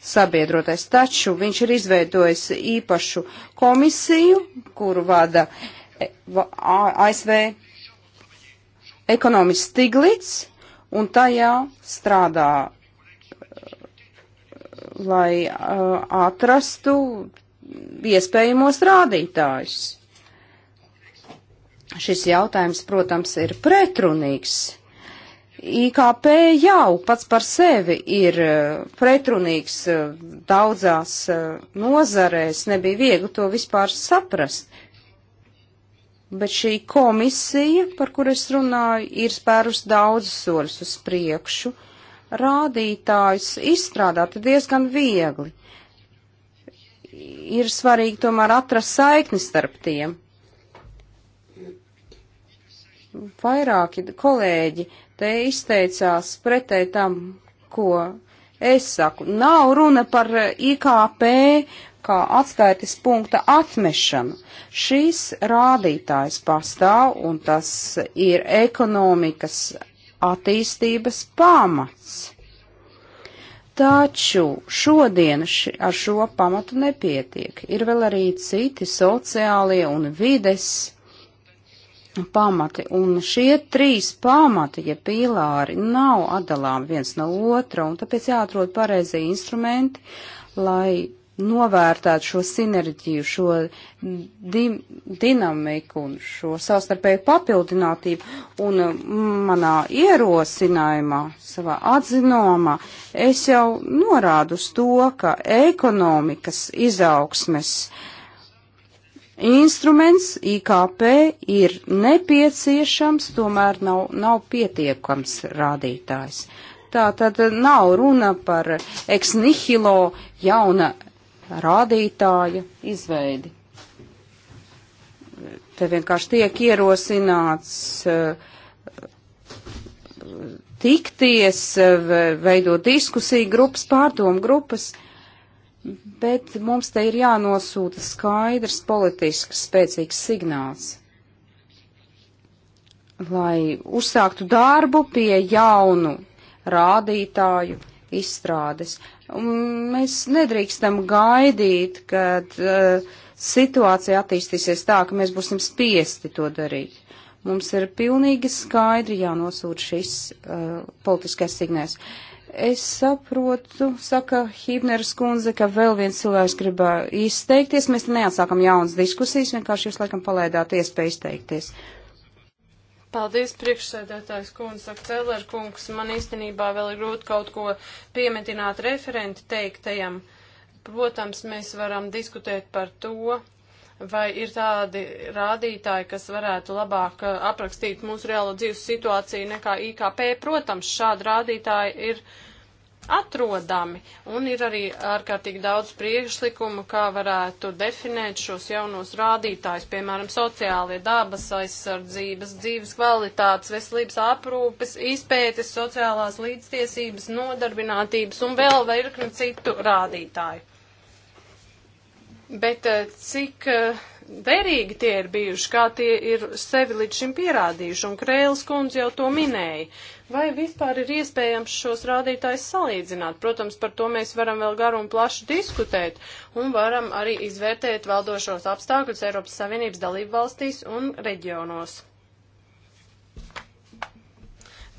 Speaker 3: sabiedrotais. Taču viņš ir izveidojis īpašu komisiju, kuru vada e, ASV ekonomists Stiglits, un tajā strādā, e, lai e, atrastu iespējamos rādītājus. Šis jautājums, protams, ir pretrunīgs IKP jau pats par sevi ir e, pretrunīgs e, daudzās e, nozarēs, nebija viegli to vispār saprast. Bet šī komisija, par kur es runāju, ir spērus daudzus soļus uz priekšu. Rādītājus izstrādāt ir diezgan viegli. Ir svarīgi tomēr atrast saikni starp tiem. Vairāki kolēģi te izteicās pretēji tam, ko es saku. Nav runa par IKP kā atskaites punkta atmešanu. Šīs rādītājs pastāv un tas ir ekonomikas attīstības pamats. Taču šodien ši, ar šo pamatu nepietiek. Ir vēl arī citi sociālie un vides pamati, un šie trīs pamati, ja pīlāri, nav atdalām viens no otra, un tāpēc jāatrod pareizie instrumenti, lai novērtētu šo sinerģiju, šo di dinamiku un šo savstarpēju papildinātību. Un mm, manā ierosinājumā, savā atzinomā, es jau norādu uz to, ka ekonomikas izaugsmes uh, instruments IKP ir nepieciešams, tomēr nav, nav pietiekams rādītājs. Tā tad nav runa par ex nihilo jauna rādītāja izveidi. Te vienkārši tiek ierosināts uh, tikties, uh, veidot diskusiju grupas, pārdomu grupas. Uh, bet mums te ir jānosūta skaidrs politisks spēcīgs signāls, lai uzsāktu darbu pie jaunu rādītāju izstrādes. Un mēs nedrīkstam gaidīt, kad uh, situācija attīstīsies tā, ka mēs būsim spiesti to darīt. Mums ir pilnīgi skaidri jānosūta šis uh, politiskais signāls. Uh, Es saprotu, saka Hībneras kundze, ka vēl viens cilvēks grib izteikties. Mēs neatsākam jaunas diskusijas, vienkārši jūs laikam palaidāt iespēju izteikties.
Speaker 2: Paldies, priekšsēdētājs kundze, saka Celer kungs. Man īstenībā vēl ir grūti kaut ko piemetināt referenti teiktajam. Protams, mēs varam diskutēt par to, vai ir tādi rādītāji, kas varētu labāk uh, aprakstīt mūsu reālo dzīves situāciju nekā IKP. Protams, šādi rādītāji ir atrodami, un ir arī ārkārtīgi daudz priekšlikumu, kā varētu definēt šos jaunos rādītājus, piemēram, sociālie dabas aizsardzības, dzīves kvalitātes, veselības aprūpes, izpētes, sociālās līdztiesības, nodarbinātības un vēl virkni citu rādītāju. Bet eh, cik eh, derīgi tie ir bijuši, kā tie ir sevi līdz šim pierādījuši, un Krēls kundze jau to minēja. Vai vispār ir iespējams šos rādītājus salīdzināt? Protams, par to mēs varam vēl garu un plaši diskutēt, un varam arī izvērtēt valdošos apstākļus Eiropas Savienības dalību valstīs un reģionos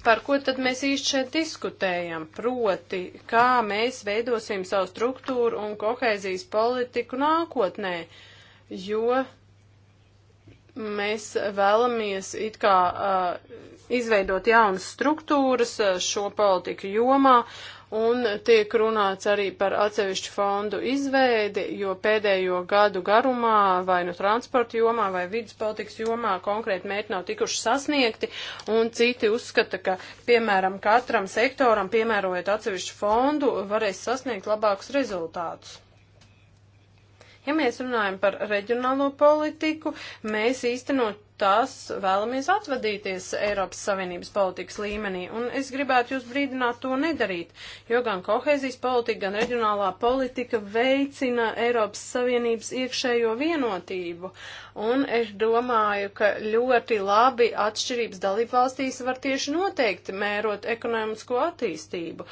Speaker 2: par ko tad mēs īsti šeit diskutējam, proti, kā mēs veidosim savu struktūru un kohēzijas politiku nākotnē, jo mēs vēlamies it kā uh, izveidot jaunas struktūras uh, šo politiku jomā, uh, un tiek runāts arī par atsevišķu fondu izveidi, jo pēdējo gadu garumā vai nu no transporta jomā vai vidas politikas jomā konkrēti mērķi nav tikuši sasniegti, un citi uzskata, ka, piemēram, katram sektoram piemērojot atsevišķu fondu, varēs sasniegt labākus rezultātus. Ja mēs runājam par reģionālo politiku, mēs īstenot tas vēlamies atvadīties Eiropas Savienības politikas līmenī. Un es gribētu jūs brīdināt to nedarīt, jo gan kohēzijas politika, gan reģionālā politika veicina Eiropas Savienības iekšējo vienotību. Un es domāju, ka ļoti labi atšķirības dalību valstīs var tieši noteikti mērot ekonomisko attīstību.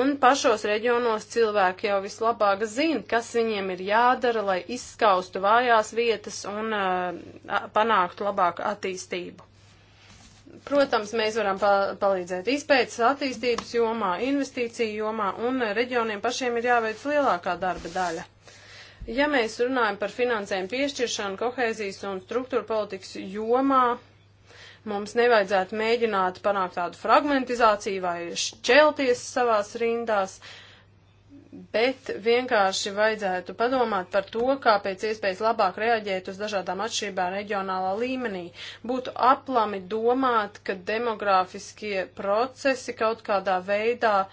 Speaker 2: Un pašos reģionos cilvēki jau vislabāk zina, kas viņiem ir jādara, lai izskaustu vājās vietas un uh, panāktu labāk tālāku attīstību. Protams, mēs varam palīdzēt izpētes attīstības jomā, investīciju jomā, un reģioniem pašiem ir jāveic lielākā darba daļa. Ja mēs runājam par finansējumu piešķiršanu kohēzijas un struktūra politikas jomā, mums nevajadzētu mēģināt panākt tādu fragmentizāciju vai šķelties savās rindās. Uh, bet vienkārši vajadzētu padomāt par to, kā pēc iespējas labāk reaģēt uz dažādām atšķirībām reģionālā līmenī. Būtu aplami domāt, ka demogrāfiskie procesi kaut kādā veidā uh,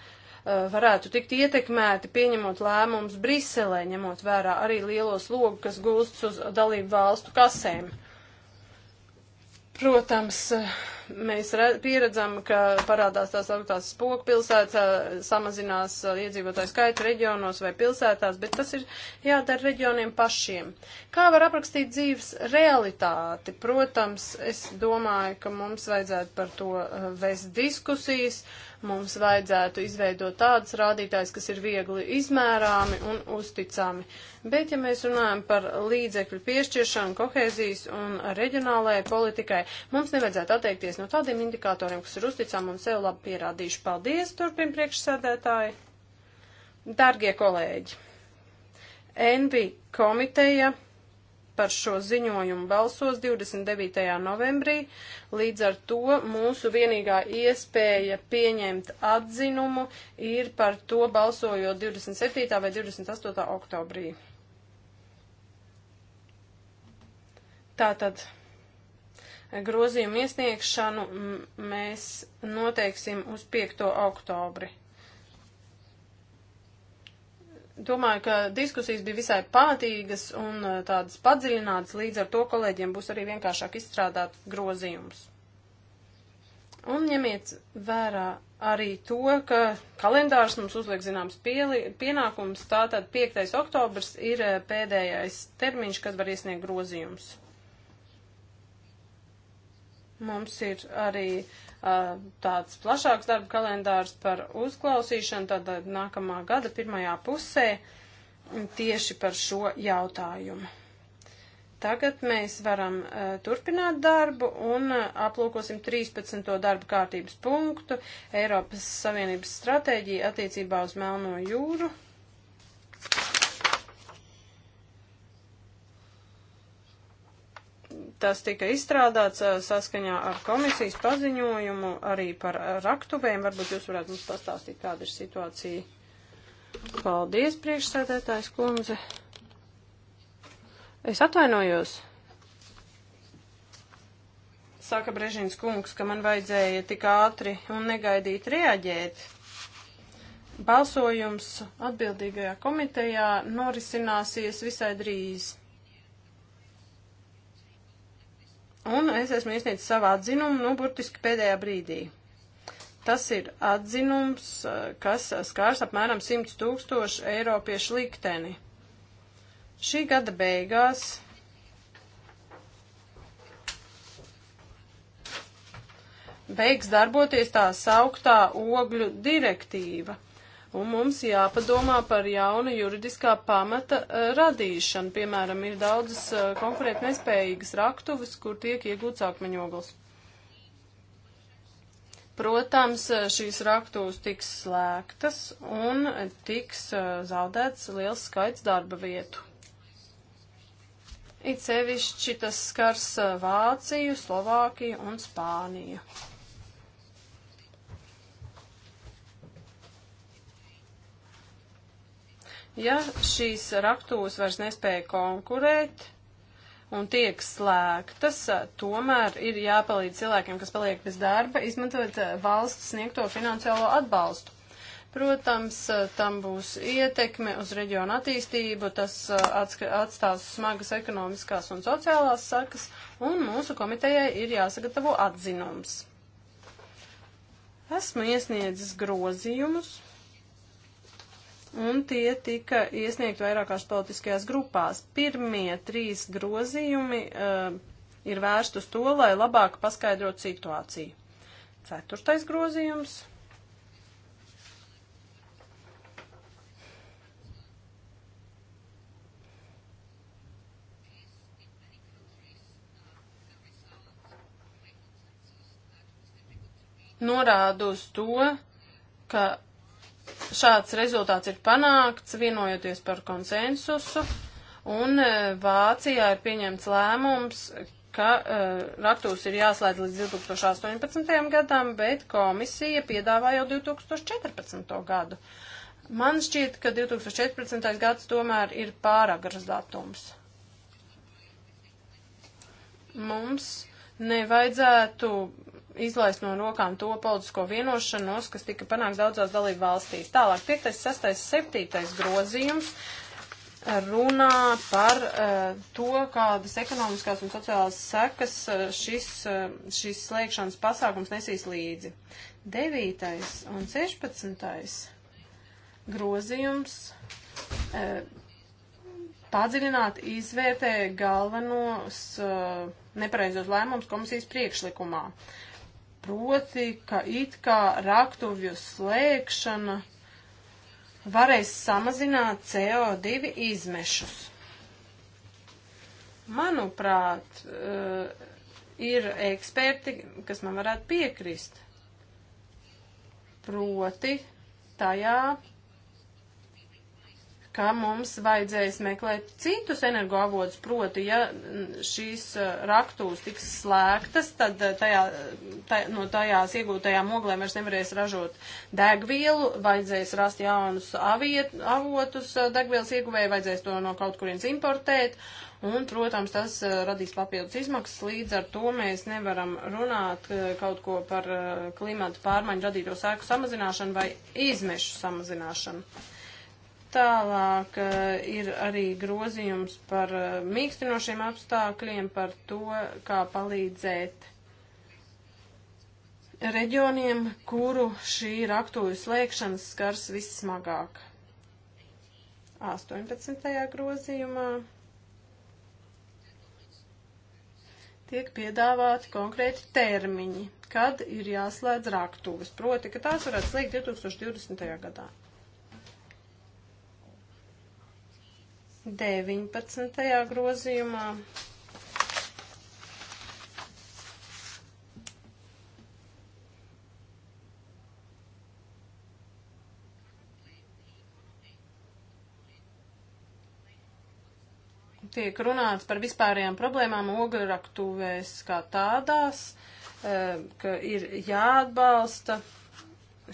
Speaker 2: varētu tikt ietekmēti, pieņemot lēmumus Briselē, ņemot vērā arī lielos logus, kas gulsts uz dalību valstu kasēm. Protams, uh, mēs pieredzam, ka parādās tās augtās spoku pilsētas, samazinās iedzīvotāju skaitu reģionos vai pilsētās, bet tas ir jādara reģioniem pašiem. Kā var aprakstīt dzīves realitāti? Protams, es domāju, ka mums vajadzētu par to vēst diskusijas, mums vajadzētu izveidot tādas rādītājas, kas ir viegli izmērāmi un uzticami. Bet, ja mēs runājam par līdzekļu piešķiršanu, kohēzijas un reģionālajai politikai, mums nevajadzētu atteikties izvairīties no tādiem indikatoriem, kas ir uzticām un sev labi pierādījuši. Paldies, turpin priekšsēdētāji. Dargie kolēģi, NV komiteja par šo ziņojumu balsos 29. novembrī. Līdz ar to mūsu vienīgā iespēja pieņemt atzinumu ir par to balsojot 27. vai 28. oktobrī. Tātad Grozījumu iesniegšanu mēs noteiksim uz 5. oktobri. Domāju, ka diskusijas bija visai pamatīgas un uh, tādas padziļinātas, līdz ar to kolēģiem būs arī vienkāršāk izstrādāt grozījumus. Un ņemiet vērā arī to, ka kalendārs mums uzliek zināms pienākums, tātad 5. oktobrs ir uh, pēdējais termiņš, kad var iesniegt grozījumus. Mums ir arī uh, tāds plašāks darba kalendārs par uzklausīšanu, tad nākamā gada pirmajā pusē tieši par šo jautājumu. Tagad mēs varam uh, turpināt darbu un uh, aplūkosim 13. darba kārtības punktu Eiropas Savienības stratēģija attiecībā uz Melno jūru. Tas tika izstrādāts saskaņā ar komisijas paziņojumu arī par raktuvēm. Varbūt jūs varētu mums pastāstīt, kāda ir situācija. Paldies, priekšsēdētājs kundze. Es atvainojos. Saka Brežins kungs, ka man vajadzēja tik ātri un negaidīt reaģēt. Balsojums atbildīgajā komitejā norisināsies visai drīz. Un es esmu iesniedzis savu atzinumu, nu, burtiski pēdējā brīdī. Tas ir atzinums, eh, kas skārs apmēram 100 tūkstošu eiropiešu likteni. Šī gada beigās beigs darboties tā sauktā ogļu direktīva un mums jāpadomā par jauna juridiskā pamata eh, radīšanu. Piemēram, ir daudzas eh, konkurēt nespējīgas raktuves, kur tiek iegūts akmeņoglis. Protams, eh, šīs raktūs tiks slēgtas un tiks zaudēts liels skaits darba vietu. It sevišķi tas skars Vāciju, Slovākiju un Spāniju. Ja šīs raktūras vairs nespēja konkurēt un tiek slēgtas, tomēr ir jāpalīdz cilvēkiem, kas paliek bez darba, izmantojot eh, valsts sniegto finansiālo atbalstu. Protams, eh, tam būs ietekme uz reģionu attīstību, tas eh, atstās smagas ekonomiskās un sociālās sakas, un mūsu komitejai ir jāsagatavo atzinums. Esmu iesniedzis grozījumus un tie tika iesniegti vairākās politiskajās grupās. Pirmie trīs grozījumi uh, ir vērsti uz to, lai labāk paskaidrot situāciju. Ceturtais grozījums. Norāda uz to, ka šāds rezultāts ir panākts, vienojoties par konsensusu, un e, Vācijā ir pieņemts lēmums, ka uh, raktūs ir jāslēdz līdz 2018. gadam, bet komisija piedāvā jau 2014. gadu. Man šķiet, ka 2014. gads tomēr ir pāragras datums. Mums nevajadzētu izlaist no rokām to politisko vienošanos, kas tika panākt daudzās dalību valstīs. Tālāk, 5., 6., 7. grozījums runā par uh, to, kādas ekonomiskās un sociālās sekas eh, šis, eh, šis slēgšanas pasākums nesīs līdzi. 9. un 16. grozījums uh, padziļināt izvērtē galvenos uh, nepareizos lēmumus komisijas priekšlikumā. Uh, proti, ka it kā raktuvju slēgšana varēs samazināt CO2 izmešus. Manuprāt, eh, ir eksperti, kas man varētu piekrist. Proti, tajā ka mums vajadzēs meklēt citus energoavotus, proti, ja šīs uh, raktūs tiks slēgtas, tad uh, tajā, taj, no tajās iegūtajām oglēm vairs nevarēs ražot degvielu, vajadzēs rast jaunus aviet, avotus uh, degvielas ieguvēju, vajadzēs to no kaut kurienes importēt, un, protams, tas radīs papildus izmaksas, līdz ar to mēs nevaram runāt kaut ko par klimatu pārmaiņu radīto sēku samazināšanu vai izmešu samazināšanu. Tālāk eh, ir arī grozījums par eh, mīkstinošiem apstākļiem, par to, kā palīdzēt reģioniem, kuru šī raktuvi slēgšanas skars vissmagāk. 18. grozījumā tiek piedāvāti konkrēti termiņi, kad ir jāslēdz raktuves, proti, ka tās varētu slēgt 2020. gadā. 19. grozījumā. tiek runāts par vispārējām problēmām ograktuvēs kā tādās, eh, ka ir jāatbalsta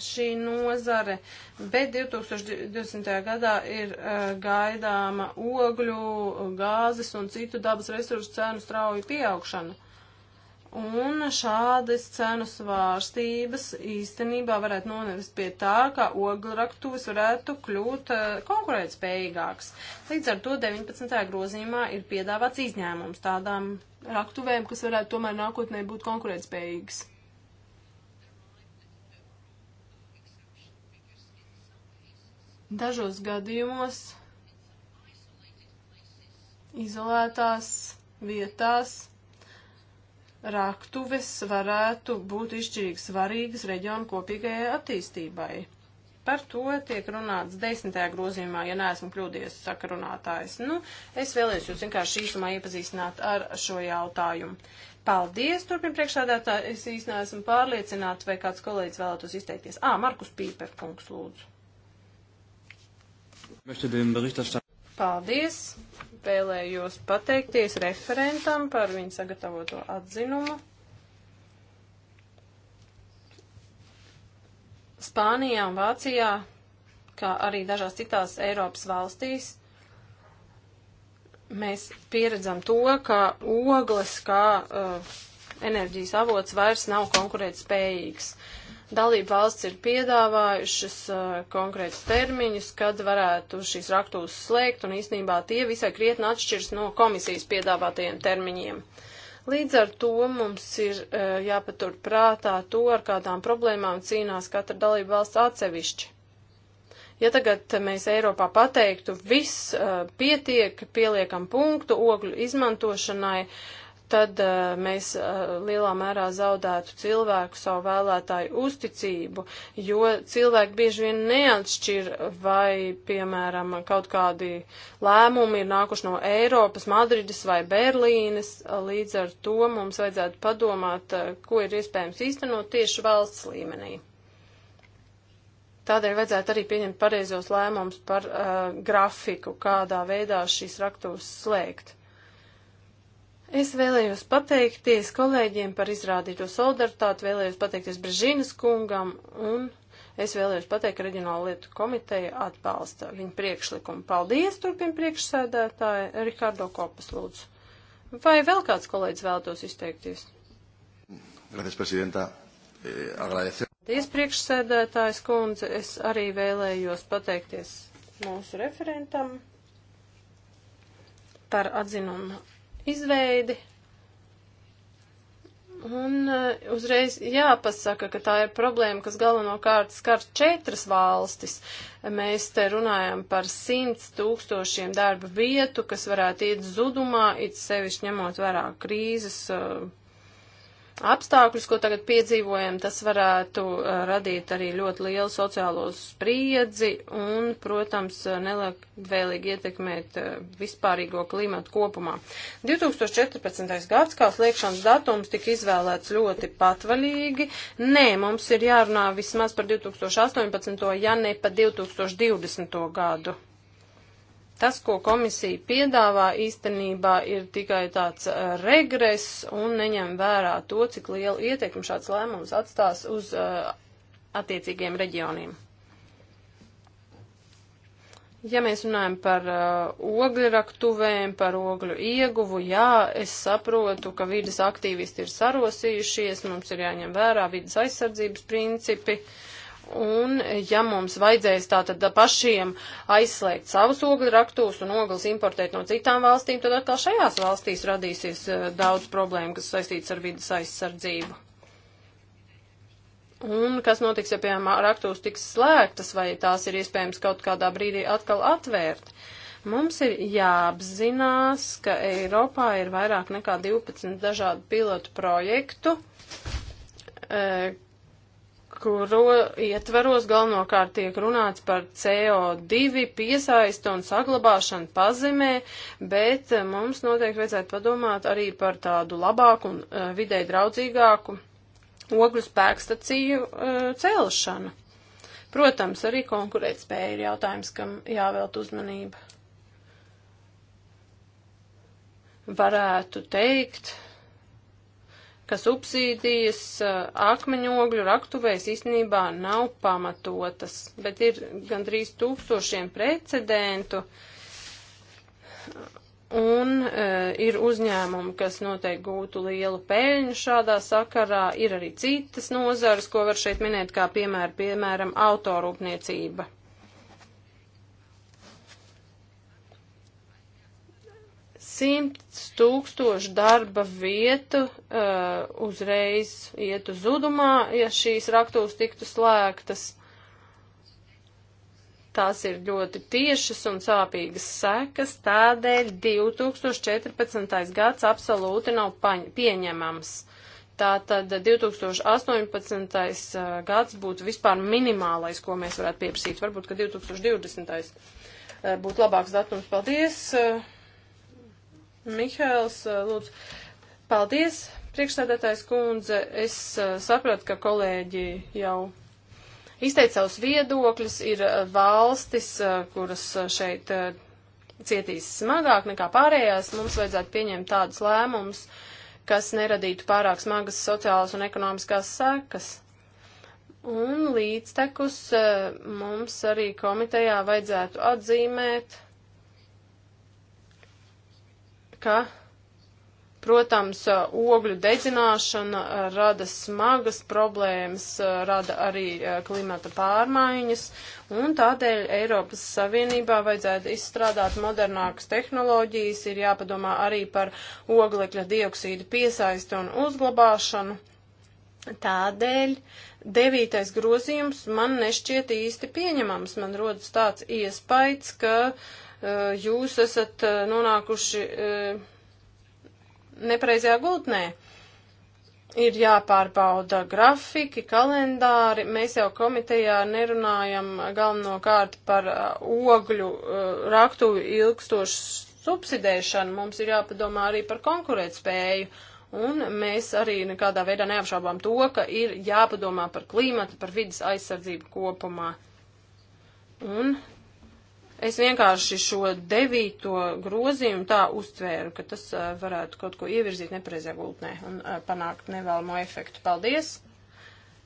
Speaker 2: šī nozare, bet 2020. gadā ir uh, gaidāma ogļu, gāzes un citu dabas resursu cenu strauju pieaugšana. Un šādas cenu svārstības īstenībā varētu nonest pie tā, ka ogleraktuvis varētu kļūt uh, eh, konkurētspējīgāks. Līdz ar to 19. grozījumā ir piedāvāts izņēmums tādām raktuvēm, kas varētu tomēr nākotnē būt konkurētspējīgas. Dažos gadījumos izolētās vietās raktuves varētu būt izšķirīgi svarīgas reģionu kopīgajai attīstībai. Par to tiek runāts desmitajā grozījumā, ja neesmu kļūdījies, saka runātājs. Nu, es vēlējos jūs vienkārši īsumā iepazīstināt ar šo jautājumu. Paldies, turpin priekšādātā. Es īsti neesmu pārliecināta, vai kāds kolēģis vēlētos izteikties. Ā, Markus Pīperkungs, lūdzu. Paldies! Vēlējos pateikties referentam par viņu sagatavoto atzinumu. Spānijā un Vācijā, kā arī dažās citās Eiropas valstīs, mēs pieredzam to, ka ogles kā uh, enerģijas avots vairs nav konkurētspējīgs. spējīgs Dalība valsts ir piedāvājušas uh, konkrētus termiņus, kad varētu šīs raktuves slēgt, un īstenībā tie visai krietni atšķiras no komisijas piedāvātajiem termiņiem. Līdz ar to mums ir uh, jāpatur prātā to, ar kādām problēmām cīnās katra dalība valsts atsevišķi. Ja tagad mēs Eiropā pateiktu, viss uh, pietiek, pieliekam punktu ogļu izmantošanai, uh, tad uh, mēs uh, lielā mērā zaudētu cilvēku savu vēlētāju uzticību, jo cilvēki bieži vien neatšķir, vai, piemēram, kaut kādi lēmumi ir nākuši no Eiropas, Madrides vai Berlīnes. Līdz ar to mums vajadzētu padomāt, uh, ko ir iespējams īstenot tieši valsts līmenī. Tādēļ vajadzētu arī pieņemt pareizos lēmumus par uh, grafiku, kādā veidā šīs raktuves slēgt. Es vēlējos pateikties kolēģiem par izrādīto solidaritāti, vēlējos pateikties Brežīnas kungam un es vēlējos pateikt, ka Reģionāla lietu komiteja atbalsta viņu priekšlikumu. Paldies, turpin priekšsēdētāji, Rikārdo Kopas lūdzu. Vai vēl kāds kolēģis vēlētos izteikties?
Speaker 3: Gracias, prezidentā. Eh, Paldies,
Speaker 2: priekšsēdētājs kundze. Es arī vēlējos pateikties mūsu referentam par atzinumu izveidi. Un eh, uzreiz jāpasaka, ka tā ir problēma, kas galvenokārt skar četras valstis. Mēs te runājam par simts tūkstošiem darba vietu, kas varētu iet zudumā, it sevišķi ņemot vērā krīzes uh, apstākļus, ko tagad piedzīvojam, tas varētu uh, radīt arī ļoti lielu sociālo spriedzi un, protams, uh, nelabvēlīgi ietekmēt uh, vispārīgo klimatu kopumā. 2014. gads, kā sliekšanas datums, tika izvēlēts ļoti patvaļīgi. Nē, mums ir jārunā vismaz par 2018. ja ne par 2020. gadu. Tas, ko komisija piedāvā, īstenībā ir tikai tāds eh, regress un neņem vērā to, cik lielu ietekmi šāds lēmums atstās uz uh, attiecīgiem reģioniem. Ja mēs runājam par uh, eh, ogļraktuvēm, par ogļu ieguvu, jā, es saprotu, ka vidas aktīvisti ir sarosījušies, mums ir jāņem vērā vidas aizsardzības principi. Uh, Un, ja mums vajadzēs tātad pašiem aizslēgt savus ogļraktos un ogles importēt no citām valstīm, tad atkal šajās valstīs radīsies eh, daudz problēmu, kas saistīts ar vidas aizsardzību. Un kas notiks, ja, piemēram, raktos tiks slēgtas, vai tās ir iespējams kaut kādā brīdī atkal atvērt? Mums ir jāapzinās, ka Eiropā ir vairāk nekā 12 dažādu pilotu projektu, eh, kuro ietveros galvenokārt tiek runāts par CO2 piesaistu un saglabāšanu pazemē, bet eh, mums noteikti vajadzētu padomāt arī par tādu labāku un uh, vidē draudzīgāku ogļu spēkstaciju uh, celšanu. Protams, arī konkurētspēja ir jautājums, kam jāvēlt uzmanība. Varētu teikt, ka subsīdijas akmeņogļu raktuvēs īstenībā nav pamatotas, bet ir gandrīz tūkstošiem precedentu. Un e, ir uzņēmumi, kas noteikti gūtu lielu peļņu šādā sakarā. Ir arī citas nozares, ko var šeit minēt, kā piemēra, piemēram, autorūpniecība. simts tūkstošu darba vietu uh, uzreiz ietu zudumā, ja šīs raktūras tiktu slēgtas. Tās ir ļoti tiešas un sāpīgas sekas, tādēļ 2014. gads absolūti nav pieņemams. Tātad 2018. Uh, gads būtu vispār minimālais, ko mēs varētu pieprasīt. Varbūt, ka 2020. Uh, būtu labāks datums. Paldies! Uh, Mihails, uh, lūdzu, paldies, priekšstādātājs kundze. Es uh, saprotu, ka kolēģi jau izteica savus viedokļus, ir uh, valstis, kuras šeit cietīs smagāk nekā pārējās. Mums vajadzētu pieņemt tādus lēmumus, kas neradītu pārāk smagas sociālas un ekonomiskās sekas. Un līdztekus mums arī komitejā vajadzētu atzīmēt ka, protams, ogļu dedzināšana rada smagas problēmas, rada arī eh, klimata pārmaiņas, un tādēļ Eiropas Savienībā vajadzētu izstrādāt modernākas tehnoloģijas, ir jāpadomā arī par oglekļa dioksīdu piesaistu un uzglabāšanu. Tādēļ devītais grozījums man nešķiet īsti pieņemams. Man rodas tāds iespējas, ka uh, Eh, jūs esat eh, nonākuši eh, nepareizajā gultnē. Ir jāpārbauda grafiki, kalendāri. Mēs jau komitejā nerunājam galvenokārt par ogļu raktuvi ilgstošu subsidēšanu. Mums ir jāpadomā arī par konkurētspēju. Un mēs arī nekādā veidā neapšaubām to, ka ir jāpadomā par klimatu, par vidas aizsardzību kopumā. Un Es vienkārši šo devīto grozījumu tā uztvēru, ka tas varētu kaut ko ievirzīt nepareizajā gultnē un panākt nevēlamo efektu. Paldies!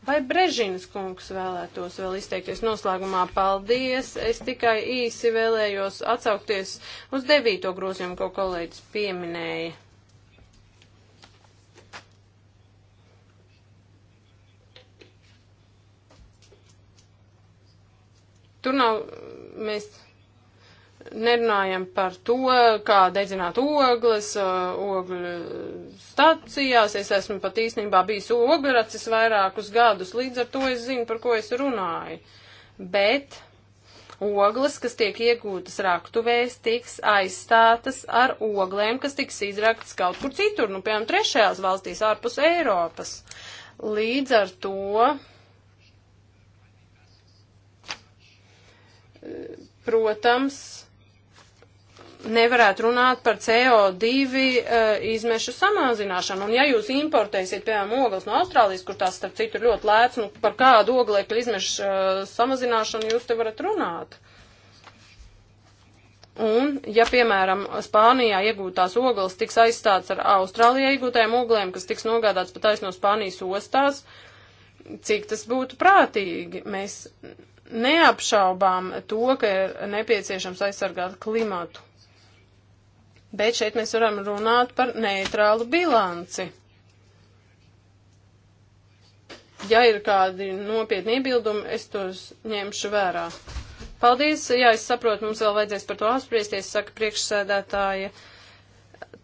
Speaker 2: Vai Brežinas kungs vēlētos vēl izteikties noslēgumā? Paldies! Es tikai īsi vēlējos atsaukties uz devīto grozījumu, ko kolēģis pieminēja. Tur nav mēs nerunājam par to, kā dedzināt ogles, uh, ogļu stacijās. Es esmu pat īstenībā bijis ogaracis vairākus gadus, līdz ar to es zinu, par ko es runāju. Bet ogles, kas tiek iegūtas raktuvēs, tiks aizstātas ar oglēm, kas tiks izraktas kaut kur citur, nu, piemēram, trešajās valstīs ārpus Eiropas. Līdz ar to eh, protams, nevarētu runāt par CO2 uh, eh, izmešu samazināšanu. Un ja jūs importēsiet, piemēram, ogles no Austrālijas, kur tās, starp citu, ir ļoti lēts, nu, par kādu oglekļu izmešu uh, samazināšanu jūs te varat runāt? Un, ja, piemēram, Spānijā iegūtās ogles tiks aizstāts ar Austrālijā iegūtajām oglēm, kas tiks nogādāts pat aiz no Spānijas ostās, cik tas būtu prātīgi? Mēs neapšaubām to, ka ir nepieciešams aizsargāt klimatu bet šeit mēs varam runāt par neitrālu bilanci. Ja ir kādi nopietni iebildumi, es tos ņemšu vērā. Paldies, jā, es saprotu, mums vēl vajadzēs par to apspriesties, saka priekšsēdētāja.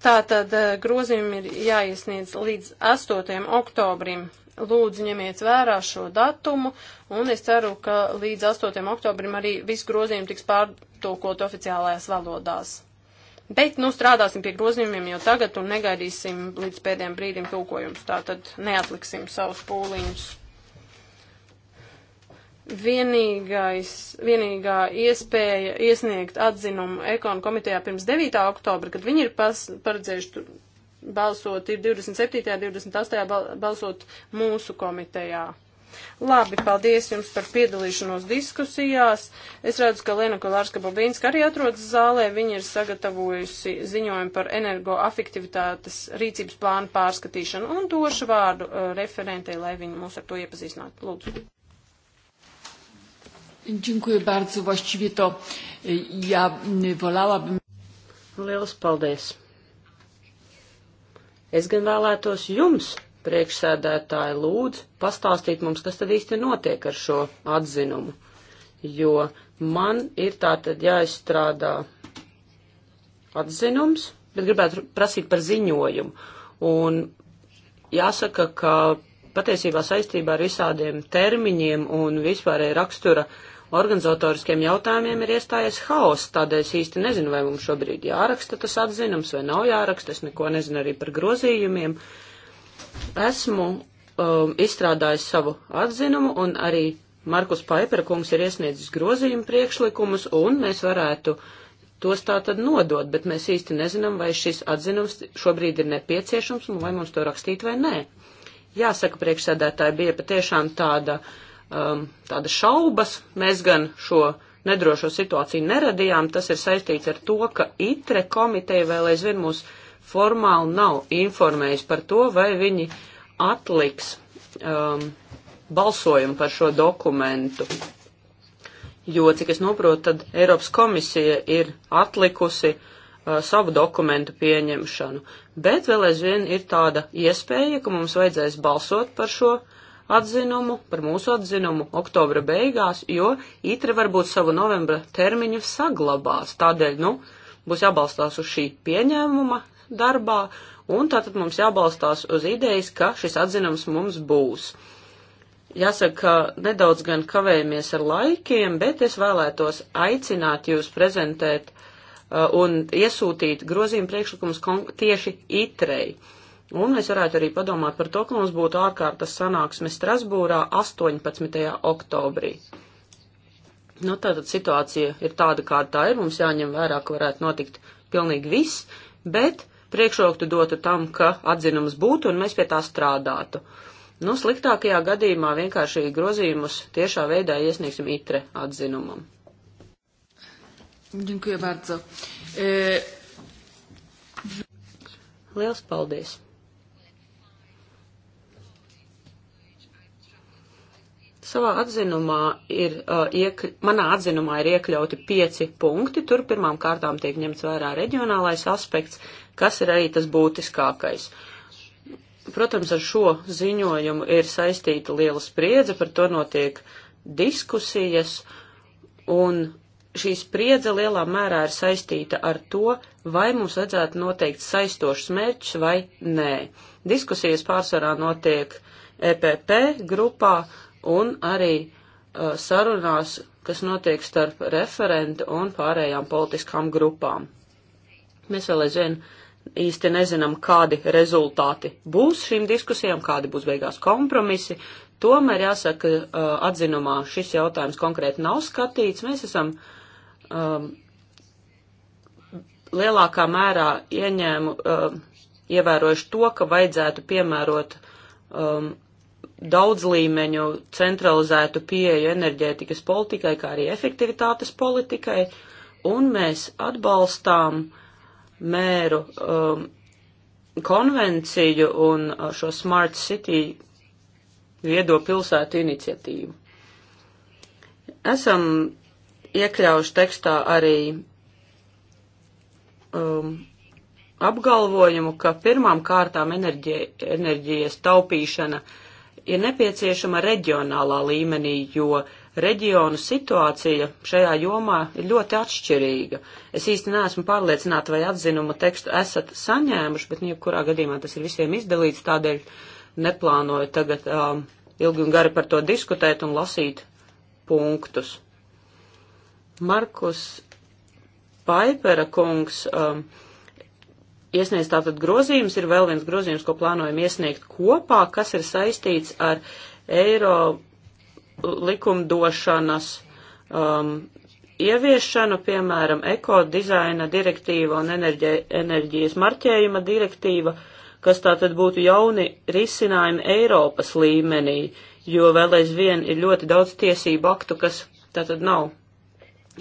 Speaker 2: Tātad eh, grozījumi ir jāiesniedz līdz 8. oktobrim. Lūdzu, ņemiet vērā šo datumu, un es ceru, ka līdz 8. oktobrim arī viss grozījumi tiks pārtulkot oficiālajās valodās. Bet, nu, strādāsim pie grozījumiem jau tagad un negaidīsim līdz pēdējiem brīdim tūkojums. Tā tad neatliksim savus pūliņus. Vienīgais, vienīgā iespēja iesniegt atzinumu ekonu komitejā pirms 9. oktobra, kad viņi ir pas, paredzējuši balsot, ir 27. un 28. balsot mūsu komitejā. Labi, paldies jums par piedalīšanos diskusijās. Es redzu, ka Lena Kolārska Bobīnska arī atrodas zālē. Viņa ir sagatavojusi ziņojumu par energoafektivitātes rīcības plānu pārskatīšanu un došu vārdu uh, referentei, lai viņi mūs ar to iepazīstinātu. Lūdzu.
Speaker 1: Dziękuję bardzo. Właściwie to ja wolałabym. Lielas paldies! Es gan vēlētos jums priekšsēdētāji lūdz pastāstīt mums, kas tad īsti notiek ar šo atzinumu, jo man ir tātad jāizstrādā atzinums, bet gribētu prasīt par ziņojumu. Un jāsaka, ka patiesībā saistībā ar visādiem termiņiem un vispārēja rakstura organizatoriskiem jautājumiem ir iestājies haoss, tādēļ es īsti nezinu, vai mums šobrīd jāraksta tas atzinums vai nav jāraksta, es neko nezinu arī par grozījumiem. Uh, Esmu um, izstrādājis savu atzinumu un arī Markus Paipera kungs ir iesniedzis grozījumu priekšlikumus un mēs varētu tos tā tad nodot, bet mēs īsti nezinām, vai šis atzinums šobrīd ir nepieciešams un vai mums to rakstīt vai nē. Jāsaka, priekšsēdētāji bija patiešām tāda, um, tāda šaubas. Mēs gan šo nedrošo situāciju neradījām. Tas ir saistīts ar to, ka ITRE komiteja vēl aizvien mūsu formāli nav informējusi par to, vai viņi atliks um, balsojumu par šo dokumentu. Jo, cik es noprotu, tad Eiropas komisija ir atlikusi uh, savu dokumentu pieņemšanu. Bet vēl aizvien ir tāda iespēja, ka mums vajadzēs balsot par šo atzinumu, par mūsu atzinumu oktobra beigās, jo ITRE varbūt savu novembra termiņu saglabās. Tādēļ, nu, būs jābalstās uz šī pieņēmuma, darbā, un tātad mums jābalstās uz idejas, ka šis atzinums mums būs. Jāsaka, ka nedaudz gan kavējamies ar laikiem, bet es vēlētos aicināt jūs prezentēt uh, un iesūtīt grozījumu priekšlikumus tieši itrei. Un es varētu arī padomāt par to, ka mums būtu ārkārtas sanāksme Strasbūrā 18. oktobrī. Nu, tātad situācija ir tāda, kāda tā ir. Mums jāņem vērā, ka varētu notikt pilnīgi viss, bet priekšroku dotu tam, ka atzinums būtu un mēs pie tā strādātu. Nu, sliktākajā gadījumā vienkārši grozījumus tiešā veidā iesniegsim itre atzinumam.
Speaker 3: Dziękuję bardzo.
Speaker 1: E... Liels paldies! Savā atzinumā ir, uh, iek, manā atzinumā ir iekļauti pieci punkti. Tur pirmām kārtām tiek ņemts vērā reģionālais aspekts, kas ir arī tas būtiskākais. Protams, ar šo ziņojumu ir saistīta liela spriedze, par to notiek diskusijas, un šī spriedze lielā mērā ir saistīta ar to, vai mums vajadzētu noteikt saistošs mērķis vai nē. Diskusijas pārsvarā notiek EPP grupā un arī uh, sarunās, kas notiek starp referentu un pārējām politiskām grupām. Mēs vēl aizvien uh, īsti nezinām, kādi rezultāti būs šīm diskusijām, kādi būs beigās kompromisi. Tomēr jāsaka, uh, atzinumā šis jautājums konkrēti nav skatīts. Mēs esam um, lielākā mērā ieņēmu, um, ievērojuši to, ka vajadzētu piemērot um, daudz līmeņu centralizētu pieeju enerģētikas politikai, kā arī efektivitātes politikai, un mēs atbalstām uh, mēru um, konvenciju un uh, šo Smart City viedo pilsētu iniciatīvu. Esam iekļaujuši tekstā arī um, apgalvojumu, ka pirmām kārtām enerģie, enerģijas taupīšana ir nepieciešama reģionālā līmenī, jo uh, reģionu situācija šajā jomā ir ļoti atšķirīga. Es īsti neesmu pārliecināta, vai atzinuma tekstu esat saņēmuši, bet, nu, jebkurā gadījumā tas ir visiem izdalīts, tādēļ neplānoju tagad um, ilgi un gari par to diskutēt un lasīt punktus. Markus Paipera kungs um, iesniedz tātad grozījums, ir vēl viens grozījums, ko plānojam iesniegt kopā, kas ir saistīts ar Eiro likumdošanas um, ieviešanu, piemēram, ekodizaina direktīva un enerģē, enerģijas marķējuma direktīva, kas tātad būtu jauni risinājumi Eiropas līmenī, jo vēl aizvien ir ļoti daudz tiesību aktu, kas tātad nav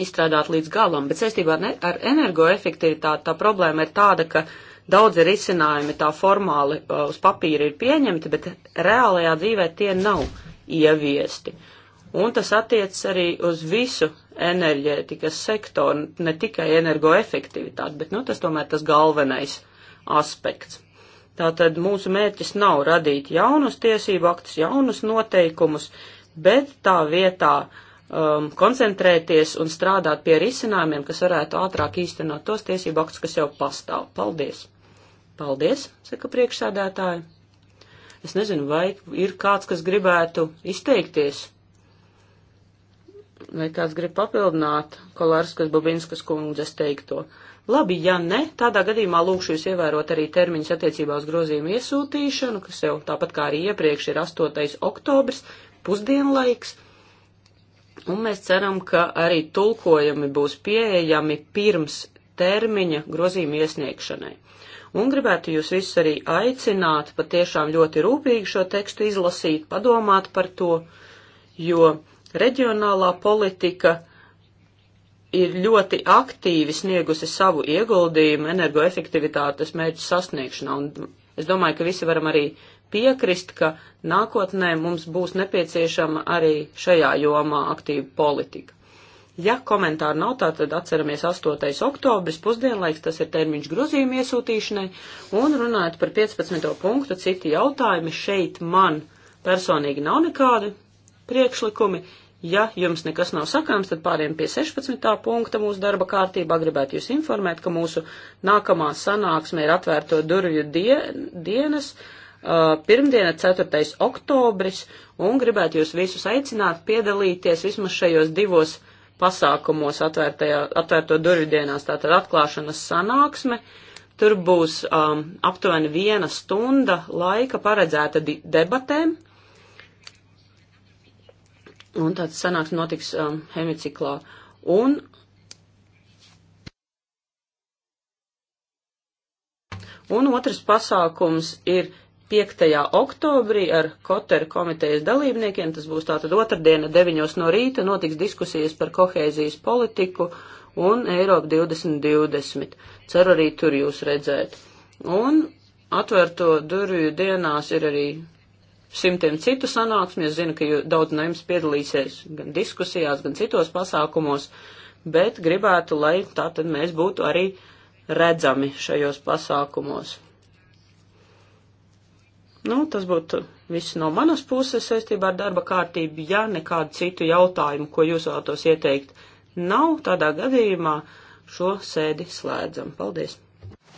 Speaker 1: izstrādāti līdz galam. Bet saistībā ar, ar energoefektivitāti tā problēma ir tāda, ka daudzi risinājumi tā formāli uh, uz papīra ir pieņemti, bet reālajā dzīvē tie nav ieviesti. Un tas attiecas arī uz visu enerģētikas sektoru, ne tikai energoefektivitāti, bet nu, tas tomēr tas galvenais aspekts. Tātad mūsu mērķis nav radīt jaunus tiesību aktus, jaunus noteikumus, bet tā vietā um, koncentrēties un strādāt pie risinājumiem, kas varētu ātrāk īstenot tos tiesību aktus, kas jau pastāv. Paldies! Paldies, saka priekšsādētāji! Es nezinu, vai ir kāds, kas gribētu izteikties, vai kāds grib papildināt Kolārskas Bobinskas kundzes teikto. Labi, ja ne, tādā gadījumā lūkšu jūs ievērot arī termiņus attiecībā uz grozījumu iesūtīšanu, kas jau tāpat kā arī iepriekš ir 8. oktobris, pusdienlaiks, un mēs ceram, ka arī tulkojumi būs pieejami pirms termiņa grozījuma iesniegšanai un gribētu jūs visus arī aicināt patiešām ļoti rūpīgi šo tekstu izlasīt, padomāt par to, jo reģionālā politika ir ļoti aktīvi sniegusi savu ieguldījumu energoefektivitātes mērķu sasniegšanā, un es domāju, ka visi varam arī piekrist, ka nākotnē mums būs nepieciešama arī šajā jomā aktīva politika. Ja komentāru nav tā, tad atceramies 8. oktobris pusdienlaiks, tas ir termiņš grozījuma iesūtīšanai, un runājot par 15. punktu, citi jautājumi šeit man personīgi nav nekādi priekšlikumi. Ja jums nekas nav sakāms, tad pāriem pie 16. punkta mūsu darba kārtībā gribētu jūs informēt, ka mūsu nākamā sanāksme ir atvērto durvju die, dienas. Uh, pirmdiena, 4. oktobris, un gribētu jūs visus aicināt piedalīties vismaz šajos divos pasākumos atvērto durvju dienās, tātad atklāšanas sanāksme. Tur būs um, aptuveni viena stunda laika paredzēta debatēm. Un tāds sanāksme notiks um, hemiciklā. Un Un otrs pasākums ir 5. oktobrī ar Koteru komitejas dalībniekiem, tas būs tātad otrdiena 9. no rīta, notiks diskusijas par kohēzijas politiku un Eiropu 2020. Ceru arī tur jūs redzēt. Un atvērto durvju dienās ir arī simtiem citu sanāksmi. Es zinu, ka jū, daudz no jums piedalīsies gan diskusijās, gan citos pasākumos, bet gribētu, lai tātad mēs būtu arī redzami šajos pasākumos. Nu, tas būtu viss no manas puses saistībā ar darba kārtību. Ja nekādu citu jautājumu, ko jūs vēlatos ieteikt, nav, tādā gadījumā šo sēdi slēdzam. Paldies!